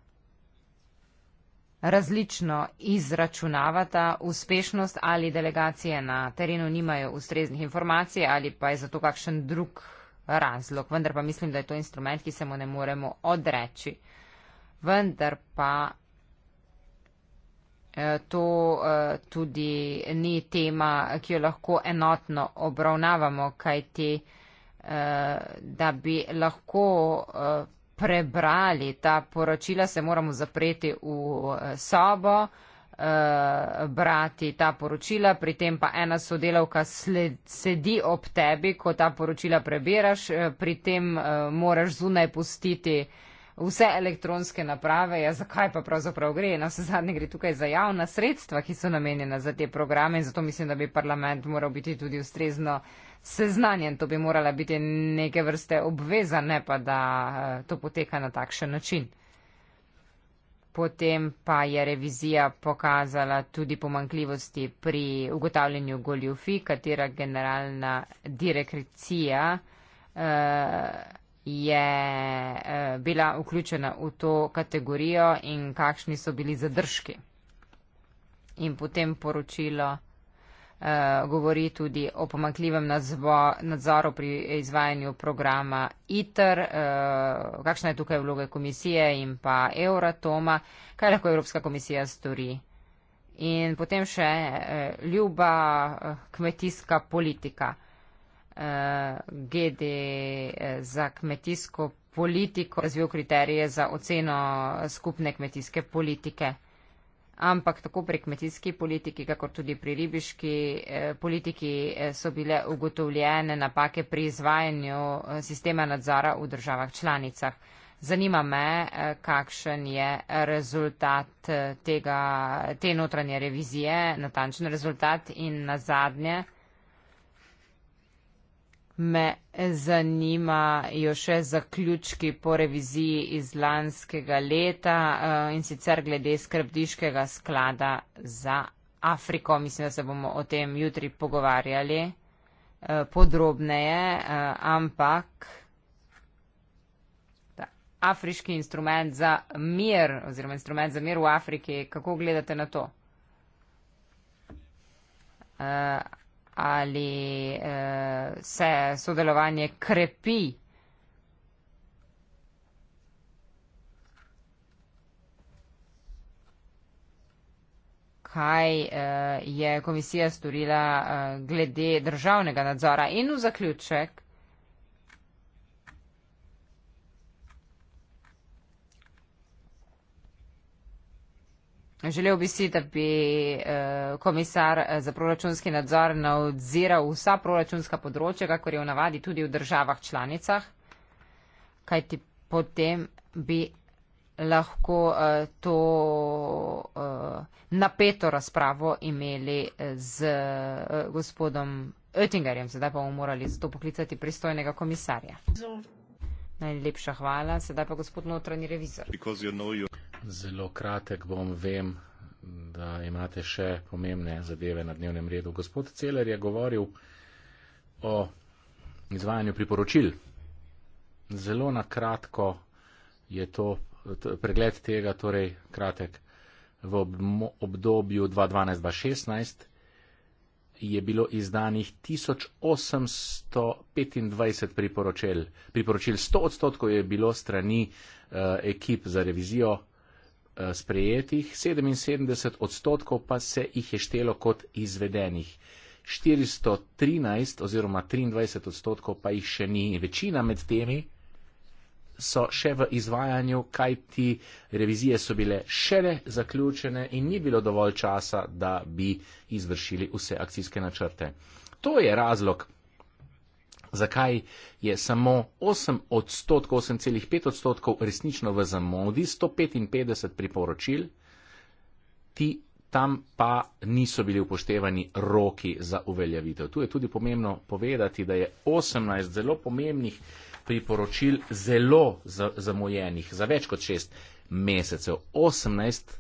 različno izračunavata uspešnost ali delegacije na terenu nimajo ustreznih informacij ali pa je za to kakšen drug razlog. Vendar pa mislim, da je to instrument, ki se mu ne moremo odreči. Vendar pa. Eh, to eh, tudi ni tema, ki jo lahko enotno obravnavamo, kajti eh, da bi lahko prebrali ta poročila, se moramo zapreti v eh, sobo, eh, brati ta poročila, pri tem pa ena sodelavka sled, sedi ob tebi, ko ta poročila preberaš, eh, pri tem moraš zunaj pustiti vse elektronske naprave. Ja, zakaj pa pravzaprav gre? Na no, vse zadnje gre tukaj za javna sredstva, ki so namenjena za te programe in zato mislim, da bi parlament moral biti tudi ustrezno seznanjen. To bi morala biti neke vrste obveza, ne pa da eh, to poteka na takšen način. Potem pa je revizija pokazala tudi pomankljivosti pri ugotavljanju goljufi, katera generalna direkcija eh, je eh, bila vključena v to kategorijo in kakšni so bili zadržki. In potem poročilo. Eh, govori tudi o pomankljivem nadzoru pri izvajanju programa ITER, eh, kakšna je tukaj vloga komisije in pa Euratoma, kaj lahko Evropska komisija stori. In potem še eh, ljuba kmetijska politika. GD za kmetijsko politiko razvil kriterije za oceno skupne kmetijske politike ampak tako pri kmetijski politiki, kakor tudi pri ribiški eh, politiki eh, so bile ugotovljene napake pri izvajanju eh, sistema nadzora v državah članicah. Zanima me, kakšen je rezultat tega, te notranje revizije, natančen rezultat in na zadnje me zanimajo še zaključki po reviziji iz lanskega leta eh, in sicer glede skrbniškega sklada za Afriko. Mislim, da se bomo o tem jutri pogovarjali eh, podrobneje, eh, ampak. Afriški instrument za mir oziroma instrument za mir v Afriki, kako gledate na to? ali eh, se sodelovanje krepi. kaj eh, je komisija storila eh, glede državnega nadzora. In v zaključek Želel bi si, da bi eh, komisar eh, za proračunski nadzor nadziral vsa proračunska področja, kakor je v navadi tudi v državah članicah, kajti potem bi lahko eh, to napeto razpravo imeli z gospodom Oettingerjem, sedaj pa bomo morali zato poklicati pristojnega komisarja. Najlepša hvala, sedaj pa gospod notranji revizor. Zelo kratek bom, vem, da imate še pomembne zadeve na dnevnem redu. Gospod Celer je govoril o izvajanju priporočil. Zelo na kratko je to pregled tega, torej kratek. V obdobju 2012-2016 je bilo izdanih 1825 priporočil. Priporočil 100 odstotkov je bilo strani uh, ekip za revizijo Eh, sprejetih, 77 odstotkov pa se jih je štelo kot izvedenih. 413 oziroma 23 odstotkov pa jih še ni. Večina med temi so še v izvajanju, kaj ti revizije so bile šele zaključene in ni bilo dovolj časa, da bi izvršili vse akcijske načrte. To je razlog, Zakaj je samo 8 odstotkov, 8,5 odstotkov resnično v zamudi, 155 priporočil, ti tam pa niso bili upoštevani roki za uveljavitev. Tu je tudi pomembno povedati, da je 18 zelo pomembnih priporočil zelo zamujenih za več kot 6 mesecev. 18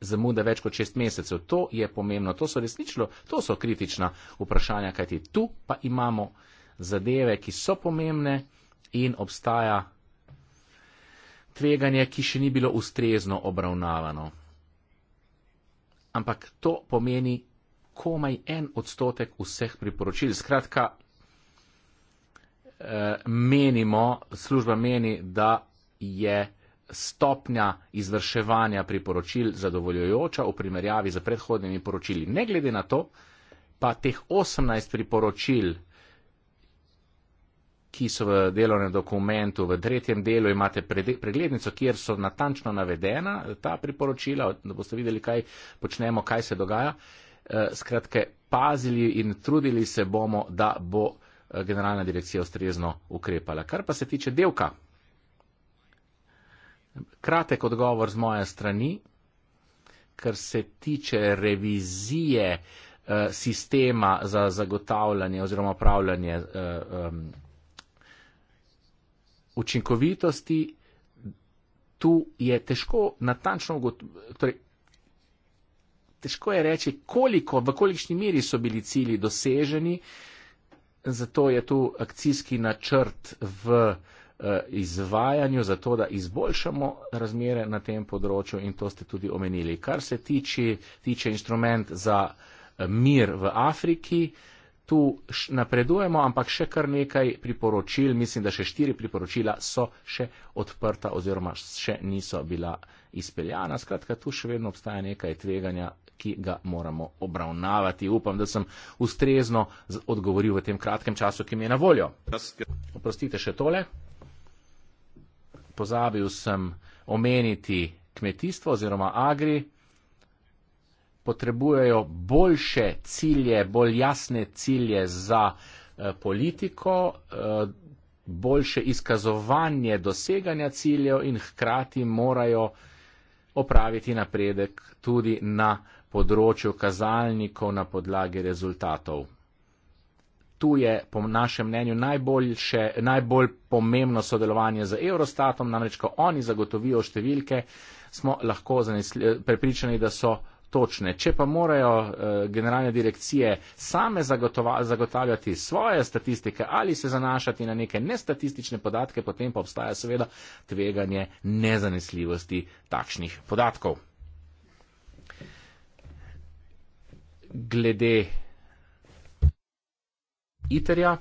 zamuda več kot 6 mesecev. To je pomembno, to so resnično, to so kritična vprašanja, kajti tu pa imamo zadeve, ki so pomembne in obstaja tveganje, ki še ni bilo ustrezno obravnavano. Ampak to pomeni komaj en odstotek vseh priporočil. Skratka, eh, menimo, služba meni, da je stopnja izvrševanja priporočil zadovoljujoča v primerjavi z predhodnimi poročili. Ne glede na to, pa teh 18 priporočil ki so v delovnem dokumentu, v tretjem delu imate preglednico, kjer so natančno navedena ta priporočila, da boste videli, kaj počnemo, kaj se dogaja. E, Skratke, pazili in trudili se bomo, da bo e, generalna direkcija ustrezno ukrepala. Kar pa se tiče delka, kratek odgovor z moje strani, kar se tiče revizije e, sistema za zagotavljanje oziroma upravljanje učinkovitosti, tu je težko natančno ugotoviti, torej, težko je reči, koliko, v kolikšni meri so bili cilji doseženi, zato je tu akcijski načrt v eh, izvajanju, zato da izboljšamo razmere na tem področju in to ste tudi omenili. Kar se tiče, tiče instrument za eh, mir v Afriki, uh, tu napredujemo, ampak še kar nekaj priporočil, mislim, da še štiri priporočila so še odprta oziroma še niso bila izpeljana. Skratka, tu še vedno obstaja nekaj tveganja, ki ga moramo obravnavati. Upam, da sem ustrezno odgovoril v tem kratkem času, ki mi je na voljo. Oprostite še tole. Pozabil sem omeniti kmetijstvo oziroma agri potrebujejo boljše cilje, bolj jasne cilje za eh, politiko, eh, boljše izkazovanje doseganja ciljev in hkrati morajo opraviti napredek tudi na področju kazalnikov na podlagi rezultatov. Tu je po našem mnenju najboljše, najbolj pomembno sodelovanje z Eurostatom, namreč ko oni zagotovijo številke, smo lahko zanesli, prepričani, da so točne. Če pa morajo uh, generalne direkcije same zagotavljati svoje statistike ali se zanašati na neke nestatistične podatke, potem pa obstaja seveda tveganje nezanesljivosti takšnih podatkov. Glede ITER-ja,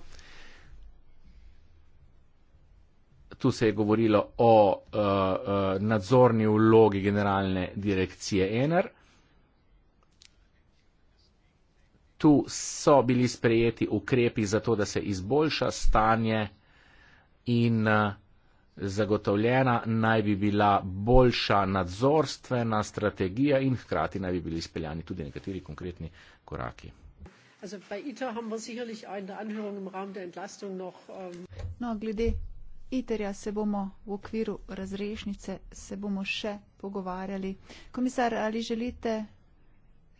tu se je govorilo o uh, uh, nadzorni vlogi generalne direkcije ENER. tu so bili sprejeti ukrepi za to, da se izboljša stanje in eh, zagotovljena naj bi bila boljša nadzorstvena strategija in hkrati naj bi bili izpeljani tudi nekateri konkretni koraki. Ähm, no, glede ITER-ja se bomo v okviru razrešnice se bomo še pogovarjali. Komisar, ali želite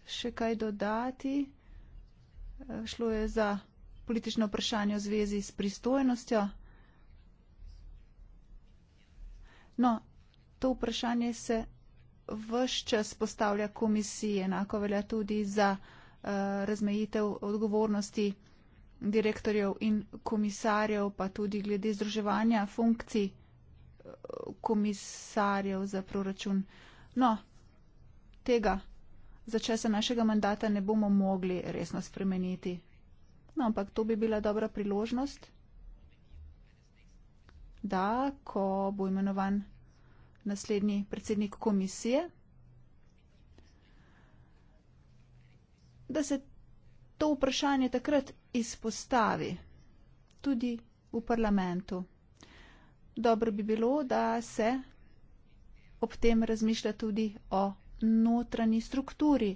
še kaj dodati? šlo je za politično vprašanje v zvezi s pristojnostjo. No, to vprašanje se vse čas postavlja komisiji, enako velja tudi za uh, razmejitev odgovornosti direktorjev in komisarjev, pa tudi glede združevanja funkcij eh, komisarjev za proračun. No, tega za česar našega mandata ne bomo mogli resno spremeniti. No, ampak to bi bila dobra priložnost, da, ko bo imenovan naslednji predsednik komisije, da se to vprašanje takrat izpostavi tudi v parlamentu. Dobro bi bilo, da se ob tem razmišlja tudi o notranji strukturi.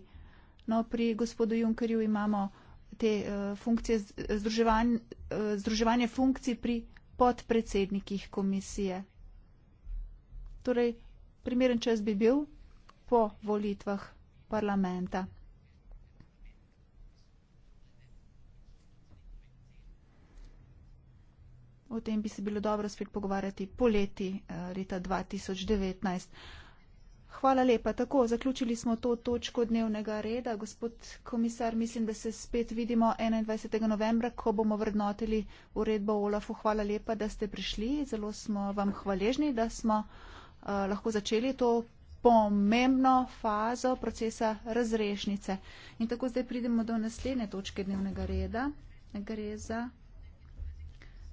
No, pri gospodu Junkerju imamo te uh, funkcije, eh, združevanj, uh, eh, združevanje funkcij pri podpredsednikih komisije. Torej, primeren čas bi bil po volitvah parlamenta. O tem bi se bilo dobro spet pogovarjati poleti uh, leta 2019. Hvala lepa. Tako, zaključili smo to točko dnevnega reda. Gospod komisar, mislim, da se spet vidimo 21. novembra, ko bomo vrednotili uredbo Olafu. Hvala lepa, da ste prišli. Zelo smo vam hvaležni, da smo uh, lahko začeli to pomembno fazo procesa razrešnice. In tako zdaj pridemo do naslednje točke dnevnega reda. Gre za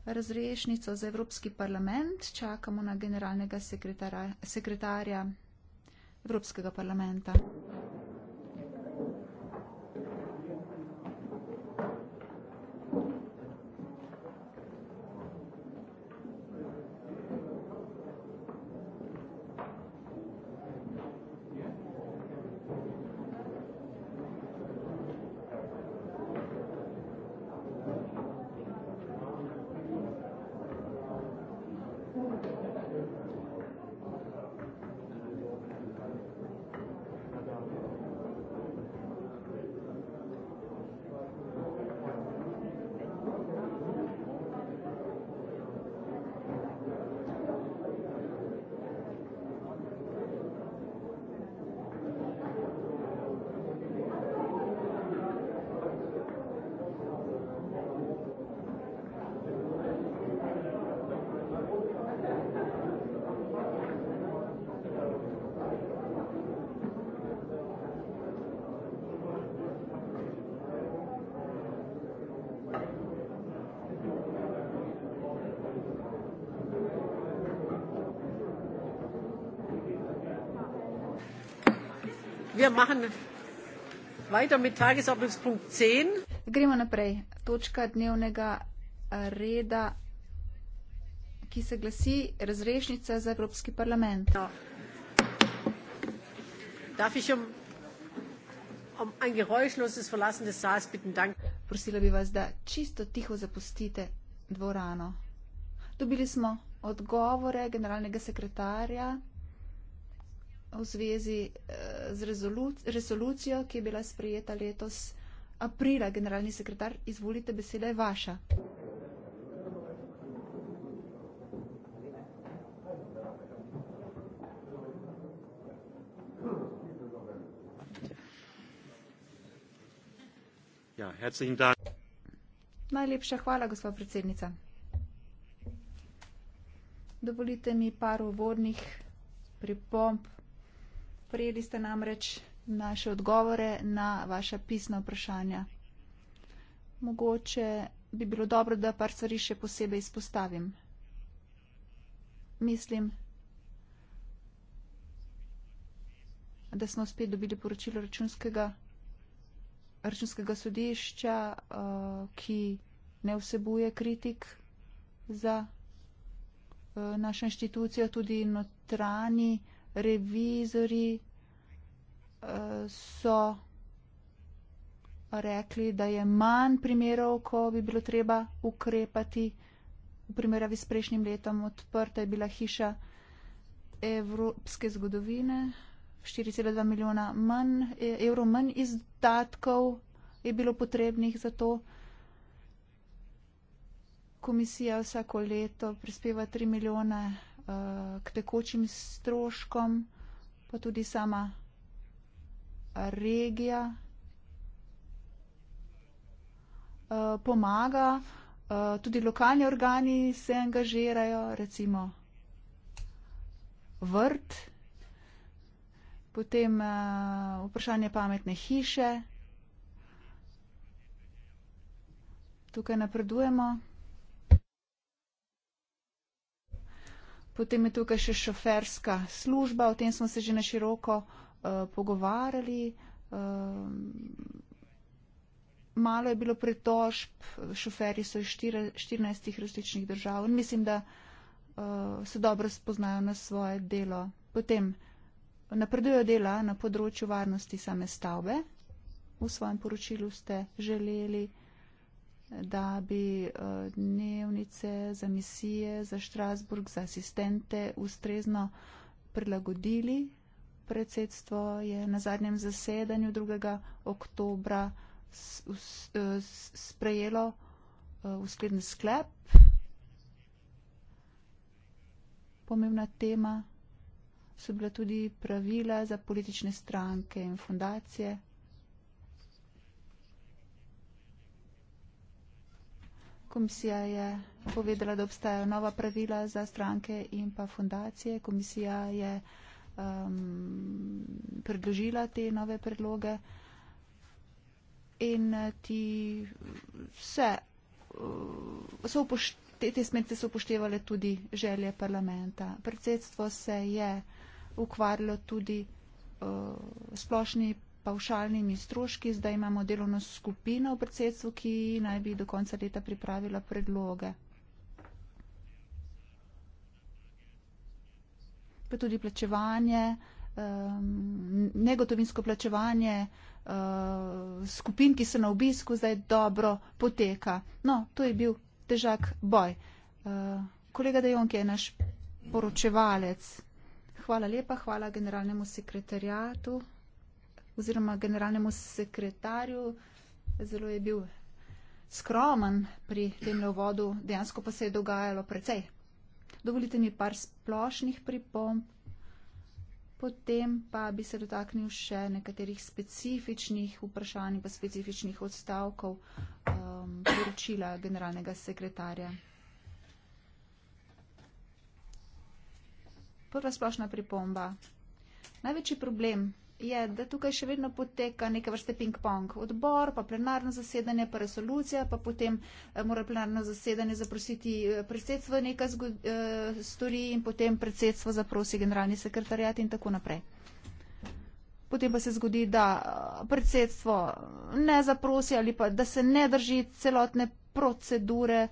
razrešnico za Evropski parlament. Čakamo na generalnega sekretarja. sekretarja Evropskega parlamenta. machen weiter mit Tagesordnungspunkt 10. Gremo naprej. Točka dnevnega eh, reda, ki se glasi razrešnica za Evropski parlament. No. Darf ich um, um ein geräuschloses Verlassen des Saals bitten? Danke. Prosila bi vas, da čisto tiho zapustite dvorano. Dobili smo odgovore generalnega sekretarja v zvezi eh, z rezolu resolucijo, ki je bila sprejeta letos aprila. Generalni sekretar, izvolite, beseda je vaša. Ja, Najlepša hvala, gospa predsednica. Dovolite mi par uvodnih pripomp Prejeli ste namreč naše odgovore na vaše pisne vprašanja. Mogoče bi bilo dobro, da par stvari še posebej izpostavim. Mislim, da smo spet dobili poročilo računskega, računskega sodišča, uh, ki ne vsebuje kritik za uh, našo inštitucijo, tudi notranji revizori eh, so rekli, da je manj primerov, ko bi bilo treba ukrepati. V primerjavi s prejšnjim letom odprta je bila hiša evropske zgodovine, 4,2 milijona manj, e, evrov manj izdatkov je bilo potrebnih za to. Komisija vsako leto prispeva 3 milijone k tekočim stroškom, pa tudi sama regija eh, pomaga, eh, tudi lokalni organi se angažirajo, recimo vrt, potem eh, vprašanje pametne hiše. Tukaj napredujemo. Potem je tukaj še šoferska služba, o tem smo se že na široko uh, pogovarjali. Um, malo je bilo pretožb, šoferi so iz 14 različnih držav in mislim, da uh, se dobro spoznajo na svoje delo. Potem napredujo dela na področju varnosti same stavbe. V svojem poročilu ste želeli da bi eh, dnevnice za misije za Štrasburg, za asistente ustrezno prilagodili. Predsedstvo je na zadnjem zasedanju 2. oktobra eh, sprejelo eh, uskleden sklep. Pomembna tema so bila tudi pravila za politične stranke in fundacije. Komisija je povedala, da obstajajo nova pravila za stranke in pa fundacije. Komisija je um, predložila te nove predloge in eh, ti vse, eh, so upošte, te, te smerce so upoštevale tudi želje parlamenta. Predsedstvo se je ukvarjalo tudi uh, splošni paušalnimi stroški. Zdaj imamo delovno skupino v predsedstvu, ki naj bi do konca leta pripravila predloge. Pa tudi plačevanje, um, negotovinsko plačevanje uh, skupin, ki so na obisku, zdaj dobro poteka. No, to je bil težak boj. Uh, kolega Dejonke je naš poročevalec. Hvala lepa, hvala generalnemu sekretarjatu oziroma generalnemu sekretarju, zelo je bil skromen pri tem levodu, dejansko pa se je dogajalo precej. Dovolite mi par splošnih pripomb, potem pa bi se dotaknil še nekaterih specifičnih vprašanj in pa specifičnih odstavkov um, poročila generalnega sekretarja. Prva splošna pripomba. Največji problem je, da tukaj še vedno poteka neke vrste ping-pong. Odbor, pa plenarno zasedanje, pa resolucija, pa potem eh, mora plenarno zasedanje zaprositi eh, predsedstvo nekaj eh, stori in potem predsedstvo zaprosi generalni sekretarjat in tako naprej. Potem pa se zgodi, da predsedstvo ne zaprosi ali pa da se ne drži celotne procedure.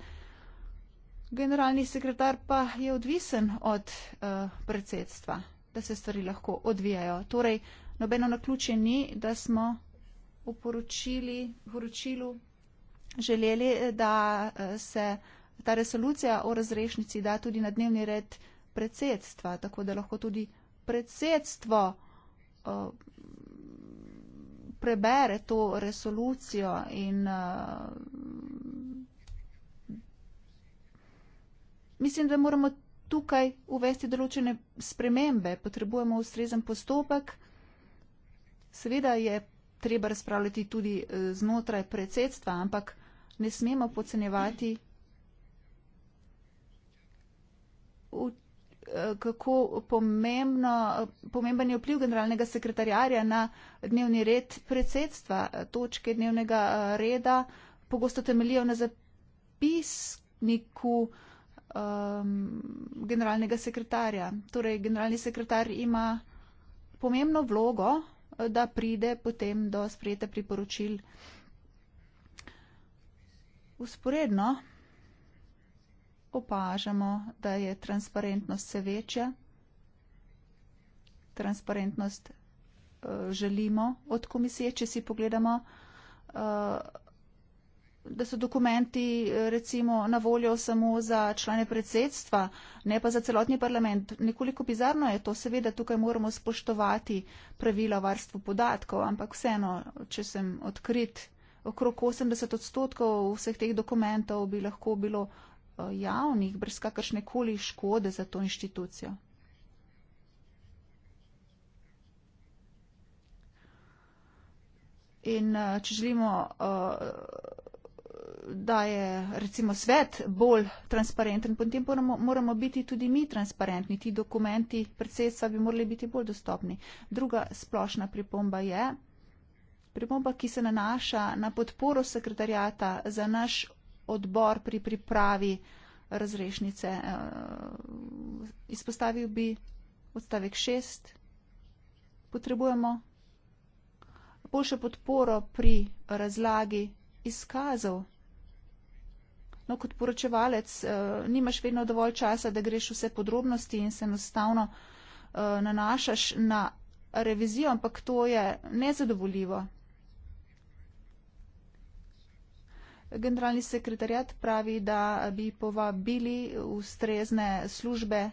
Generalni sekretar pa je odvisen od uh, predsedstva, da se stvari lahko odvijajo. Torej, uh, nobeno naključje ni, da smo v poročilu želeli, da eh, se ta resolucija o razrešnici da tudi na dnevni red predsedstva, tako da lahko tudi predsedstvo uh, prebere to resolucijo in uh, mislim, da moramo tukaj uvesti določene spremembe, potrebujemo ustrezen postopek. Seveda je treba razpravljati tudi eh, znotraj predsedstva, ampak ne smemo podcenjevati, eh, kako pomembno, pomemben je vpliv generalnega sekretarjarja na dnevni red predsedstva. Točke dnevnega eh, reda pogosto temelijo na zapisniku um, generalnega sekretarja. Torej, generalni sekretar ima pomembno vlogo da pride potem do sprejete priporočil. Usporedno opažamo, da je transparentnost vse večja. Transparentnost uh, želimo od komisije, če si pogledamo. Uh, da so dokumenti eh, recimo na voljo samo za člane predsedstva, ne pa za celotni parlament. Nekoliko bizarno je to, seveda tukaj moramo spoštovati pravila varstvo podatkov, ampak vseeno, če sem odkrit, okrog 80 odstotkov vseh teh dokumentov bi lahko bilo eh, javnih, brez kakršne koli škode za to inštitucijo. In eh, če želimo da je recimo svet bolj transparenten, potem moramo, moramo biti tudi mi transparentni. Ti dokumenti predsedstva bi morali biti bolj dostopni. Druga splošna pripomba je, pripomba, ki se nanaša na podporo sekretarjata za naš odbor pri pripravi razrešnice. Eh, izpostavil bi odstavek šest. Potrebujemo boljšo podporo pri razlagi izkazov No, kot poročevalec uh, nimaš vedno dovolj časa, da greš vse podrobnosti in se enostavno uh, nanašaš na revizijo, ampak to je nezadovoljivo. Generalni sekretarjat pravi, da bi povabili ustrezne službe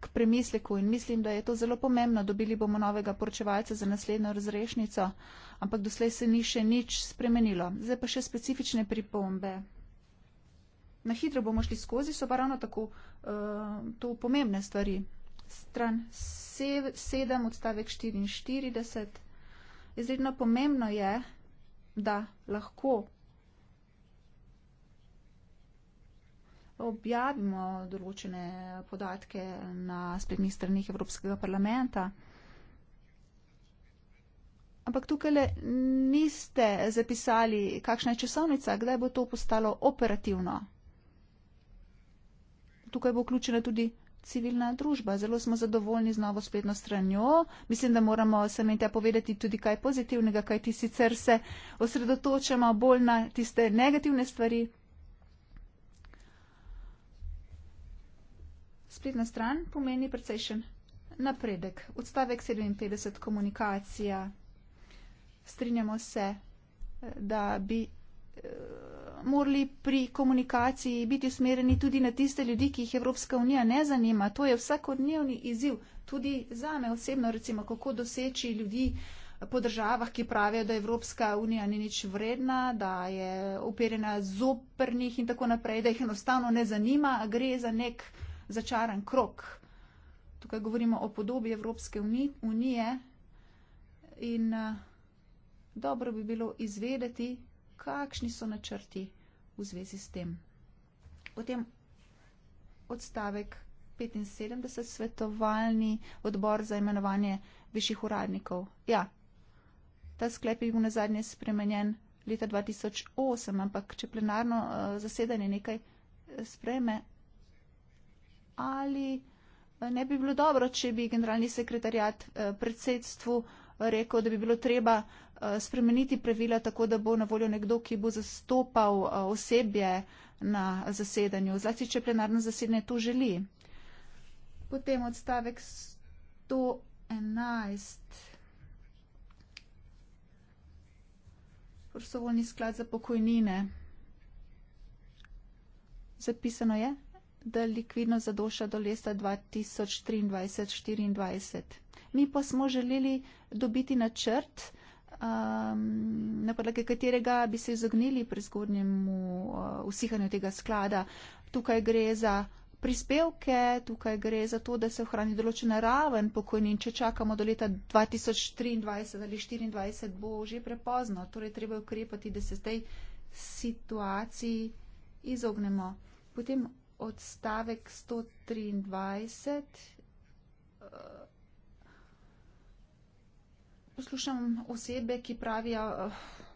k premisleku in mislim, da je to zelo pomembno. Dobili bomo novega poročevalca za naslednjo razrešnico, ampak doslej se ni še nič spremenilo. Zdaj pa še specifične pripombe na hitro bomo šli skozi, so pa ravno tako uh, to pomembne stvari. Stran 7, odstavek 44. Izredno pomembno je, da lahko objavimo določene podatke na spletnih stranih Evropskega parlamenta. Ampak tukaj niste zapisali, kakšna je časovnica, kdaj bo to postalo operativno tukaj bo vključena tudi civilna družba. Zelo smo zadovoljni z novo spletno stranjo. Mislim, da moramo sem in tja povedati tudi kaj pozitivnega, kaj ti sicer se osredotočamo bolj na tiste negativne stvari. Spletna stran pomeni precejšen napredek. Odstavek 57, komunikacija. Strinjamo se, eh, da bi. Uh, morali pri komunikaciji biti usmereni tudi na tiste ljudi, ki jih Evropska unija ne zanima. To je vsakodnevni izziv, tudi za me osebno, recimo, kako doseči ljudi eh, po državah, ki pravijo, da Evropska unija ni nič vrena, da je operjena zoprnih in tako naprej, da jih enostavno ne zanima, a gre za nek začaran krok. Tukaj govorimo o podobi Evropske unije in eh, dobro bi bilo izvedeti, kakšni so načrti v zvezi s tem. Potem odstavek 75, svetovalni odbor za imenovanje višjih uradnikov. Ja, ta sklep je bil na zadnje spremenjen leta 2008, ampak če plenarno uh, zasedanje nekaj eh, spreme, ali eh, ne bi bilo dobro, če bi generalni sekretarjat uh, predsedstvu rekel, da bi bilo treba uh, Eh, spremeniti pravila tako, da bo na voljo nekdo, ki bo zastopal eh, osebje na zasedanju, zlasti če plenarno zasedanje to želi. Potem odstavek 111. Prostovoljni sklad za pokojnine. Zapisano je, da likvidno zadoša do leta 2023-2024. Mi pa smo želeli dobiti načrt, um, na podlagi katerega bi se izognili prezgodnjemu uh, usihanju tega sklada. Tukaj gre za prispevke, tukaj gre za to, da se ohrani določena raven pokojnin. Če čakamo do leta 2023 ali 2024, bo že prepozno. Torej, treba ukrepati, da se tej situaciji izognemo. Potem odstavek 123. Uh, Poslušam osebe, ki pravijo, eh,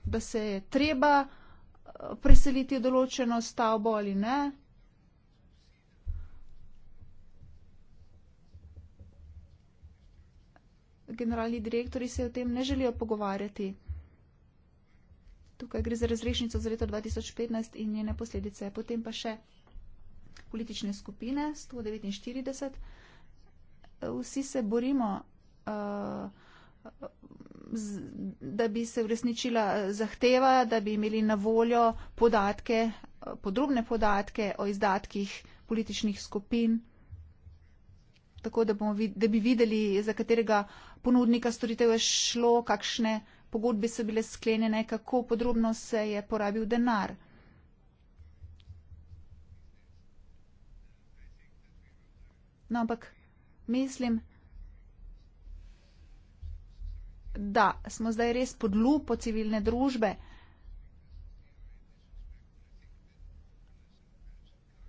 da se je treba eh, preseliti v določeno stavbo ali ne. Generalni direktori se o tem ne želijo pogovarjati. Tukaj gre za razrešnico za leto 2015 in njene posledice. Potem pa še politične skupine 149. Vsi se borimo. Uh, da bi se uresničila zahteva, da bi imeli na voljo podatke, podrobne podatke o izdatkih političnih skupin, tako da, bomo, da bi videli, za katerega ponudnika storitev je šlo, kakšne pogodbe so bile sklenjene, kako podrobno se je porabil denar. No, ampak mislim, da smo zdaj res pod lupo civilne družbe.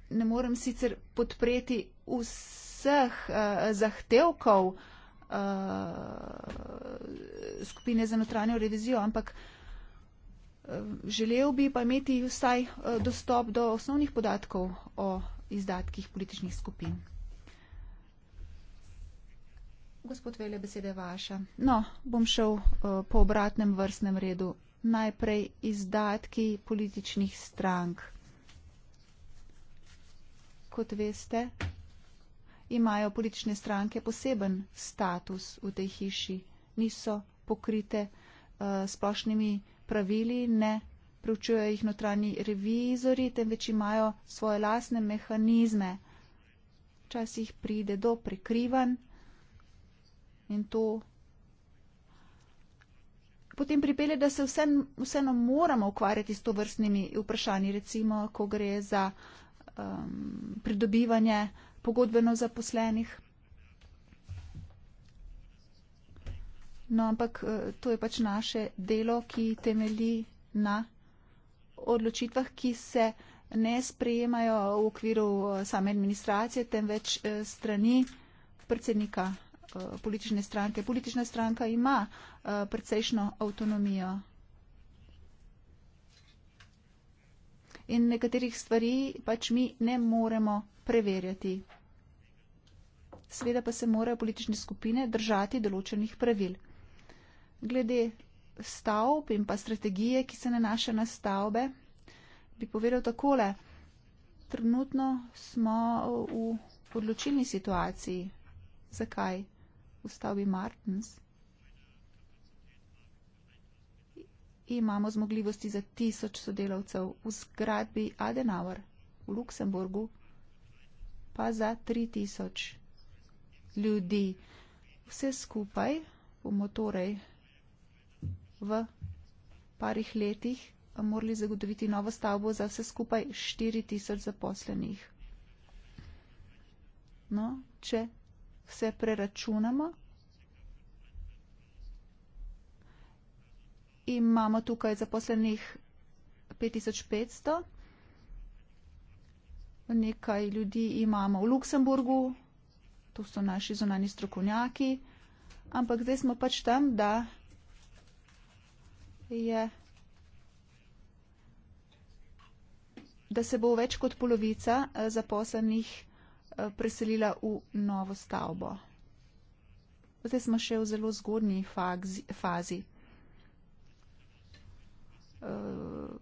Ne morem sicer podpreti vseh uh, zahtevkov uh, skupine za notranjo revizijo, ampak eh, Želel bi pa imeti vsaj dostop do osnovnih podatkov o izdatkih političnih skupin. Gospod Vele, besede vaša. No, bom šel uh, po obratnem vrstnem redu. Najprej izdatki političnih strank. Kot veste, imajo politične stranke poseben status v tej hiši. Niso pokrite uh, splošnimi pravili, ne preučujejo jih notranji revizori, temveč imajo svoje lasne mehanizme. Včasih pride do prekrivanj in to. Potem pripelje, da se vse, vseeno moramo ukvarjati s to vrstnimi vprašanji, recimo, ko gre za um, pridobivanje pogodbeno zaposlenih. No, ampak eh, to je pač naše delo, ki temeli na odločitvah, ki se ne sprejemajo v okviru eh, same administracije, temveč eh, strani predsednika Eh, politične stranke. Politična stranka ima eh, precejšno avtonomijo. In nekaterih stvari pač mi ne moremo preverjati. Sveda pa se morajo politične skupine držati določenih pravil. Glede stavb in pa strategije, ki se nanaša na stavbe, bi povedal takole. Trenutno smo v odločilni situaciji. Zakaj? v stavbi Martens. Imamo zmogljivosti za tisoč sodelavcev v zgradbi Adenauer v Luksemburgu, pa za tri tisoč ljudi. Vse skupaj bomo torej v parih letih morali zagotoviti novo stavbo za vse skupaj 4000 zaposlenih. No, če vse preračunamo. Imamo tukaj zaposlenih 5500, nekaj ljudi imamo v Luksemburgu, tu so naši zunani strokovnjaki, ampak zdaj smo pač tam, da je. da se bo več kot polovica eh, zaposlenih Eh, preselila v novo stavbo. Zdaj smo še v zelo zgodnji fazi. Eh,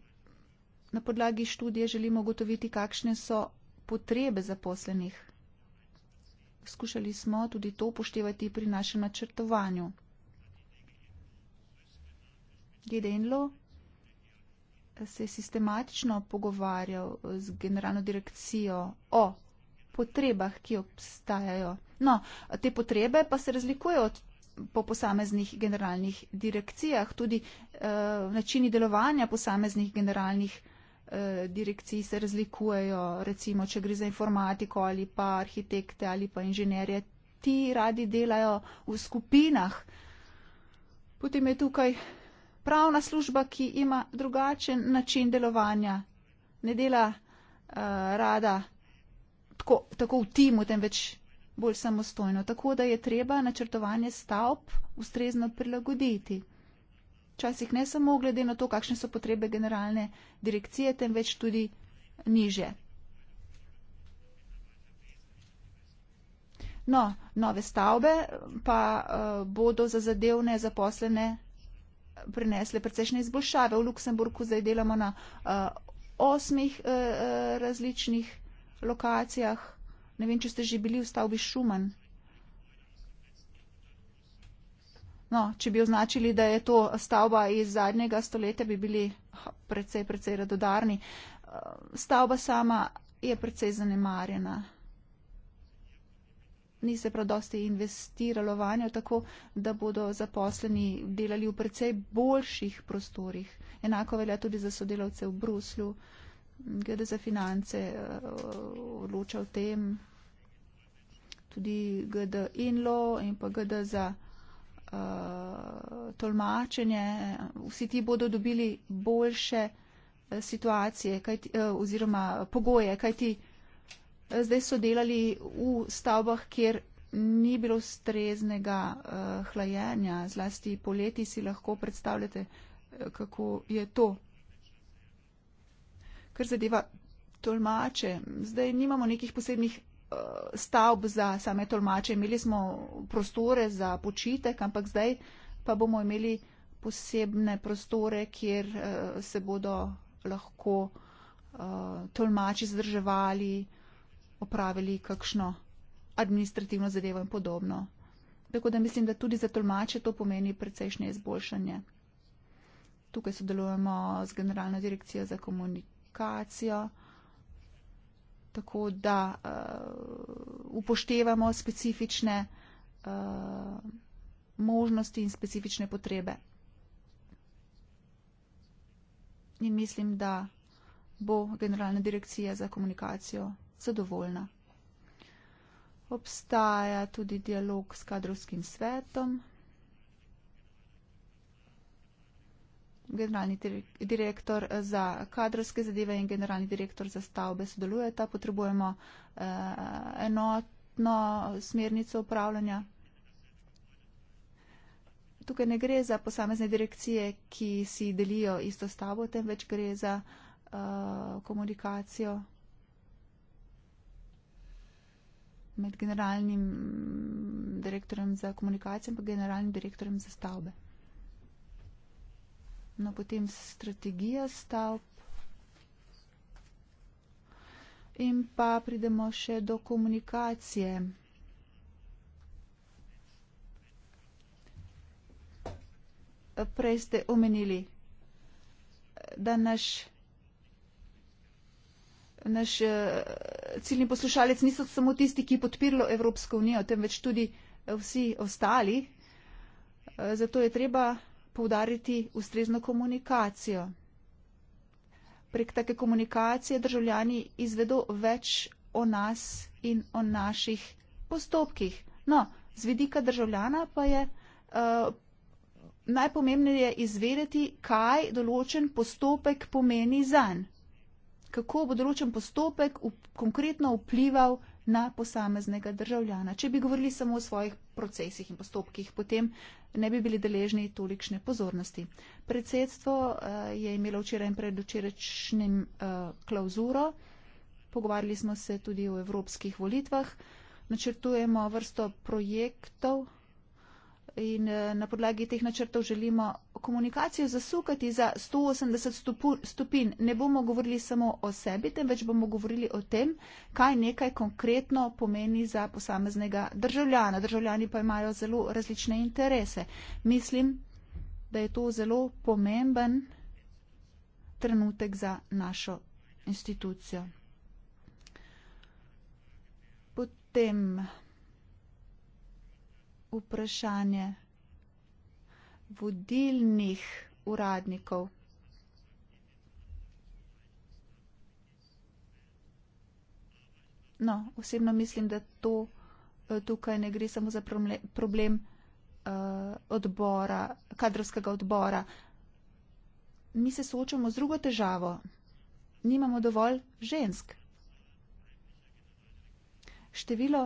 na podlagi študije želimo ugotoviti, kakšne so potrebe zaposlenih. Skušali smo tudi to upoštevati pri našem načrtovanju. Gede Enlo se je sistematično pogovarjal z generalno direkcijo o potrebah, ki obstajajo. No, te potrebe pa se razlikujejo od po posameznih generalnih direkcijah, tudi eh, načini delovanja posameznih generalnih eh, direkcij se razlikujejo, recimo, če gre za informatiko ali pa arhitekte ali pa inženirje, ti radi delajo v skupinah. Potem je tukaj pravna služba, ki ima drugačen način delovanja, ne dela eh, rada tako, tako v timu, temveč bolj samostojno. Tako da je treba načrtovanje stavb ustrezno prilagoditi. Včasih ne samo glede na to, kakšne so potrebe generalne direkcije, temveč tudi niže. No, nove stavbe pa uh, bodo za zadevne zaposlene prinesle precejšnje izboljšave. V Luksemburgu zdaj delamo na uh, osmih uh, različnih lokacijah. Ne vem, če ste že bili v stavbi Šuman. No, če bi označili, da je to stavba iz zadnjega stoletja, bi bili precej, precej radodarni. Eh, stavba sama je precej zanemarjena. Ni se prav dosti investiralo vanjo tako, da bodo zaposleni delali v precej boljših prostorih. Enako velja tudi za sodelavce v Bruslju. GD za finance eh, odloča o tem, tudi GD inlo in pa GD za uh, tolmačenje. Vsi ti bodo dobili boljše eh, situacije kajti, oziroma pogoje, kajti zdaj so delali v stavbah, kjer ni bilo streznega uh, hlajenja, zlasti poleti si lahko predstavljate, kako je to kar zadeva tolmače. Zdaj nimamo nekih posebnih eh, stavb za same tolmače. Imeli smo prostore za počitek, ampak zdaj pa bomo imeli posebne prostore, kjer eh, se bodo lahko eh, tolmači zdrževali, opravili kakšno administrativno zadevo in podobno. Tako da mislim, da tudi za tolmače to pomeni precejšnje izboljšanje. Tukaj sodelujemo z Generalno direkcijo za komunikacijo komunikacijo, tako da uh, upoštevamo specifične uh, možnosti in specifične potrebe. In mislim, da bo Generalna direkcija za komunikacijo zadovoljna. Obstaja tudi dialog s kadrovskim svetom. generalni direktor eh, za kadrovske zadeve in generalni direktor za stavbe sodelujeta. Potrebujemo eh, enotno smernico upravljanja. Tukaj ne gre za posamezne direkcije, ki si delijo isto stavbo, temveč gre za eh, komunikacijo med generalnim direktorjem za komunikacijo in generalnim direktorjem za stavbe. No, potem strategija stavb. In pa pridemo še do komunikacije. Prej ste omenili, da naš, naš eh, ciljni poslušalec niso samo tisti, ki podpirajo Evropsko unijo, temveč tudi vsi ostali. Eh, zato je treba poudariti ustrezno komunikacijo. Prek take komunikacije državljani izvedo več o nas in o naših postopkih. No, z vidika državljana pa je uh, najpomembneje izvedeti, kaj določen postopek pomeni zanj. Kako bo določen postopek v, konkretno vplival na posameznega državljana. Če bi govorili samo o svojih procesih in postopkih, potem ne bi bili deležni tolikšne pozornosti. Predsedstvo uh, je imelo včeraj in predvčerajšnjem uh, eh, klauzuro. Pogovarjali smo se tudi o evropskih volitvah. Načrtujemo vrsto projektov, in eh, na podlagi teh načrtov želimo komunikacijo zasukati za 180 stopinj. Ne bomo govorili samo o sebi, temveč bomo govorili o tem, kaj nekaj konkretno pomeni za posameznega državljana. Državljani pa imajo zelo različne interese. Mislim, da je to zelo pomemben trenutek za našo institucijo. Potem vprašanje vodilnih uradnikov. No, osebno mislim, da to eh, tukaj ne gre samo za problem uh, odbora, kadrovskega odbora. Mi se soočamo z drugo težavo. Nimamo dovolj žensk. Število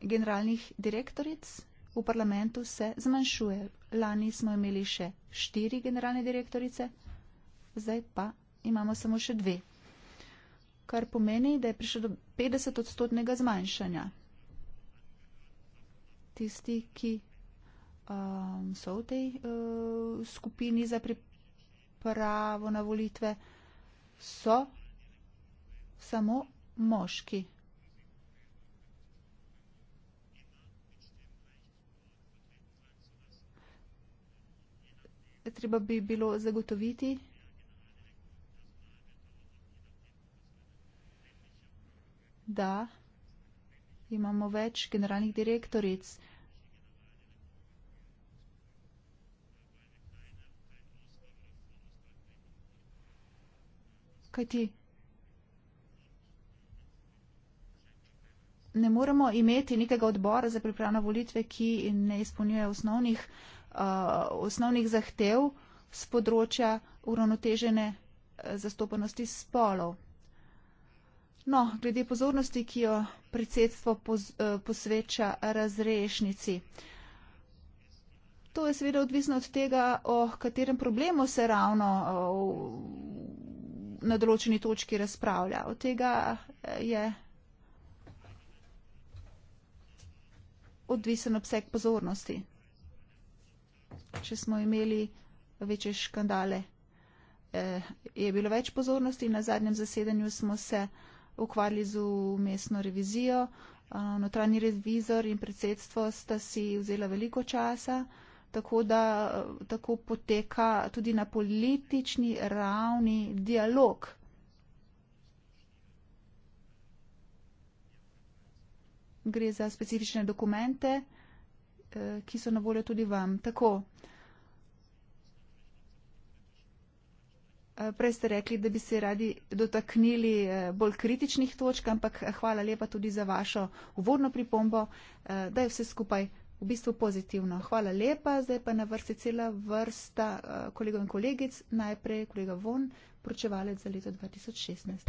generalnih direktoric v parlamentu se zmanjšuje. Lani smo imeli še štiri generalne direktorice, zdaj pa imamo samo še dve. Kar pomeni, da je prišlo do 50 odstotnega zmanjšanja. Tisti, ki um, so v tej uh, skupini za pripravo na volitve, so samo moški. treba bi bilo zagotoviti. Da imamo več generalnih direktoric. Kaj ti? Ne moremo imeti nekega odbora za pripravljeno volitve, ki ne izpolnjuje osnovnih uh, Eh, osnovnih zahtev z področja uravnotežene eh, zastopanosti spolov. No, glede pozornosti, ki jo predsedstvo eh, posveča razrešnici. To je seveda odvisno od tega, o katerem problemu se ravno na določeni točki razpravlja. Od tega je odvisen obseg pozornosti če smo imeli večje škandale. Eh, je bilo več pozornosti in na zadnjem zasedanju smo se ukvarjali z umestno revizijo. Eh, notranji revizor in predsedstvo sta si vzela veliko časa, tako da eh, tako poteka tudi na politični ravni dialog. Gre za specifične dokumente, Eh, ki so na voljo tudi vam. Tako. Eh, prej ste rekli, da bi se radi dotaknili eh, bolj kritičnih točk, ampak hvala lepa tudi za vašo uvodno pripombo, da je vse skupaj v bistvu pozitivno. Hvala lepa, zdaj pa na vrsti cela vrsta kolegov in kolegic. Najprej kolega Von, pročevalec za leto 2016.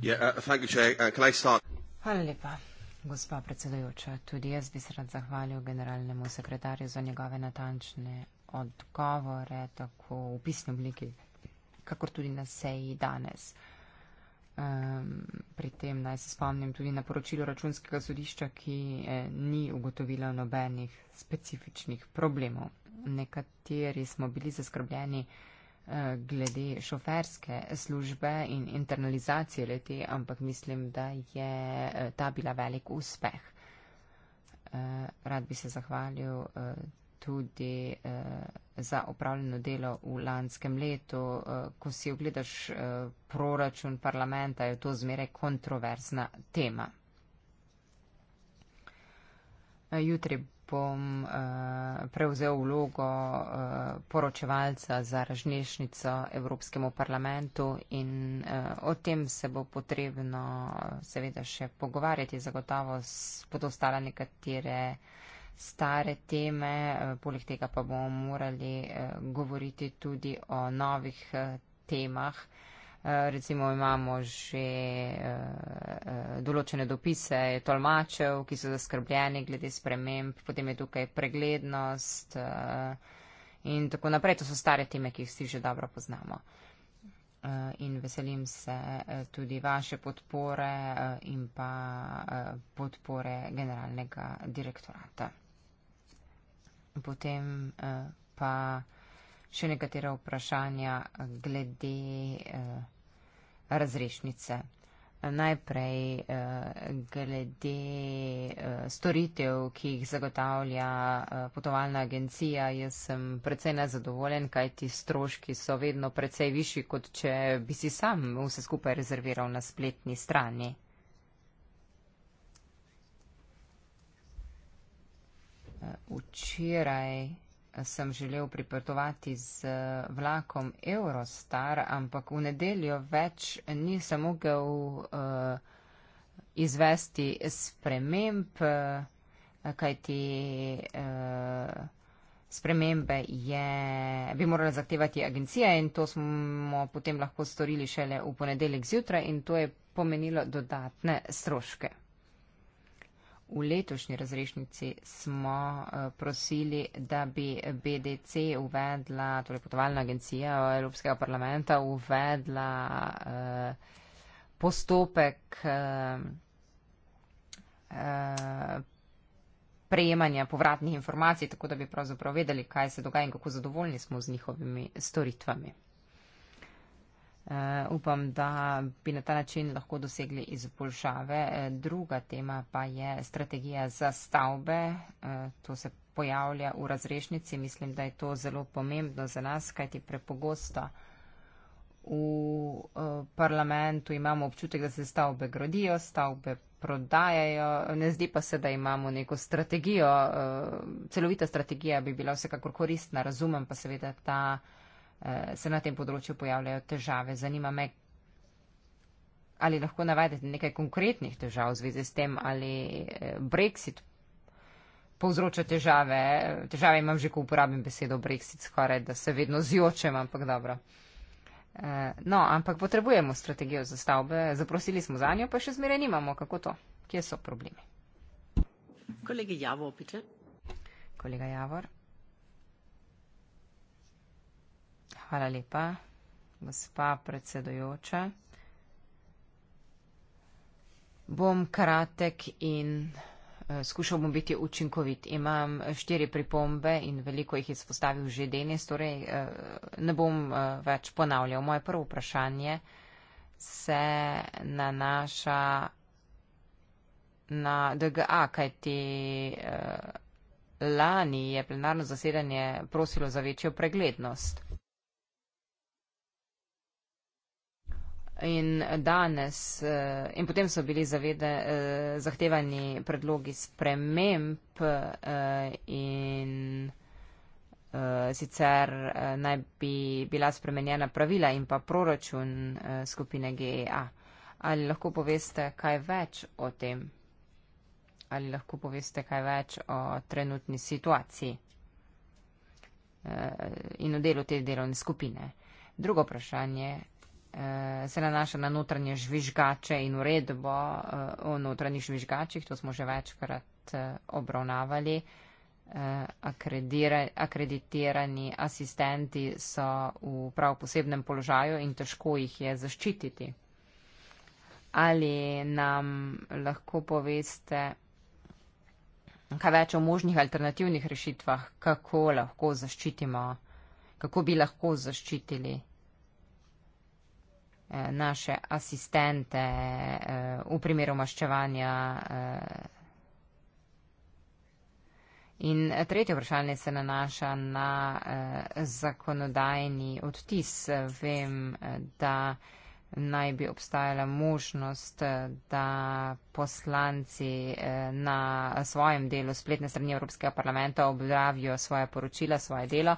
Yeah, uh, you, uh, hvala lepa. Gospa predsedajoča, tudi jaz bi se rad zahvalil generalnemu sekretarju za njegove natančne odgovore, tako v pisni obliki, kakor tudi na seji danes. Um, pri tem naj se spomnim tudi na poročilo računskega sodišča, ki eh, ni ugotovilo nobenih specifičnih problemov. Nekateri smo bili zaskrbljeni eh, glede šoferske službe in internalizacije leti, ampak mislim, da je eh, ta bila velik uspeh. Eh, rad bi se zahvalil eh, tudi za upravljeno delo v lanskem letu. Ko si ogledaš proračun parlamenta, je to zmeraj kontroverzna tema. Jutri bom uh, prevzel vlogo uh, poročevalca za ražnešnico Evropskemu parlamentu in uh, o tem se bo potrebno seveda še pogovarjati. Zagotovo bodo ostale nekatere stare teme, uh, poleg tega pa bomo morali uh, govoriti tudi o novih uh, temah. Eh, recimo imamo že eh, eh, določene dopise tolmačev, ki so zaskrbljeni glede sprememb, potem je tukaj preglednost in tako naprej. To so stare teme, ki jih vsi že dobro poznamo. In veselim se tudi vaše podpore in pa podpore generalnega direktorata. Potem pa še nekatera vprašanja glede eh, razrešnice. Najprej eh, glede eh, storitev, ki jih zagotavlja potovalna agencija, jaz sem precej nezadovoljen, kaj ti stroški so vedno precej višji, kot če bi si sam vse skupaj rezerviral na spletni strani. Včeraj. Uh, sem želel pripotovati z eh, vlakom Eurostar, ampak v nedeljo več nisem mogel uh, izvesti sprememb, eh, kajti uh, spremembe je, bi morala zahtevati agencija in to smo potem lahko storili šele v ponedeljek zjutraj in to je pomenilo dodatne stroške. V letošnji razrešnici smo eh, prosili, da bi BDC uvedla, torej potovalna agencija Evropskega parlamenta, uvedla eh, postopek eh, eh, prejemanja povratnih informacij, tako da bi pravzaprav vedeli, kaj se dogaja in kako zadovoljni smo z njihovimi storitvami. Uh, upam, da bi na ta način lahko dosegli izboljšave. Eh, druga tema pa je strategija za stavbe. Uh, to se pojavlja v razrešnici. Mislim, da je to zelo pomembno za nas, kajti prepogosto v uh, parlamentu imamo občutek, da se stavbe gradijo, stavbe prodajajo. Ne zdi pa se, da imamo neko strategijo. Uh, celovita strategija bi bila vsekakor koristna, razumem pa seveda ta. Eh, se na tem področju pojavljajo težave. Zanima me, ali lahko navedete nekaj konkretnih težav v zvezi s tem, ali eh, Brexit povzroča težave. Težave imam že, ko uporabim besedo Brexit skoraj, da se vedno zjočem, ampak dobro. Eh, no, ampak potrebujemo strategijo za stavbe, zaprosili smo za njo, pa še zmeraj nimamo, kako to, kje so problemi. Kolega Javor, opite. Kolega Javor, Hvala lepa, gospa predsedojoča. Bom kratek in eh, skušal bom biti učinkovit. Imam eh, štiri pripombe in veliko jih izpostavil že denes, torej eh, ne bom več ponavljal. Moje prvo vprašanje se nanaša na DGA, kajti lani je plenarno zasedanje prosilo za večjo preglednost. in danes eh, in potem so bili zavede, eh, zahtevani predlogi sprememb eh, in sicer naj bi bila spremenjena pravila in pa proračun skupine GEA. Ali lahko poveste kaj več o tem? Ali lahko poveste kaj več o trenutni situaciji in o delu te delovne skupine? Drugo vprašanje Eh, se nanaša na notranje žvižgače in uredbo eh, o notranjih žvižgačih. To smo že večkrat eh, obravnavali. Akreditirani asistenti so v prav posebnem položaju in težko jih je zaščititi. Ali nam lahko poveste. Kaj več o možnih alternativnih rešitvah, kako lahko zaščitimo, kako bi lahko zaščitili Eh, naše asistente eh, v primeru maščevanja. Eh. In tretje vprašanje se nanaša na zakonodajni odtis. Vem, da naj bi obstajala možnost, da poslanci na svojem delu spletne strani Evropskega parlamenta obdravijo svoje poročila, svoje delo.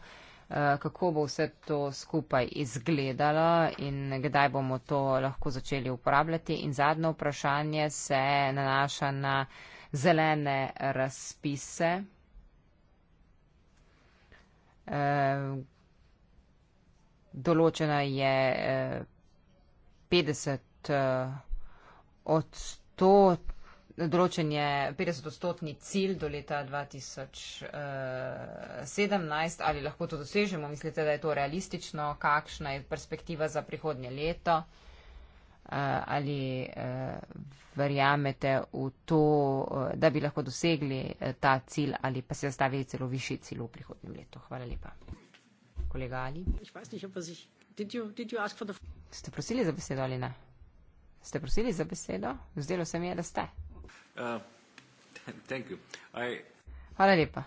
Eh, kako bo vse to skupaj izgledalo in kdaj bomo to lahko začeli uporabljati. In zadnje vprašanje se nanaša na zelene razpise. Eh, določena je 50 eh, odstotkov določen je 50-stotni cilj do leta 2017. Eh, ali lahko to dosežemo? Mislite, da je to realistično? Kakšna je perspektiva za prihodnje leto? Eh, ali eh, verjamete v to, da bi lahko dosegli ta cilj ali pa se zastavili celo višji cilj v prihodnjem letu? Hvala lepa. Kolega Ali. Er ste prosili za besedo ali ne? Ste prosili za besedo? Zdelo se mi je, da ste. Uh, (laughs) I... Hvala lepa.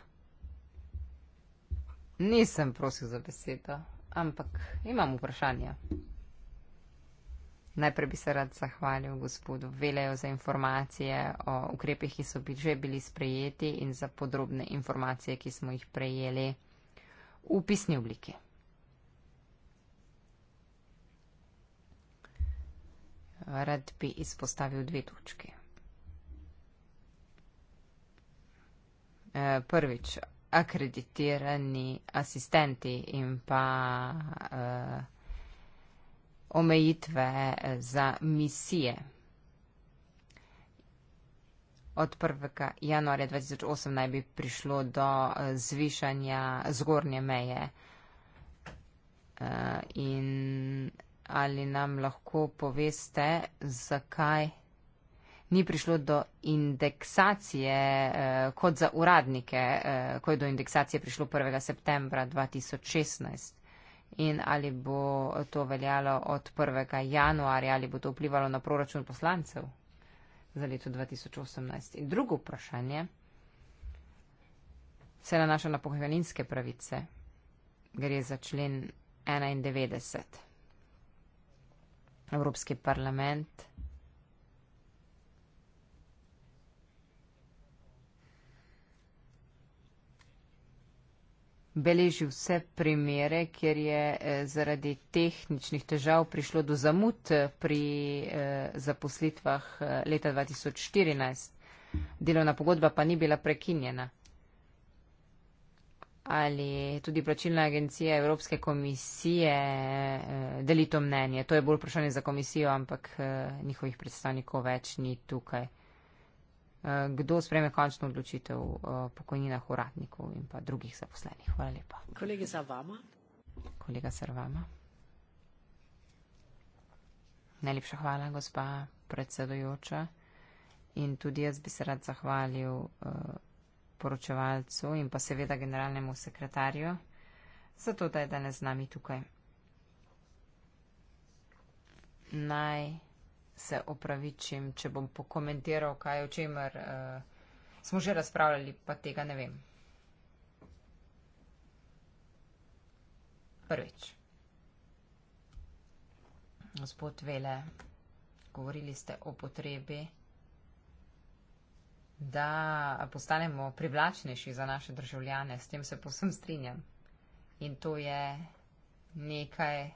Nisem prosil za besedo, ampak imam vprašanje. Najprej bi se rad zahvalil gospodu Velejo za informacije o ukrepih, ki so bi že bili sprejeti in za podrobne informacije, ki smo jih prejeli v pisni obliki. Rad bi izpostavil dve točke. Eh, prvič akreditirani asistenti in pa uh, omejitve eh, za misije. Od 1. januarja 2008 naj bi prišlo do zvišanja zgornje meje. Uh, ali nam lahko poveste, zakaj? ni prišlo do indeksacije eh, kot za uradnike, eh, ko je do indeksacije prišlo 1. septembra 2016. In ali bo to veljalo od 1. januarja, ali bo to vplivalo na proračun poslancev za leto 2018. In drugo vprašanje se nanaša na pohvalinske pravice. Gre za člen 91. Evropski parlament beleži vse primere, kjer je eh, zaradi tehničnih težav prišlo do zamud eh, pri eh, zaposlitvah leta 2014. Delovna pogodba pa ni bila prekinjena. Ali tudi plačilna agencija Evropske komisije deli to mnenje? To je bolj vprašanje za komisijo, ampak njihovih predstavnikov več ni tukaj kdo spreme končno odločitev o pokojninah uradnikov in pa drugih zaposlenih. Hvala lepa. Kolegi za vama. Kolega ser vama. Najlepša hvala, gospa predsedojoča. In tudi jaz bi se rad zahvalil eh, poročevalcu in pa seveda generalnemu sekretarju za to, da je danes z nami tukaj. Naj se opravičim, če bom pokomentiral, kaj o čemer uh, smo že razpravljali, pa tega ne vem. Prvič. Gospod Vele, govorili ste o potrebi, da postanemo privlačnejši za naše državljane. S tem se posem strinjam. In to je nekaj,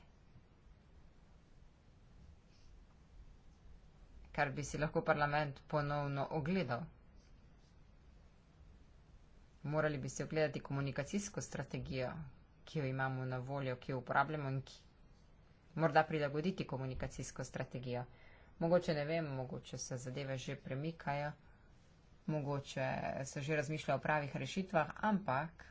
kar bi si lahko parlament ponovno ogledal. Morali bi si ogledati komunikacijsko strategijo, ki jo imamo na voljo, ki jo uporabljamo in ki. Morda prilagoditi komunikacijsko strategijo. Mogoče ne vem, mogoče se zadeve že premikajo, mogoče se že razmišlja o pravih rešitvah, ampak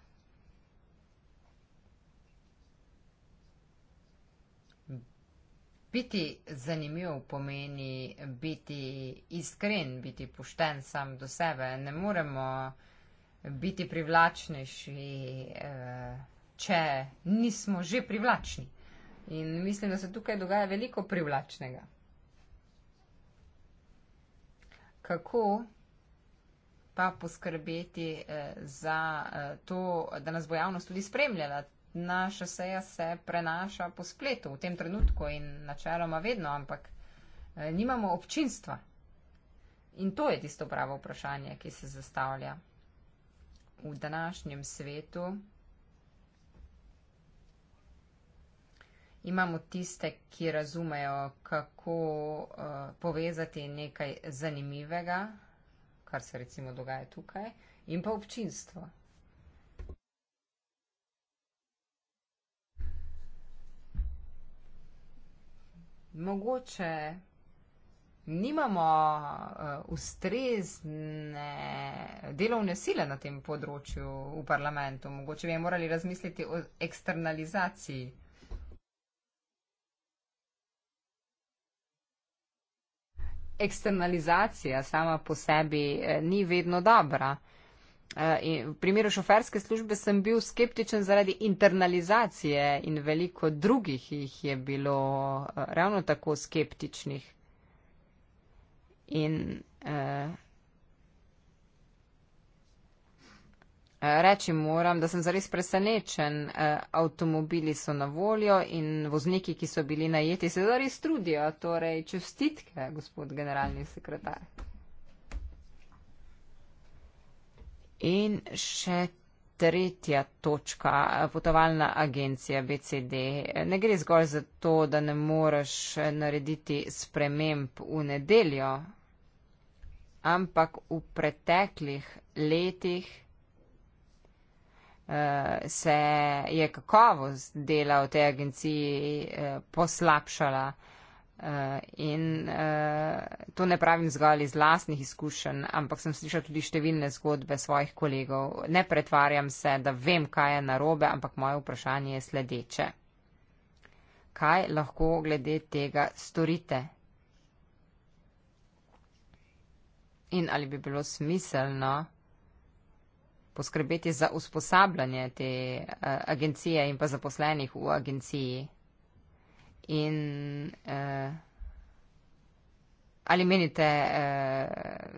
Biti zanimiv pomeni biti iskren, biti pošten sam do sebe. Ne moremo biti privlačnejši, eh, če nismo že privlačni. In mislim, da se tukaj dogaja veliko privlačnega. Kako pa poskrbeti eh, za eh, to, da nas bo javnost tudi spremljala, naša seja se prenaša po spletu v tem trenutku in načeloma vedno, ampak e, nimamo občinstva. In to je tisto pravo vprašanje, ki se zastavlja v današnjem svetu. Imamo tiste, ki razumejo, kako uh, povezati nekaj zanimivega, kar se recimo dogaja tukaj, in pa občinstvo. mogoče nimamo uh, ustrezne delovne sile na tem področju v parlamentu. Mogoče bi morali razmisliti o eksternalizaciji. Eksternalizacija sama po sebi eh, ni vedno dobra. Eh, v primeru šoferske službe sem bil skeptičen zaradi internalizacije in veliko drugih jih je bilo eh, ravno tako skeptičnih. In eh, eh, reči moram, da sem zares presenečen. Eh, avtomobili so na voljo in vozniki, ki so bili najeti, se zares trudijo. Torej, čestitke, gospod generalni sekretar. In še tretja točka, potovalna agencija BCD. Ne gre zgolj za to, da ne moreš narediti sprememb v nedeljo, ampak v preteklih letih. Eh, se je kakovost dela v tej agenciji eh, poslabšala? Eh, in uh, to ne pravim zgolj iz lastnih izkušenj, ampak sem slišal tudi številne zgodbe svojih kolegov. Ne pretvarjam se, da vem, kaj je narobe, ampak moje vprašanje je sledeče. Kaj lahko glede tega storite? In ali bi bilo smiselno poskrbeti za usposabljanje te uh, agencije in pa zaposlenih v agenciji? In uh, ali menite,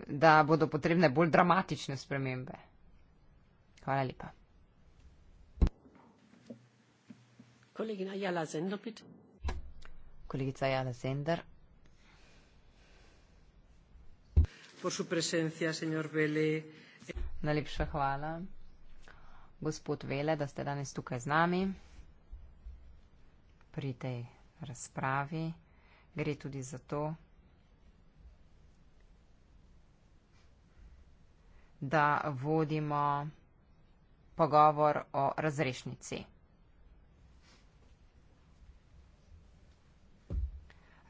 uh, da bodo potrebne bolj dramatične spremembe? Hvala lepa. Kolegina Jala Zendopit. Kolegica Jala Zender. Najlepša hvala, gospod Vele, da ste danes tukaj z nami pri tej razpravi, gre tudi za to, da vodimo pogovor o razrešnici.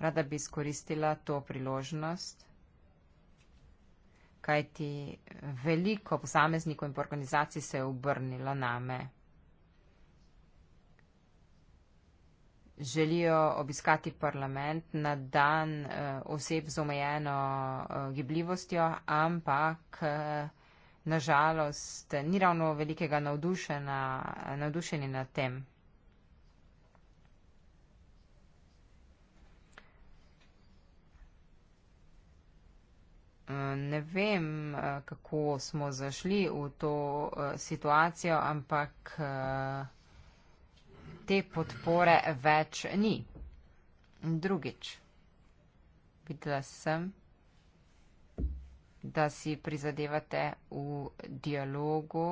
Rada bi izkoristila to priložnost, kajti veliko posameznikov in organizacij se je obrnilo name. želijo obiskati parlament na dan eh, oseb z omejeno eh, gibljivostjo, ampak eh, nažalost ni ravno velikega navdušenja nad tem. Ne vem, kako smo zašli v to situacijo, ampak te podpore več ni. Drugič, videla sem, da si prizadevate v dialogu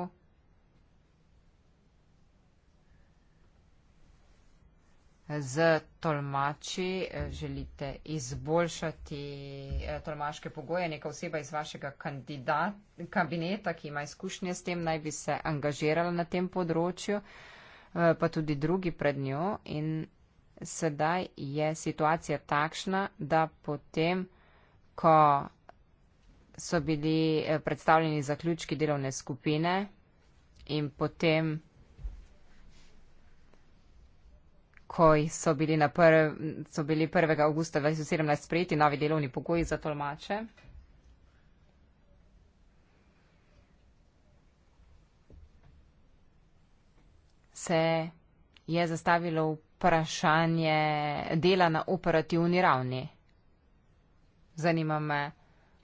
z tolmači, želite izboljšati eh, tolmaške pogoje. Neka oseba iz vašega kandidat, kabineta, ki ima izkušnje s tem, naj bi se angažirala na tem področju. Eh, pa tudi drugi pred njo in sedaj je situacija takšna, da potem, ko so bili eh, predstavljeni zaključki delovne skupine in potem, ko so bili, prv, so bili 1. augusta 2017 sprejeti novi delovni pogoji za tolmače, se je zastavilo vprašanje dela na operativni ravni. Zanima me,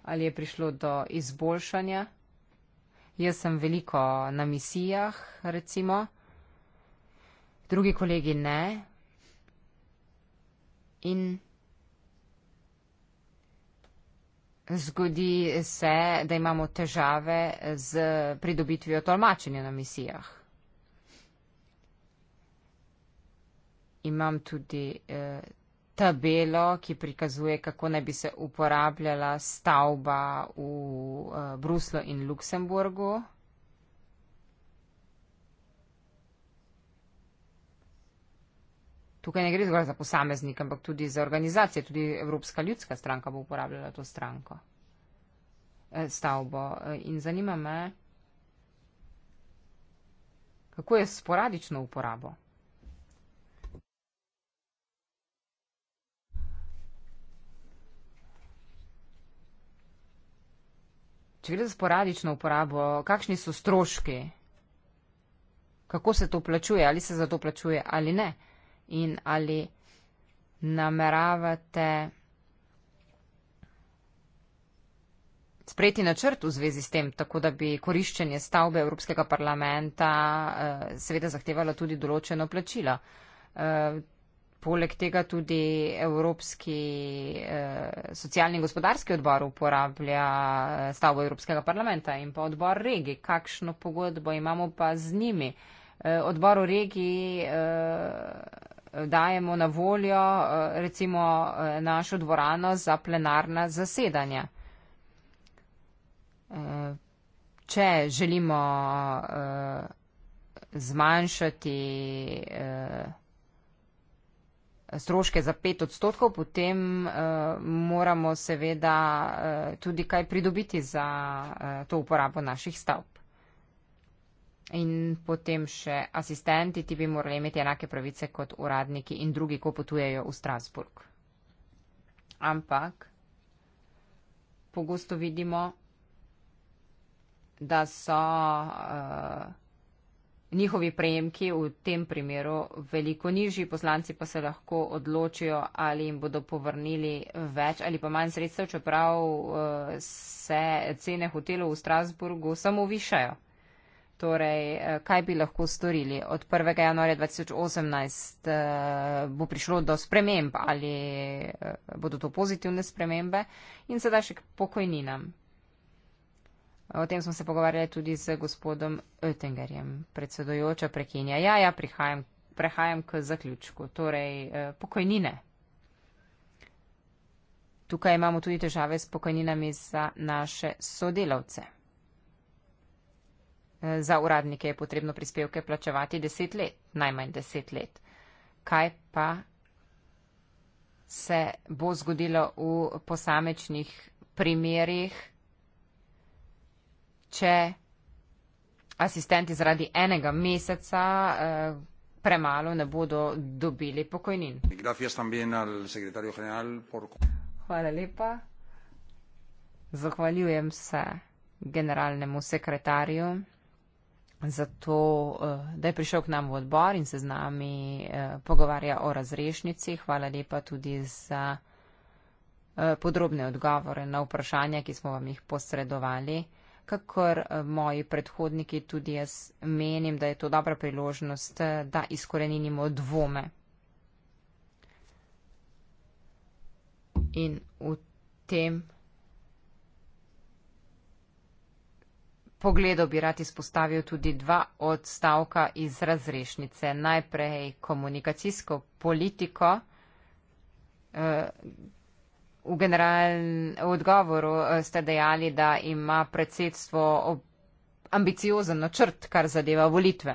ali je prišlo do izboljšanja. Jaz sem veliko na misijah, recimo, drugi kolegi ne. In zgodi se, da imamo težave z pridobitvijo tolmačenja na misijah. imam tudi eh, tabelo, ki prikazuje, kako naj bi se uporabljala stavba v eh, Bruslu in Luksemburgu. Tukaj ne gre zgolj za posameznik, ampak tudi za organizacije. Tudi Evropska ljudska stranka bo uporabljala to stranko, eh, stavbo. Eh, in zanima me, kako je sporadično uporabo. Če gre za sporadično uporabo, kakšni so stroški, kako se to plačuje, ali se za to plačuje ali ne in ali nameravate sprejeti načrt v zvezi s tem, tako da bi koriščenje stavbe Evropskega parlamenta eh, seveda zahtevalo tudi določeno plačilo. Eh, poleg tega tudi Evropski eh, socialni in gospodarski odbor uporablja eh, stavbo Evropskega parlamenta in pa odbor regij. Kakšno pogodbo imamo pa z njimi? Eh, odboru regij eh, dajemo na voljo eh, recimo eh, našo dvorano za plenarna zasedanja. Eh, če želimo eh, zmanjšati. Eh, stroške za pet odstotkov, potem uh, moramo seveda uh, tudi kaj pridobiti za uh, to uporabo naših stavb. In potem še asistenti, ti bi morali imeti enake pravice kot uradniki in drugi, ko potujejo v Strasburg. Ampak pogosto vidimo, da so. Uh, njihovi prejemki v tem primeru veliko nižji, poslanci pa se lahko odločijo, ali jim bodo povrnili več ali pa manj sredstev, čeprav eh, se cene hotelov v Strasburgu samo višajo. Torej, eh, kaj bi lahko storili? Od 1. januarja 2018 eh, bo prišlo do sprememb ali bodo to pozitivne spremembe in sedaj še k pokojninam. O tem smo se pogovarjali tudi z gospodom Oettingerjem, predsedojoča prekinja. Ja, ja, prihajam, prehajam k zaključku, torej eh, pokojnine. Tukaj imamo tudi težave s pokojninami za naše sodelavce. Eh, za uradnike je potrebno prispevke plačevati deset let, najmanj deset let. Kaj pa se bo zgodilo v posamečnih primerjih? če asistenti zaradi enega meseca eh, premalo ne bodo dobili pokojnin. Hvala lepa. Zahvaljujem se generalnemu sekretarju za to, eh, da je prišel k nam v odbor in se z nami eh, pogovarja o razrešnici. Hvala lepa tudi za eh, podrobne odgovore na vprašanja, ki smo vam jih posredovali kakor eh, moji predhodniki, tudi jaz menim, da je to dobra priložnost, eh, da izkoreninimo dvome. In v tem pogledu bi rad izpostavil tudi dva odstavka iz razrešnice. Najprej komunikacijsko politiko, eh, v generalnem odgovoru eh, ste dejali, da ima predsedstvo ambiciozen načrt, kar zadeva volitve.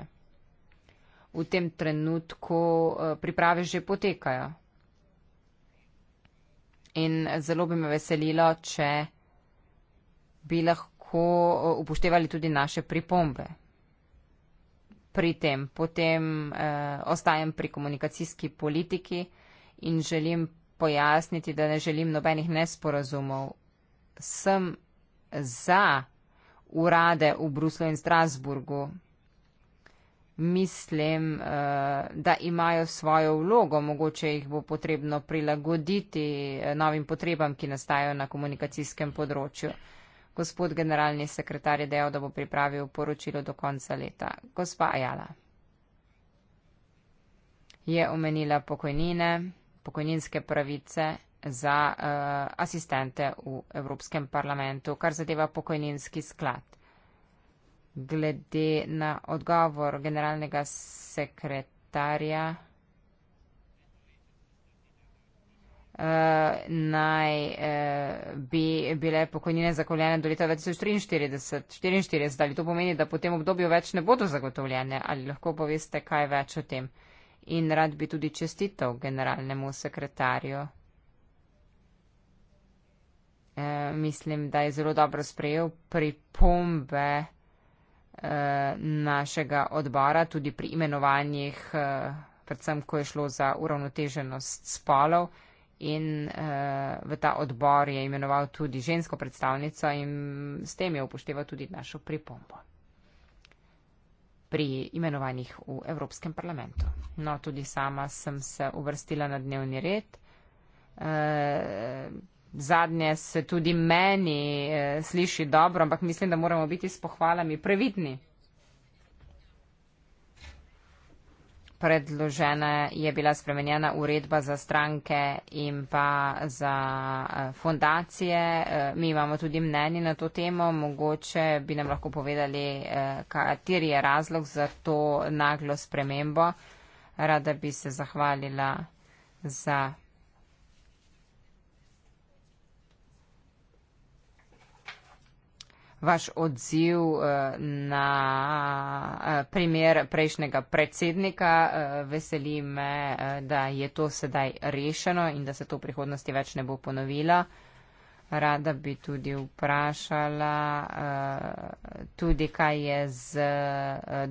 V tem trenutku eh, priprave že potekajo. In zelo bi me veselilo, če bi lahko eh, upoštevali tudi naše pripombe. Pri tem potem eh, ostajam pri komunikacijski politiki in želim pojasniti, da ne želim nobenih nesporazumov. Sem za urade v Bruslu in Strasburgu. Mislim, eh, da imajo svojo vlogo, mogoče jih bo potrebno prilagoditi eh, novim potrebam, ki nastajajo na komunikacijskem področju. Gospod generalni sekretar je dejal, da bo pripravil poročilo do konca leta. Gospa Ajala je omenila pokojnine pokojninske pravice za uh, asistente v Evropskem parlamentu, kar zadeva pokojninski sklad. Glede na odgovor generalnega sekretarja, uh, naj uh, bi bile pokojnine zagotovljene do leta 2043, 44, ali to pomeni, da po tem obdobju več ne bodo zagotovljene, ali lahko poveste kaj več o tem? Uh, in rad bi tudi čestital generalnemu sekretarju. E, mislim, da je zelo dobro sprejel pripombe e, našega odbora, tudi pri imenovanjih, e, predvsem, ko je šlo za uravnoteženost spolov. In uh, v ta odbor je imenoval tudi žensko predstavnico in s tem je upošteval tudi našo pripombo pri imenovanjih v Evropskem parlamentu. No, tudi sama sem se uvrstila na dnevni red. Eh, zadnje se tudi meni eh, sliši dobro, ampak mislim, da moramo biti s pohvalami previdni. predložena je bila spremenjena uredba za stranke in pa za eh, fondacije. Eh, mi imamo tudi mnenje na to temo. Mogoče bi nam lahko povedali, eh, kateri je razlog za to naglo spremembo. Rada bi se zahvalila za vaš odziv eh, na eh, primer prejšnjega predsednika. Eh, veseli me, da je to sedaj rešeno in da se to v prihodnosti več ne bo ponovilo. Rada bi tudi vprašala, tudi kaj je z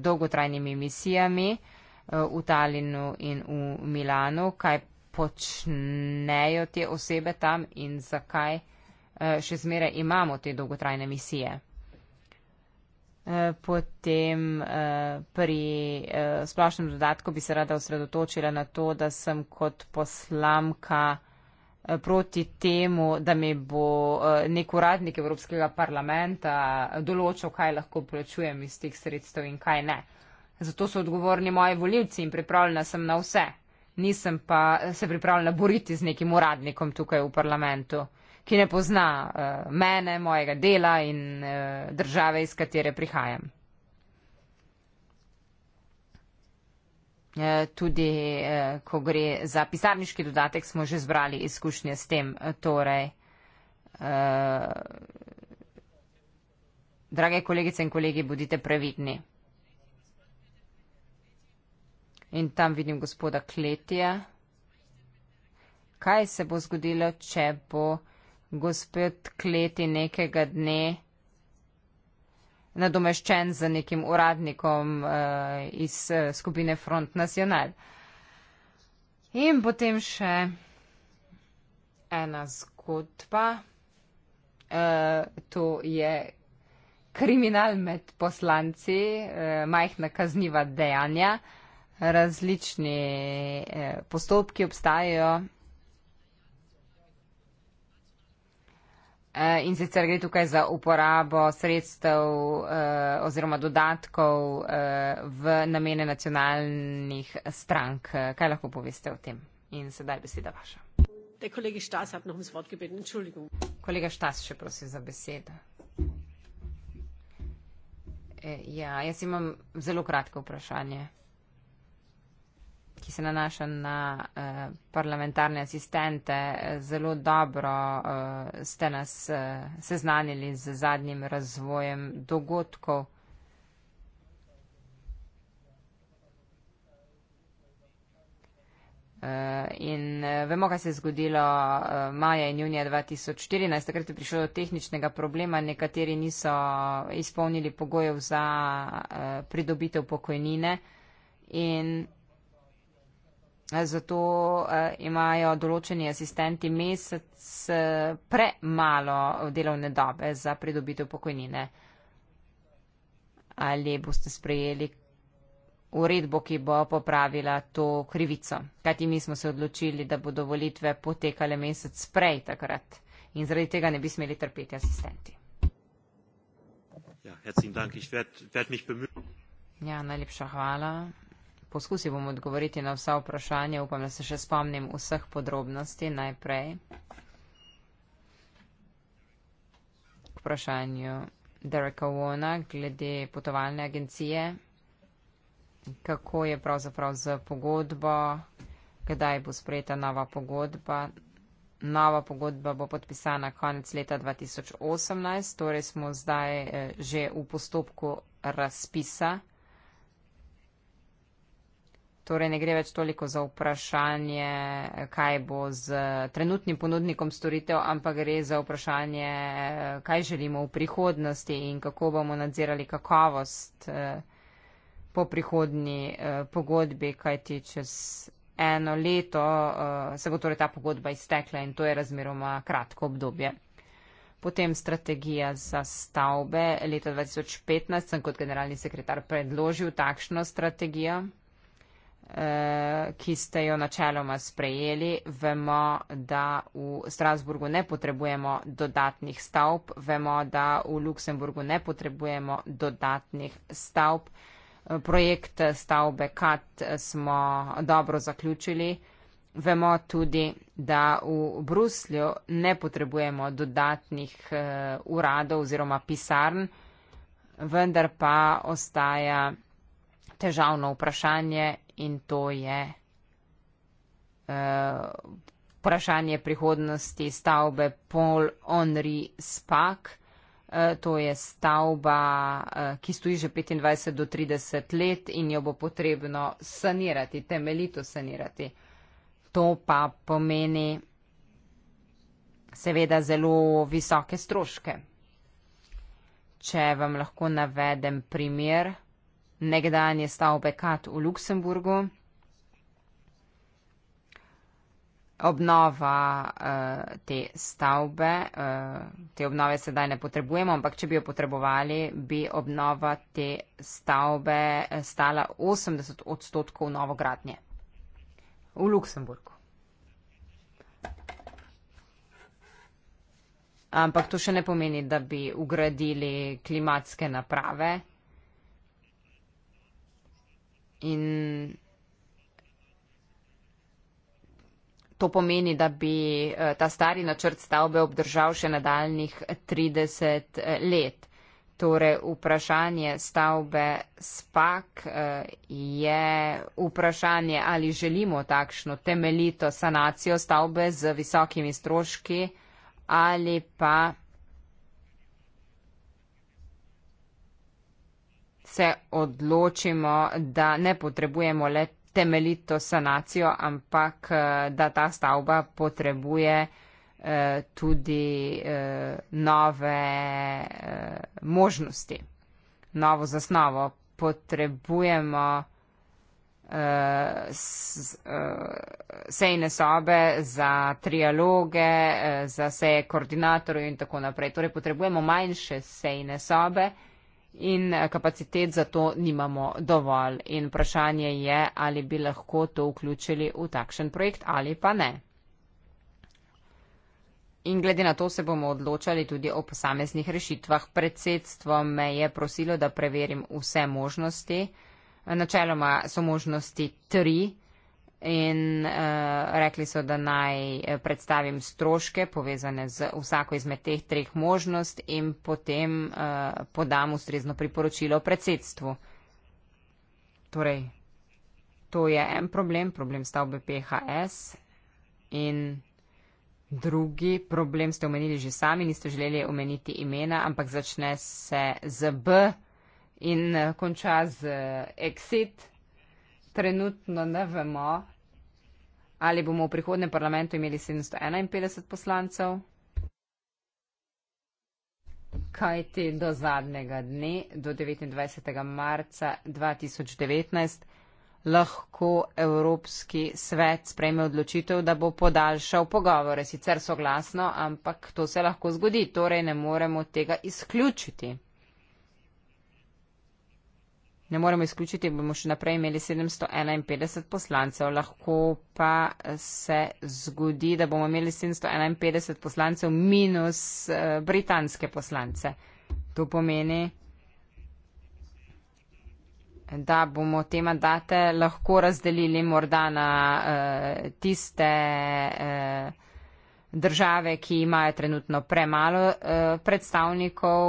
dolgotrajnimi misijami v Talinu in v Milanu, kaj počnejo te osebe tam in zakaj. Eh, še zmere imamo te dolgotrajne misije. Eh, potem eh, pri splošnem dodatku bi se rada osredotočila na to, da sem kot poslamka proti temu, da mi bo nek uradnik Evropskega parlamenta določil, kaj lahko plačujem iz teh sredstev in kaj ne. Zato so odgovorni moji voljivci in pripravljena sem na vse. Nisem pa se pripravljena boriti z nekim uradnikom tukaj v parlamentu ki ne pozna uh, mene, mojega dela in uh, države, iz katere prihajam. Eh, tudi, ko gre za pisarniški dodatek, smo že zbrali izkušnje s tem. Torej, eh, drage kolegice in kolegi, bodite previdni. In tam vidim gospoda Kletija. Kaj se bo zgodilo, če bo gospod kleti nekega dne nadomeščen z nekim uradnikom uh, iz uh, skupine Front National. In potem še ena zgodba. Uh, to je kriminal med poslanci, uh, majhna kazniva dejanja, različni uh, postopki obstajajo. Eh, in sicer gre tukaj za uporabo sredstev eh, oziroma dodatkov eh, v namene nacionalnih strank. Kaj lahko poveste o tem? In sedaj beseda vaša. Kolega Štas, še prosim za besedo. E, ja, jaz imam zelo kratko vprašanje ki se nanaša na eh, parlamentarne asistente, eh, zelo dobro eh, ste nas eh, seznanili z zadnjim razvojem dogodkov. Eh, in eh, vemo, kaj se je zgodilo maja in junija 2014. Takrat je prišlo do tehničnega problema, nekateri niso izpolnili pogojev za pridobitev pokojnine. In Zato uh, imajo določeni asistenti mesec uh, premalo delovne dobe za pridobitev pokojnine. Ali boste sprejeli uredbo, ki bo popravila to krivico? Kajti mi smo se odločili, da bodo volitve potekale mesec prej takrat in zaradi tega ne bi smeli trpeti asistenti. Ja, herzlichen Dank. Ich werde werd mich bemühen. Ja, najlepša hvala poskusil bom odgovoriti na vsa vprašanja, upam, da se še spomnim vseh podrobnosti najprej. K vprašanju Dereka Wona glede potovalne agencije, kako je pravzaprav z pogodbo, kdaj bo sprejeta nova pogodba. Nova pogodba bo podpisana konec leta 2018, torej smo zdaj eh, že v postopku razpisa torej ne gre več toliko za vprašanje, kaj bo z trenutnim ponudnikom storitev, ampak gre za vprašanje, kaj želimo v prihodnosti in kako bomo nadzirali kakovost eh, po prihodni eh, pogodbi, kajti čez eno leto eh, se bo torej ta pogodba iztekla in to je razmeroma kratko obdobje. Potem strategija za stavbe. Leta 2015 sem kot generalni sekretar predložil takšno strategijo, Eh, ki ste jo načeloma sprejeli, vemo, da v Strasburgu ne potrebujemo dodatnih stavb, vemo, da v Luksemburgu ne potrebujemo dodatnih stavb. Projekt stavbe KAT smo dobro zaključili. Vemo tudi, da v Bruslju ne potrebujemo dodatnih eh, uradov oziroma pisarn, vendar pa ostaja. Težavno vprašanje in to je uh, vprašanje prihodnosti stavbe Paul Henri Spak. Uh, eh, to je stavba, uh, ki stoji že 25 do 30 let in jo bo potrebno sanirati, temeljito sanirati. To pa pomeni seveda zelo visoke stroške. Če vam lahko navedem primer, nekdanje stavbe Kat v Luksemburgu, obnova uh, te stavbe, uh, te obnove sedaj ne potrebujemo, ampak če bi jo potrebovali, bi obnova te stavbe eh, stala 80 odstotkov novogradnje v Luksemburgu. Ampak to še ne pomeni, da bi ugradili klimatske naprave, In to pomeni, da bi eh, ta stari načrt stavbe obdržal še nadaljnih 30 eh, let. Torej, vprašanje stavbe SPAK eh, je vprašanje, ali želimo takšno temeljito sanacijo stavbe z visokimi stroški ali pa. se odločimo, da ne potrebujemo le temeljito sanacijo, ampak eh, da ta stavba potrebuje eh, tudi eh, nove možnosti, novo zasnovo. Potrebujemo sejne sobe za trialoge, za seje koordinatorjev in tako naprej. Torej potrebujemo manjše sejne sobe, in eh, kapacitet za to nimamo dovolj. In vprašanje je, ali bi lahko to vključili v takšen projekt ali pa ne. In glede na to se bomo odločali tudi o posameznih rešitvah. Predsedstvo me je prosilo, da preverim vse možnosti. Načeloma so možnosti tri in uh, rekli so, da naj eh, predstavim stroške povezane z vsako izmed teh treh možnost in potem uh, podam ustrezno priporočilo predsedstvu. Torej, to je en problem, problem stavbe PHS in drugi problem ste omenili že sami, niste želeli omeniti imena, ampak začne se z B in konča z exit trenutno ne vemo, ali bomo v prihodnem parlamentu imeli 751 poslancev. Kaj ti do zadnjega dne, do 29. marca 2019, lahko Evropski svet sprejme odločitev, da bo podaljšal pogovore, sicer soglasno, ampak to se lahko zgodi, torej ne moremo tega izključiti ne moremo izključiti, bomo še naprej imeli 751 poslancev. Lahko pa se zgodi, da bomo imeli 751 poslancev minus eh, britanske poslance. To pomeni, da bomo te mandate lahko razdelili morda na eh, tiste eh, države, ki imajo trenutno premalo predstavnikov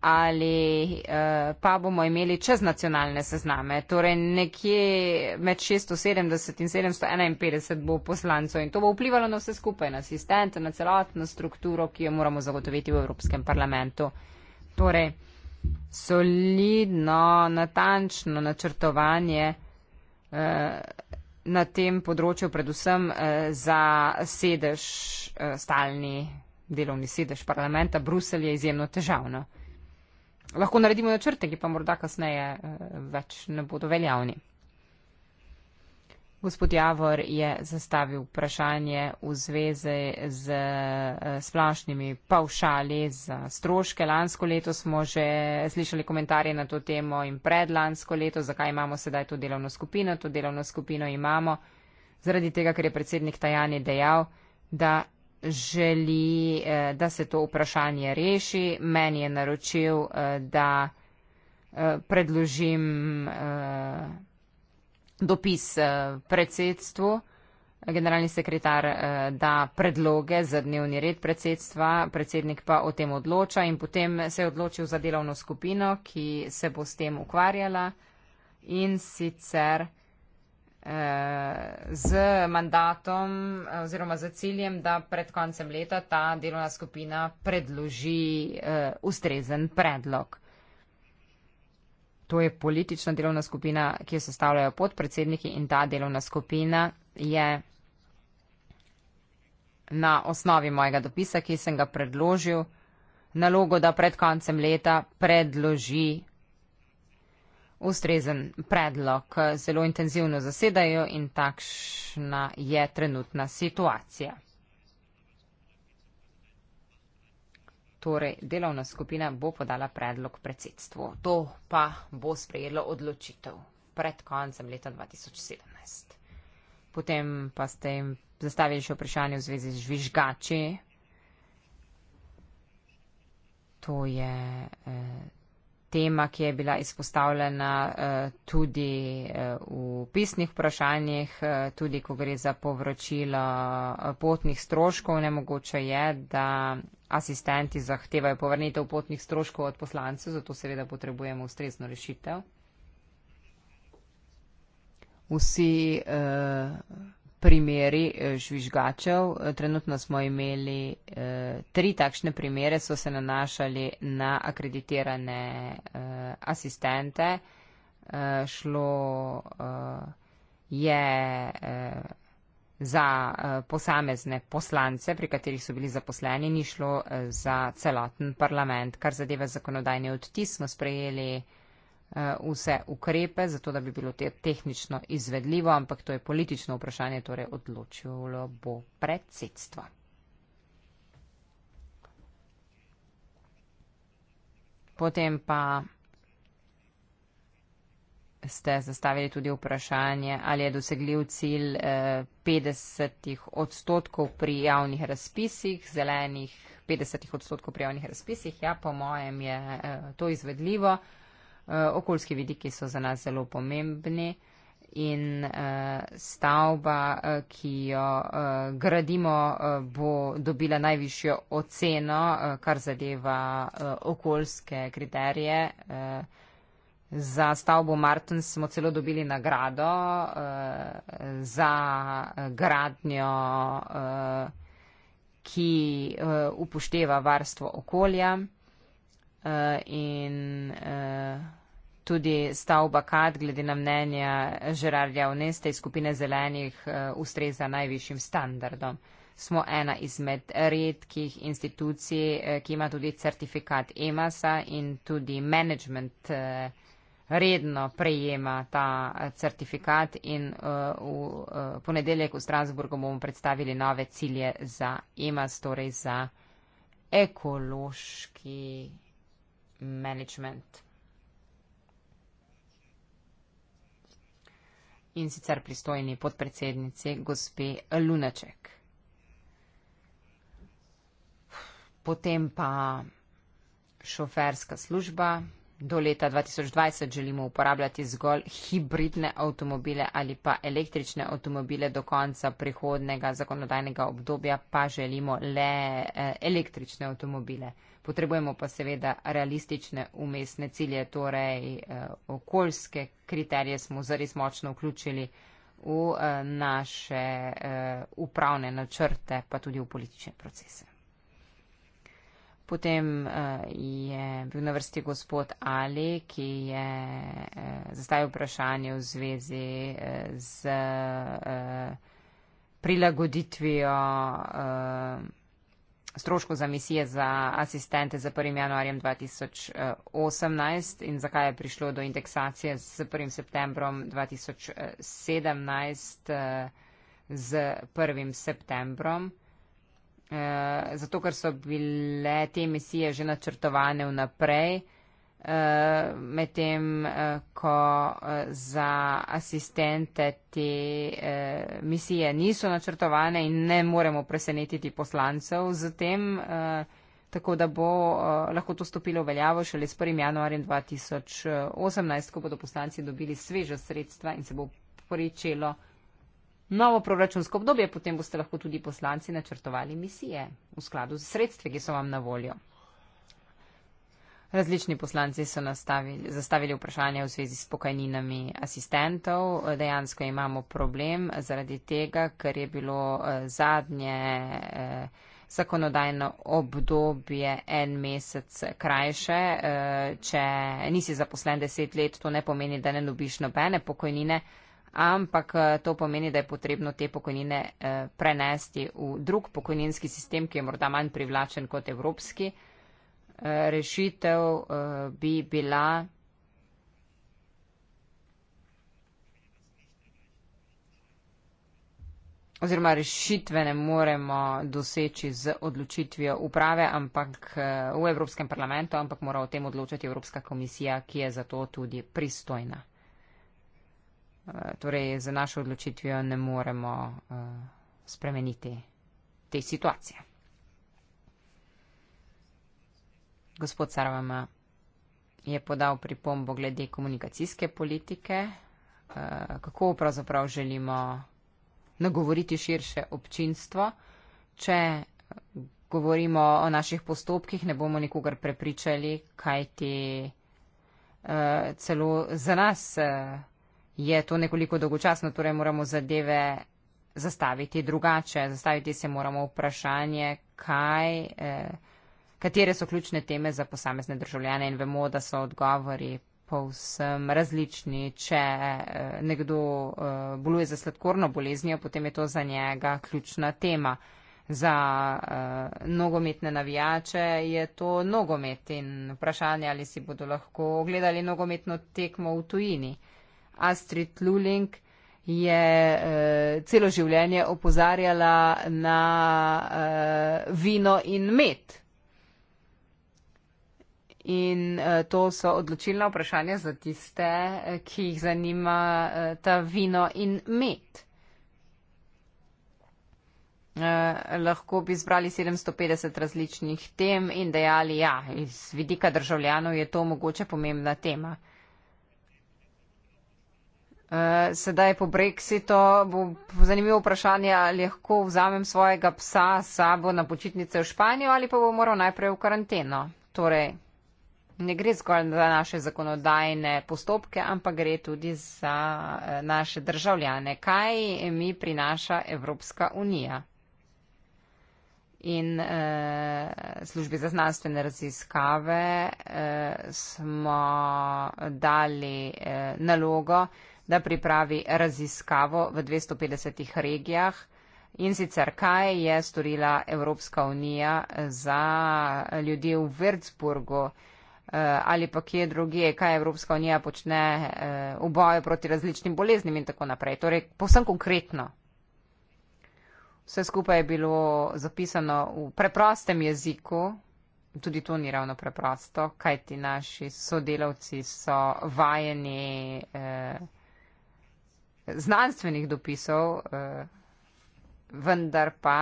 ali uh, pa bomo imeli čez nacionalne sezname. Torej nekje med 670 in 751 bo poslancov in to bo vplivalo na vse skupaj, na asistent, na celotno strukturo, ki jo moramo zagotoviti v Evropskem parlamentu. Torej, solidno, natančno načrtovanje uh, na tem področju, predvsem uh, za sedež, uh, stalni delovni sedež parlamenta Bruselj je izjemno težavno lahko naredimo načrte, ki pa morda kasneje eh, več ne bodo veljavni. Gospod Javor je zastavil vprašanje v zvezi z eh, splošnimi pavšali za stroške. Lansko leto smo že slišali komentarje na to temo in predlansko leto, zakaj imamo sedaj to delovno skupino. To delovno skupino imamo zaradi tega, ker je predsednik Tajani dejal, da želi, eh, da se to vprašanje reši. Meni je naročil, eh, da eh, predložim dopis predsedstvu. Generalni sekretar da predloge za dnevni red predsedstva, predsednik pa o tem odloča in potem se je odločil za delovno skupino, ki se bo s tem ukvarjala. In sicer Eh, z mandatom eh, oziroma z ciljem, da pred koncem leta ta delovna skupina predloži eh, ustrezen predlog. To je politična delovna skupina, ki jo sestavljajo podpredsedniki in ta delovna skupina je na osnovi mojega dopisa, ki sem ga predložil, nalogo, da pred koncem leta predloži ustrezen predlog. Zelo intenzivno zasedajo in takšna je trenutna situacija. Torej, delovna skupina bo podala predlog predsedstvu. To pa bo sprejelo odločitev pred koncem leta 2017. Potem pa ste jim zastavili še vprašanje v zvezi z žvižgači. To je. Eh, tema, ki je bila izpostavljena eh, tudi eh, v pisnih vprašanjih, eh, tudi ko gre za povračilo potnih stroškov. Nemogoče je, da asistenti zahtevajo povrnitev potnih stroškov od poslancev, zato seveda potrebujemo ustrezno rešitev. Vsi primeri eh, žvižgačev. Eh, trenutno smo imeli eh, tri takšne primere, so se nanašali na akreditirane eh, asistente. Eh, šlo eh, je eh, za eh, posamezne poslance, pri katerih so bili zaposleni, ni šlo eh, za celoten parlament. Kar zadeva zakonodajni odtis, smo sprejeli eh, Eh, vse ukrepe, zato da bi bilo te tehnično izvedljivo, ampak to je politično vprašanje, torej odločilo bo predsedstva. Potem pa ste zastavili tudi vprašanje, ali je dosegljiv cilj 50 eh, odstotkov pri javnih razpisih, zelenih 50 odstotkov pri javnih razpisih. Ja, po mojem je eh, to izvedljivo. Eh, okoljski vidiki so za nas zelo pomembni in eh, stavba, eh, ki jo gradimo, bo dobila najvišjo oceno, kar zadeva okoljske kriterije. Za stavbo Martens smo celo dobili nagrado eh, za gradnjo, eh, ki eh, upošteva varstvo okolja. Eh, in eh, tudi stavba Kad, glede na mnenja Žerarja Oneste iz skupine zelenih, eh, ustreza najvišjim standardom. Smo ena izmed redkih institucij, ki ima tudi certifikat EMAS-a in tudi management redno prejema ta certifikat in v ponedeljek v Strasburgu bomo predstavili nove cilje za EMAS, torej za ekološki management. In sicer pristojni podpredsednici gospe Lunaček. Potem pa šoferska služba. Do leta 2020 želimo uporabljati zgolj hibridne avtomobile ali pa električne avtomobile, do konca prihodnega zakonodajnega obdobja pa želimo le eh, električne avtomobile. Potrebujemo pa seveda realistične umestne cilje, torej eh, okoljske kriterije smo zares močno vključili v eh, naše eh, upravne načrte, pa tudi v politične procese. Potem eh, je bil na vrsti gospod Ali, ki je eh, zastavil vprašanje v zvezi eh, z eh, prilagoditvijo. Eh, stroškov za misije za asistente za 1. januarjem 2018 in zakaj je prišlo do indeksacije s 1. septembrom 2017 eh, z 1. septembrom. Eh, zato, ker so bile te misije že načrtovane vnaprej medtem eh, ko eh, za asistente te eh, misije niso načrtovane in ne moremo presenetiti poslancev z tem, tako da bo lahko to stopilo v veljavo šele s 1. januarjem 2018, ko bodo poslanci dobili sveža sredstva in se bo pričelo novo proračunsko obdobje, potem boste lahko tudi poslanci načrtovali misije v skladu z sredstvi, ki so vam na voljo. Različni poslanci so nastavili, zastavili vprašanje v zvezi s pokajninami asistentov. Dejansko imamo problem zaradi tega, ker je bilo eh, zadnje eh, zakonodajno obdobje en mesec krajše. Eh, če nisi zaposlen deset let, to ne pomeni, da ne dobiš nobene pokojnine, ampak to pomeni, da je potrebno te pokojnine prenesti v drug pokojninski sistem, ki je morda manj privlačen kot evropski rešitev eh, bi bila oziroma rešitve ne moremo doseči z odločitvijo uprave, ampak eh, v Evropskem parlamentu, ampak mora o tem odločati Evropska komisija, ki je za to tudi pristojna. Eh, torej, z našo odločitvijo ne moremo spremeniti te situacije. Gospod Sarvama je podal pripombo glede komunikacijske politike, eh, kako pravzaprav želimo nagovoriti širše občinstvo. Če govorimo o naših postopkih, ne bomo nikogar prepričali, kaj ti eh, celo za nas eh, je to nekoliko dolgočasno, torej moramo zadeve zastaviti drugače, zastaviti se moramo vprašanje, kaj katere so ključne teme za posamezne državljane in vemo, da so odgovori povsem različni. Če eh, nekdo eh, boluje za sladkorno boleznijo, potem je to za njega ključna tema. Za uh, nogometne navijače je to nogomet in vprašanje, ali si bodo lahko ogledali nogometno tekmo v tujini. Astrid Luling je uh, celo življenje opozarjala na uh, vino in met. In uh, to so odločilna vprašanja za tiste, eh, ki jih zanima uh, ta vino in med. Uh, lahko bi izbrali 750 različnih tem in dejali, ja, iz vidika državljanov je to mogoče pomembna tema. Uh, sedaj po Brexitu bo zanimivo vprašanje, ali lahko vzamem svojega psa sabo na počitnice v Španijo ali pa bom moral najprej v karanteno. Torej, ne gre zgolj za naše zakonodajne postopke, ampak gre tudi za eh, naše državljane. Kaj mi prinaša Evropska unija? In eh, službi za znanstvene raziskave eh, smo dali eh, nalogo, da pripravi raziskavo v 250 regijah in sicer kaj je storila Evropska unija za eh, ljudi v Würzburgu, eh, Eh, ali pa kje drugje, kaj Evropska unija počne eh, v boju proti različnim boleznim in tako naprej. Torej, povsem konkretno. Vse skupaj je bilo zapisano v preprostem jeziku, tudi to ni ravno preprosto, kaj ti naši sodelavci so vajeni eh, znanstvenih dopisov, eh, vendar pa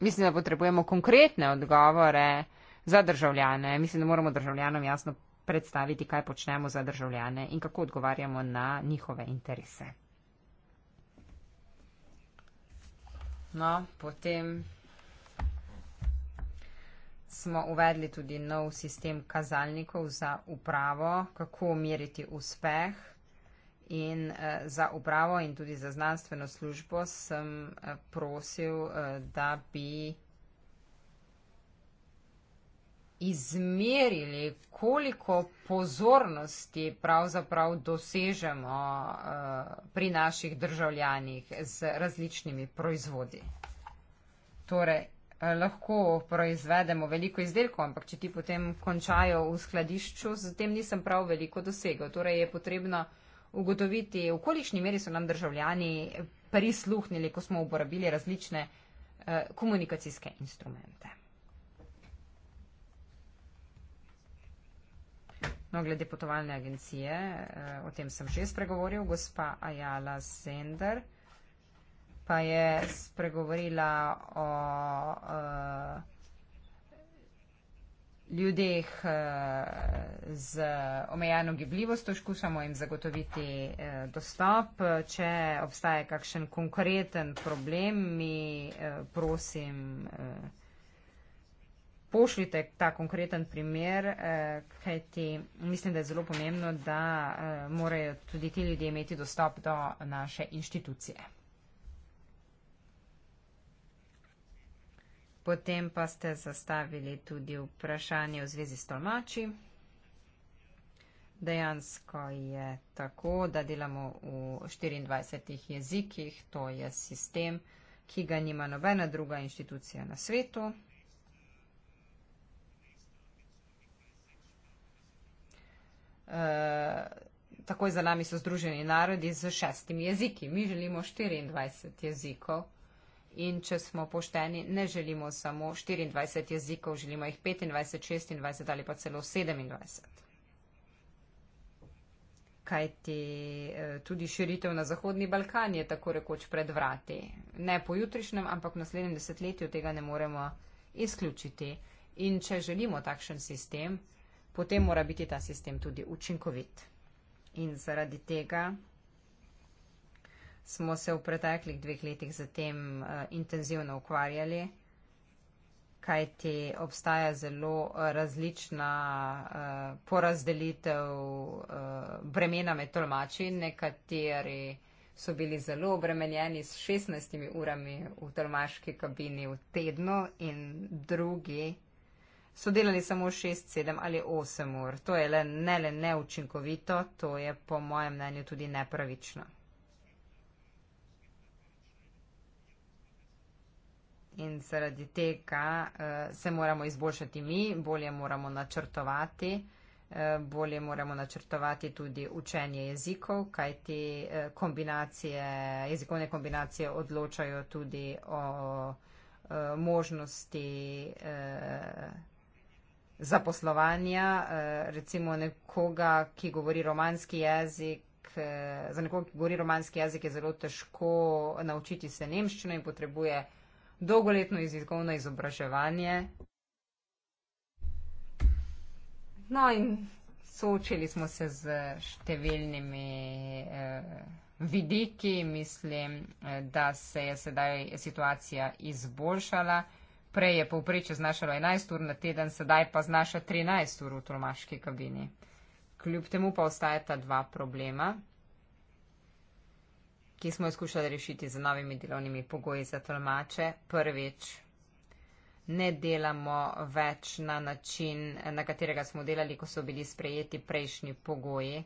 mislim, da potrebujemo konkretne odgovore za državljane. Mislim, da moramo državljanom jasno predstaviti, kaj počnemo za državljane in kako odgovarjamo na njihove interese. No, potem smo uvedli tudi nov sistem kazalnikov za upravo, kako meriti uspeh. In eh, za upravo in tudi za znanstveno službo sem eh, prosil, eh, da bi izmerili, koliko pozornosti pravzaprav dosežemo eh, pri naših državljanih z različnimi proizvodi. Torej, eh, lahko proizvedemo veliko izdelkov, ampak če ti potem končajo v skladišču, z tem nisem prav veliko dosegel. Torej, je potrebno ugotoviti, v kolikšni meri so nam državljani prisluhnili, ko smo uporabili različne eh, komunikacijske instrumente. No, glede potovalne agencije, eh, o tem sem že spregovoril, gospa Ajala Sender pa je spregovorila o eh, ljudeh eh, z omejeno gibljivostjo, skušamo jim zagotoviti dostop. Če obstaja kakšen konkreten problem, mi prosim pošljite ta konkreten primer, eh, kajti mislim, da je zelo pomembno, da eh, morajo tudi ti ljudje imeti dostop do naše inštitucije. Potem pa ste zastavili tudi vprašanje v zvezi s tolmači. Dejansko je tako, da delamo v 24 jezikih, to je sistem, ki ga nima nobena druga inštitucija na svetu. Eh, takoj za nami so združeni narodi z šestimi jeziki. Mi želimo 24 jezikov in če smo pošteni, ne želimo samo 24 jezikov, želimo jih 25, 26 ali pa celo 27. Kajti eh, tudi širitev na Zahodni Balkan je tako rekoč pred vrati. Ne po jutrišnjem, ampak v naslednjem desetletju tega ne moremo izključiti. In če želimo takšen sistem, potem mora biti ta sistem tudi učinkovit. In zaradi tega smo se v preteklih dveh letih zatem eh, intenzivno ukvarjali, kajti obstaja zelo eh, različna eh, porazdelitev bremena med tolmači. Nekateri so bili zelo obremenjeni s 16 urami v tolmaški kabini v tednu in drugi so delali samo 6, 7 ali 8 ur. To je le, ne le neučinkovito, to je po mojem mnenju tudi nepravično. In zaradi tega uh, se moramo izboljšati mi, bolje moramo načrtovati, uh, bolje moramo načrtovati tudi učenje jezikov, kajti uh, kombinacije, jezikovne kombinacije odločajo tudi o uh, možnosti uh, zaposlovanja, eh, recimo nekoga, ki govori romanski jezik. Eh, za nekoga, ki govori romanski jezik, je zelo težko naučiti se nemščino in potrebuje dolgoletno jezikovno izobraževanje. No, in soočili smo se z številnimi eh, vidiki, mislim, eh, da se je sedaj situacija izboljšala. Eh, Prej je povprečje znašalo 11 ur na teden, sedaj pa znaša 13 ur v tolmaški kabini. Kljub temu pa ostajata dva problema, ki smo jo skušali rešiti z novimi delovnimi pogoji za tolmače. Prvič, ne delamo več na način, na katerega smo delali, ko so bili sprejeti prejšnji pogoji.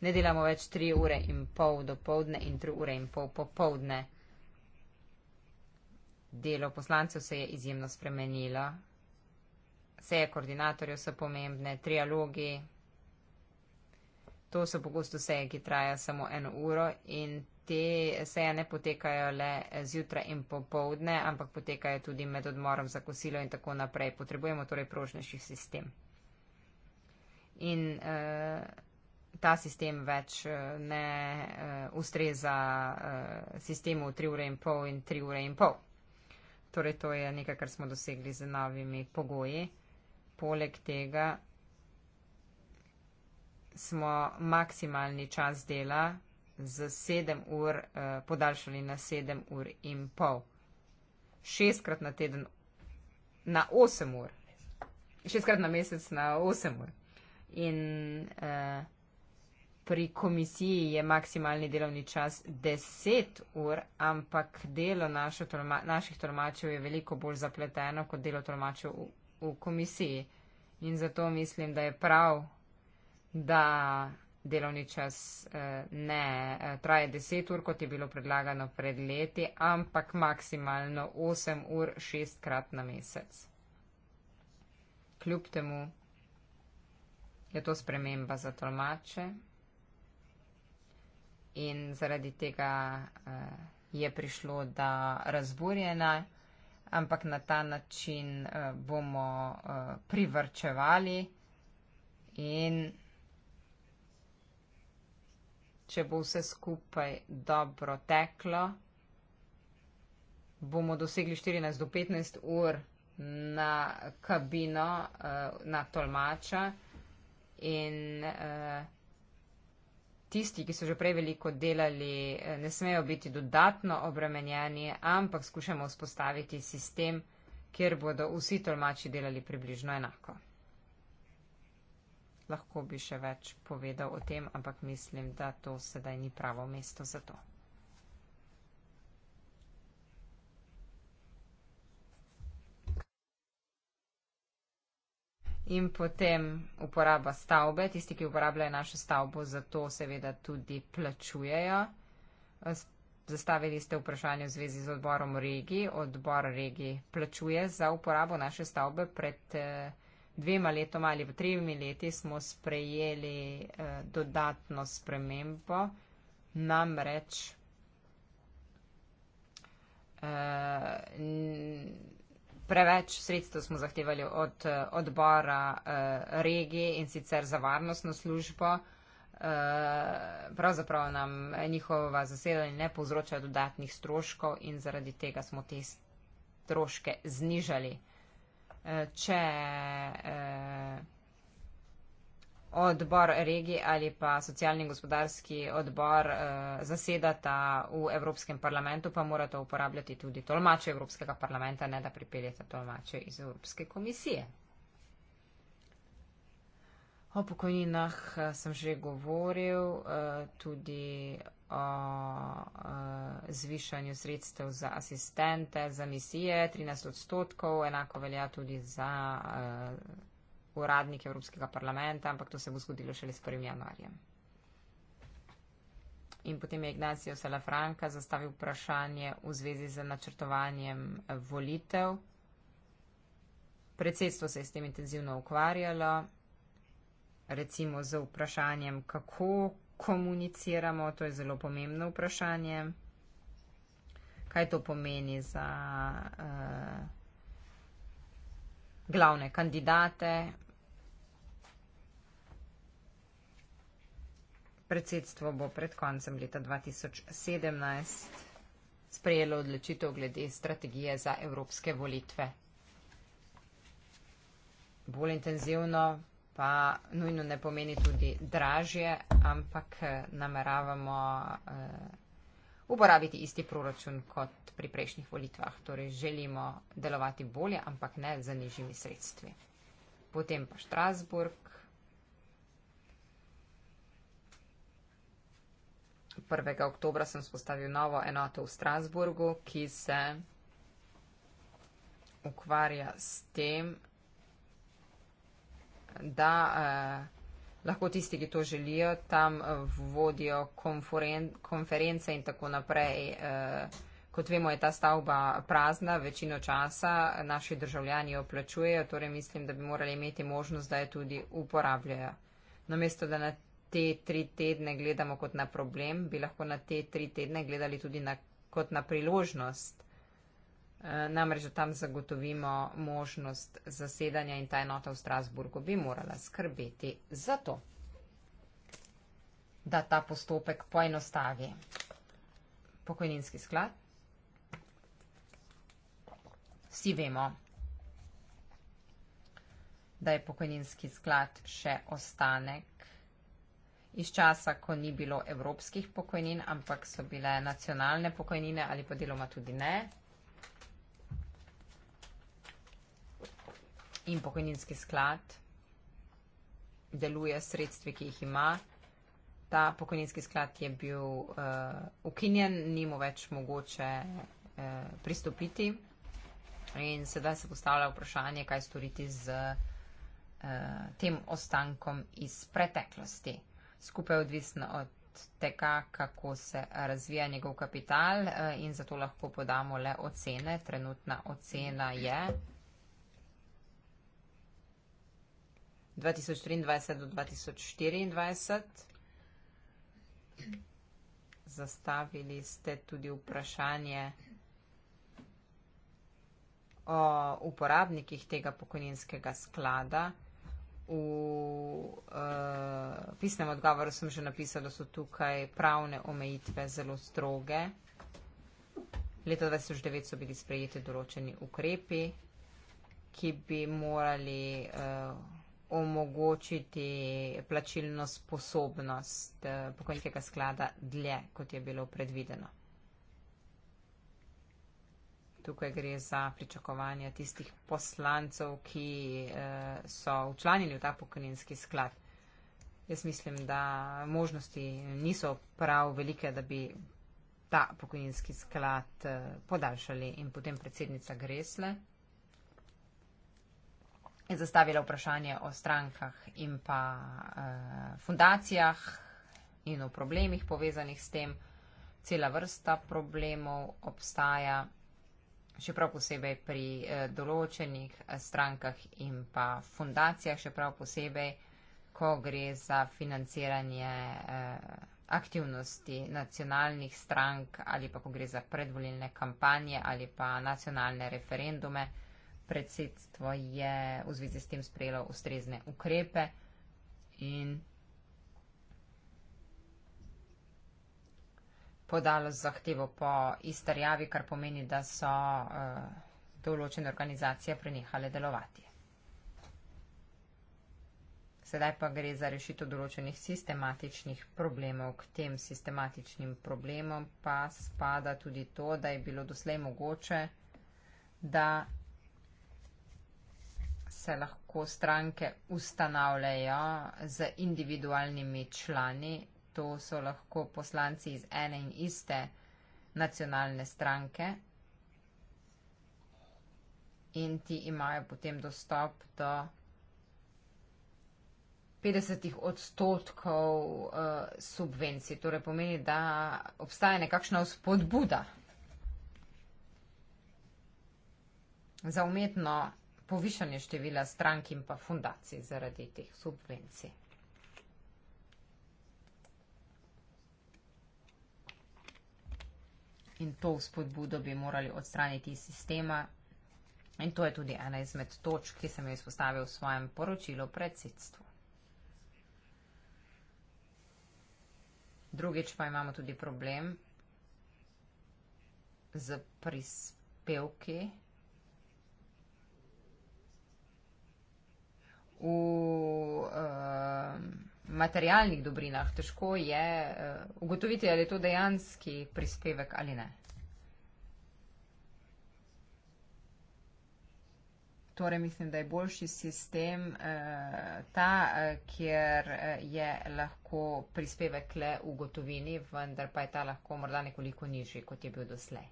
Ne delamo več 3 ure in pol do povdne in 3 ure in pol popovdne delo poslancev se je izjemno spremenilo. Seje koordinatorjev so pomembne, trialogi. To so pogosto seje, ki trajajo samo eno uro in te seje ne potekajo le zjutraj in popovdne, ampak potekajo tudi med odmorom za kosilo in tako naprej. Potrebujemo torej prožnejši sistem. In uh, ta sistem več eh, ne uh, ustreza uh, sistemu 3 ure in pol in 3 ure in pol. Torej, to je nekaj, kar smo dosegli z novimi pogoji. Poleg tega smo maksimalni čas dela z 7 ur eh, podaljšali na 7 ur in pol. Šestkrat na teden na 8 ur. Šestkrat na mesec na 8 ur. In eh, Pri komisiji je maksimalni delovni čas 10 ur, ampak delo naše tolma, naših tolmačev je veliko bolj zapleteno kot delo tolmačev v, v komisiji. In zato mislim, da je prav, da delovni čas eh, ne eh, traje 10 ur, kot je bilo predlagano pred leti, ampak maksimalno 8 ur 6 krat na mesec. Kljub temu je to sprememba za tolmače in zaradi tega uh, je prišlo da razburjena, ampak na ta način uh, bomo uh, eh, privrčevali in če bo vse skupaj dobro teklo, bomo dosegli 14 do 15 ur na kabino, uh, na tolmača in uh, tisti, ki so že prej veliko delali, eh, ne smejo biti dodatno obremenjeni, ampak skušamo vzpostaviti sistem, kjer bodo vsi tolmači delali približno enako. Lahko bi še več povedal o tem, ampak mislim, da to sedaj ni pravo mesto za to. in potem uporaba stavbe. Tisti, ki uporabljajo našo stavbo, zato seveda tudi plačujejo. Zastavili ste vprašanje v zvezi z odborom regij. Odbor regij plačuje za uporabo naše stavbe. Pred eh, dvema letoma ali pa tremi leti smo sprejeli eh, dodatno spremembo. Namreč. Eh, Preveč sredstev smo zahtevali od eh, odbora eh, regije in sicer za varnostno službo. Eh, pravzaprav nam njihova zasedanja ne povzročajo dodatnih stroškov in zaradi tega smo te stroške znižali. Če odbor regij ali pa socialni in gospodarski odbor eh, zasedata v Evropskem parlamentu, pa morate uporabljati tudi tolmače Evropskega parlamenta, ne da pripeljete tolmače iz Evropske komisije. O pokojninah eh, sem že govoril, eh, tudi o eh, zvišanju sredstev za asistente, za misije 13 odstotkov, enako velja tudi za. Eh, uradnik Evropskega parlamenta, ampak to se bo zgodilo šele s 1. januarjem. In potem je Ignacio Salafranca zastavil vprašanje v zvezi z načrtovanjem eh, volitev. Predsedstvo se je s tem intenzivno ukvarjalo, recimo z vprašanjem, kako komuniciramo, to je zelo pomembno vprašanje, kaj to pomeni za uh, glavne kandidate, Predsedstvo bo pred koncem leta 2017 sprejelo odločitev glede strategije za evropske volitve. Bolj intenzivno pa nujno ne pomeni tudi dražje, ampak nameravamo eh, uporabiti isti proračun kot pri prejšnjih volitvah. Torej želimo delovati bolje, ampak ne za nižjimi sredstvi. Potem pa Štrasburg, 1. oktobra sem spostavil novo enoto v Strasburgu, ki se ukvarja s tem, da eh, lahko tisti, ki to želijo, tam eh, vodijo konferen konference in tako naprej. Eh, kot vemo, je ta stavba prazna, večino časa naši državljani jo plačujejo, torej mislim, da bi morali imeti možnost, da jo tudi uporabljajo. Namesto, da na te tri tedne gledamo kot na problem, bi lahko na te tri tedne gledali tudi na, kot na priložnost. Eh, namreč, da tam zagotovimo možnost zasedanja in ta enota v Strasburgu bi morala skrbeti za to, da ta postopek poenostavi pokojninski sklad. Vsi vemo, da je pokojninski sklad še ostanek iz časa, ko ni bilo evropskih pokojnin, ampak so bile nacionalne pokojnine ali pa deloma tudi ne. In pokojninski sklad deluje s sredstvi, ki jih ima. Ta pokojninski sklad je bil uh, ukinjen, ni mu več mogoče uh, pristopiti. In sedaj se postavlja vprašanje, kaj storiti z uh, tem ostankom iz preteklosti skupaj odvisno od tega, kako se razvija njegov kapital eh, in zato lahko podamo le ocene. Trenutna ocena je 2023 do 2024. Zastavili ste tudi vprašanje o uporabnikih tega pokojninskega sklada. V uh, pisnem odgovoru sem že napisala, da so tukaj pravne omejitve zelo stroge. Leta 2009 so bili sprejeti določeni ukrepi, ki bi morali uh, omogočiti plačilno sposobnost uh, pokojninskega sklada dlje, kot je bilo predvideno. Tukaj gre za pričakovanja tistih poslancev, ki eh, so včlanili v ta pokojninski sklad. Jaz mislim, da možnosti niso prav velike, da bi ta pokojninski sklad eh, podaljšali in potem predsednica Gresle je zastavila vprašanje o strankah in pa eh, fundacijah in o problemih povezanih s tem. Cela vrsta problemov obstaja še prav posebej pri eh, določenih eh, strankah in pa fundacijah, še prav posebej, ko gre za financiranje eh, aktivnosti nacionalnih strank ali pa ko gre za predvoljene kampanje ali pa nacionalne referendume. Predsedstvo je v zvezi s tem sprejelo ustrezne ukrepe in podalo zahtevo po izterjavi, kar pomeni, da so uh, določene organizacije prenehale delovati. Sedaj pa gre za rešitev določenih sistematičnih problemov. K tem sistematičnim problemom pa spada tudi to, da je bilo doslej mogoče, da se lahko stranke ustanavljajo z individualnimi člani to so lahko poslanci iz ene in iste nacionalne stranke in ti imajo potem dostop do 50 odstotkov uh, subvencij. Torej pomeni, da obstaja nekakšna spodbuda za umetno povišanje števila strank in pa fundacij zaradi teh subvencij. in to spodbudo bi morali odstraniti iz sistema. In to je tudi ena izmed točk, ki sem jo izpostavil v svojem poročilu predsedstvu. Drugič pa imamo tudi problem z prispevki. V, um, materialnih dobrinah, težko je eh, ugotoviti, ali je to dejanski prispevek ali ne. Torej, mislim, da je boljši sistem eh, ta, eh, kjer eh, je lahko prispevek le v gotovini, vendar pa je ta lahko morda nekoliko nižji, kot je bil doslej.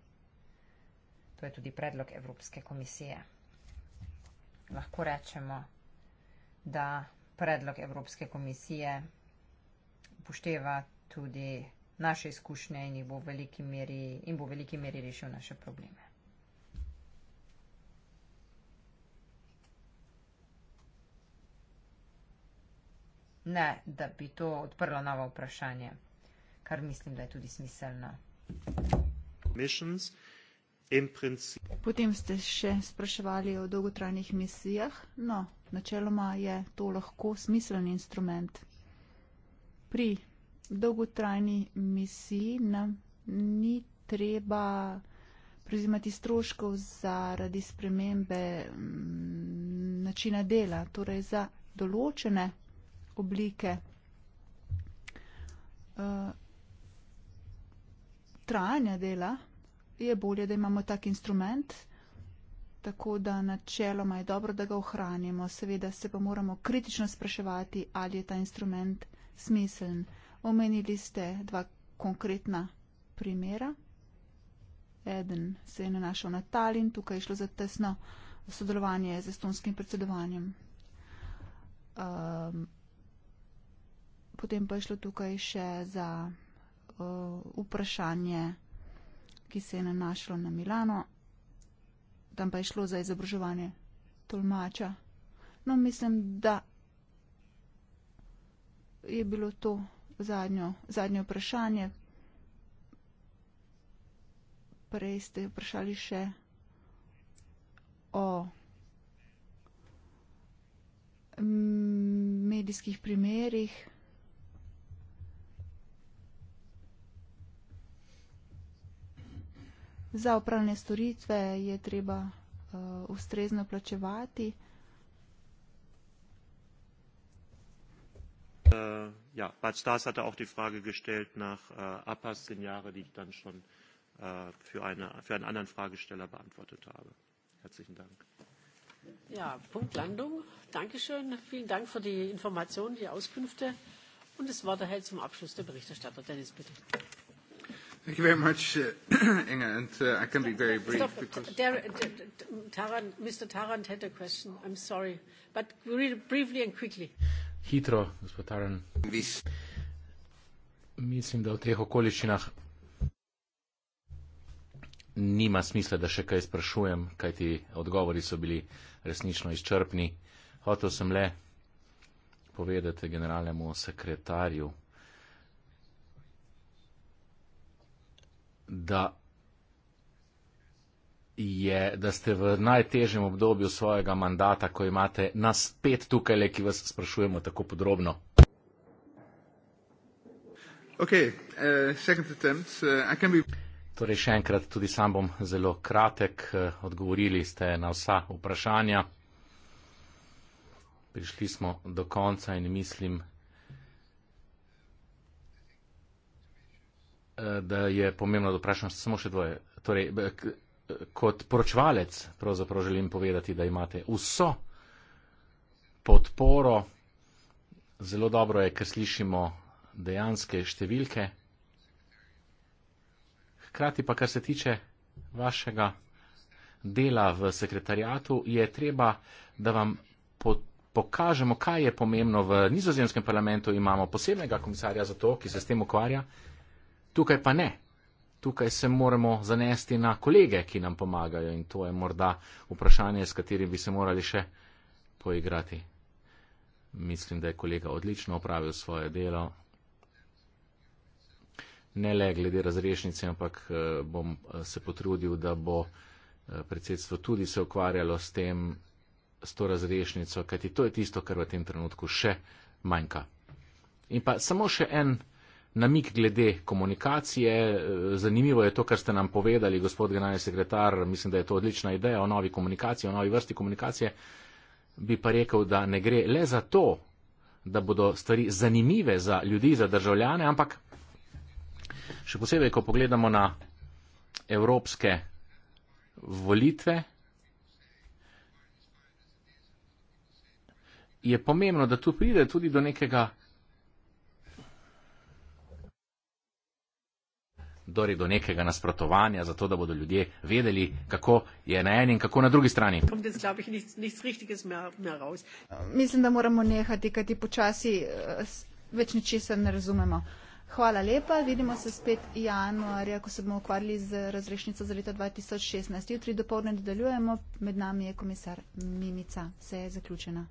To je tudi predlog Evropske komisije. Lahko rečemo, da predlog Evropske komisije upošteva tudi naše izkušnje in, bo v, meri, in bo v veliki meri rešil naše probleme. Ne, da bi to odprlo novo vprašanje, kar mislim, da je tudi smiselno. Potem ste še spraševali o dolgotrajnih misijah. No, načeloma je to lahko smiselni instrument. Pri dolgotrajni misiji nam ni treba prezimati stroškov zaradi spremembe mm, načina dela, torej za določene oblike uh, trajanja dela je bolje, da imamo tak instrument, Tako da načeloma je dobro, da ga ohranimo. Seveda se pa moramo kritično spraševati, ali je ta instrument smiseln. Omenili ste dva konkretna primera. Eden se je nanašal na Talin, tukaj je šlo za tesno sodelovanje z estonskim predsedovanjem. Um, potem pa je šlo tukaj še za uh, vprašanje, ki se je nanašalo na Milano tam pa je šlo za izobraževanje tolmača. No, mislim, da je bilo to zadnjo, zadnje vprašanje. Prej ste vprašali še o medijskih primerih. Za upravne storitve je treba uh, ustrezno plačevati. Uh, ja, Bad Stars hatte auch die Frage gestellt nach uh, äh, APAS in Jahre, die ich dann schon uh, für, eine, für einen anderen Fragesteller beantwortet habe. Herzlichen Dank. Ja, Punkt Landung. Dankeschön. Vielen Dank für die Informationen, die Auskünfte. Und das Wort erhält zum Abschluss der Berichterstatter. Dennis, bitte. Thank you very much, uh, (clears throat) Inge, and uh, I can be very brief because- Stop. Tarant, Mr. Tarant had a question. I'm sorry, but really briefly and quickly. Hitro, gospod Tarant. Vis. Mislim, da v teh okoliščinah nima smisla, da še kaj sprašujem, kajti odgovori so bili resnično izčrpni. Hotel sem le povedati generalnemu sekretarju, da, je, da ste v najtežjem obdobju svojega mandata, ko imate nas pet tukaj, le, ki vas sprašujemo tako podrobno? Okay, uh, attempt, uh, be... Torej, še enkrat, tudi sam bom zelo kratek. Uh, odgovorili ste na vsa vprašanja. Prišli smo do konca in mislim, da je pomembno, da vprašam samo še dvoje. Torej, kot poročevalec pravzaprav želim povedati, da imate vso podporo. Zelo dobro je, ker slišimo dejanske številke. Hkrati pa, kar se tiče vašega dela v sekretarijatu, je treba, da vam podporo. Pokažemo, kaj je pomembno. V nizozemskem parlamentu imamo posebnega komisarja za to, ki se s tem ukvarja. Tukaj pa ne. Tukaj se moramo zanesti na kolege, ki nam pomagajo in to je morda vprašanje, s katerim bi se morali še poigrati. Mislim, da je kolega odlično opravil svoje delo. Ne le glede razrešnice, ampak eh, bom eh, se potrudil, da bo eh, predsedstvo tudi se ukvarjalo s tem, s to razrešnico, kajti to je tisto, kar v tem trenutku še manjka. In pa samo še en namik glede komunikacije. Zanimivo je to, kar ste nam povedali, gospod generalni sekretar, mislim, da je to odlična ideja o novi komunikaciji, o novi vrsti komunikacije. Bi pa rekel, da ne gre le za to, da bodo stvari zanimive za ljudi, za državljane, ampak še posebej, ko pogledamo na evropske volitve, je pomembno, da tu pride tudi do nekega torej do nekega nasprotovanja, zato da bodo ljudje vedeli, kako je na eni in kako na drugi strani. Ehm. Mislim, da moramo nehati, kajti počasi eh, več ničesar ne razumemo. Hvala lepa, vidimo se spet januarja, ko se bomo ukvarjali z razrešnico za leto 2016. Jutri do povdne nadaljujemo, med nami je komisar Mimica, vse je zaključeno.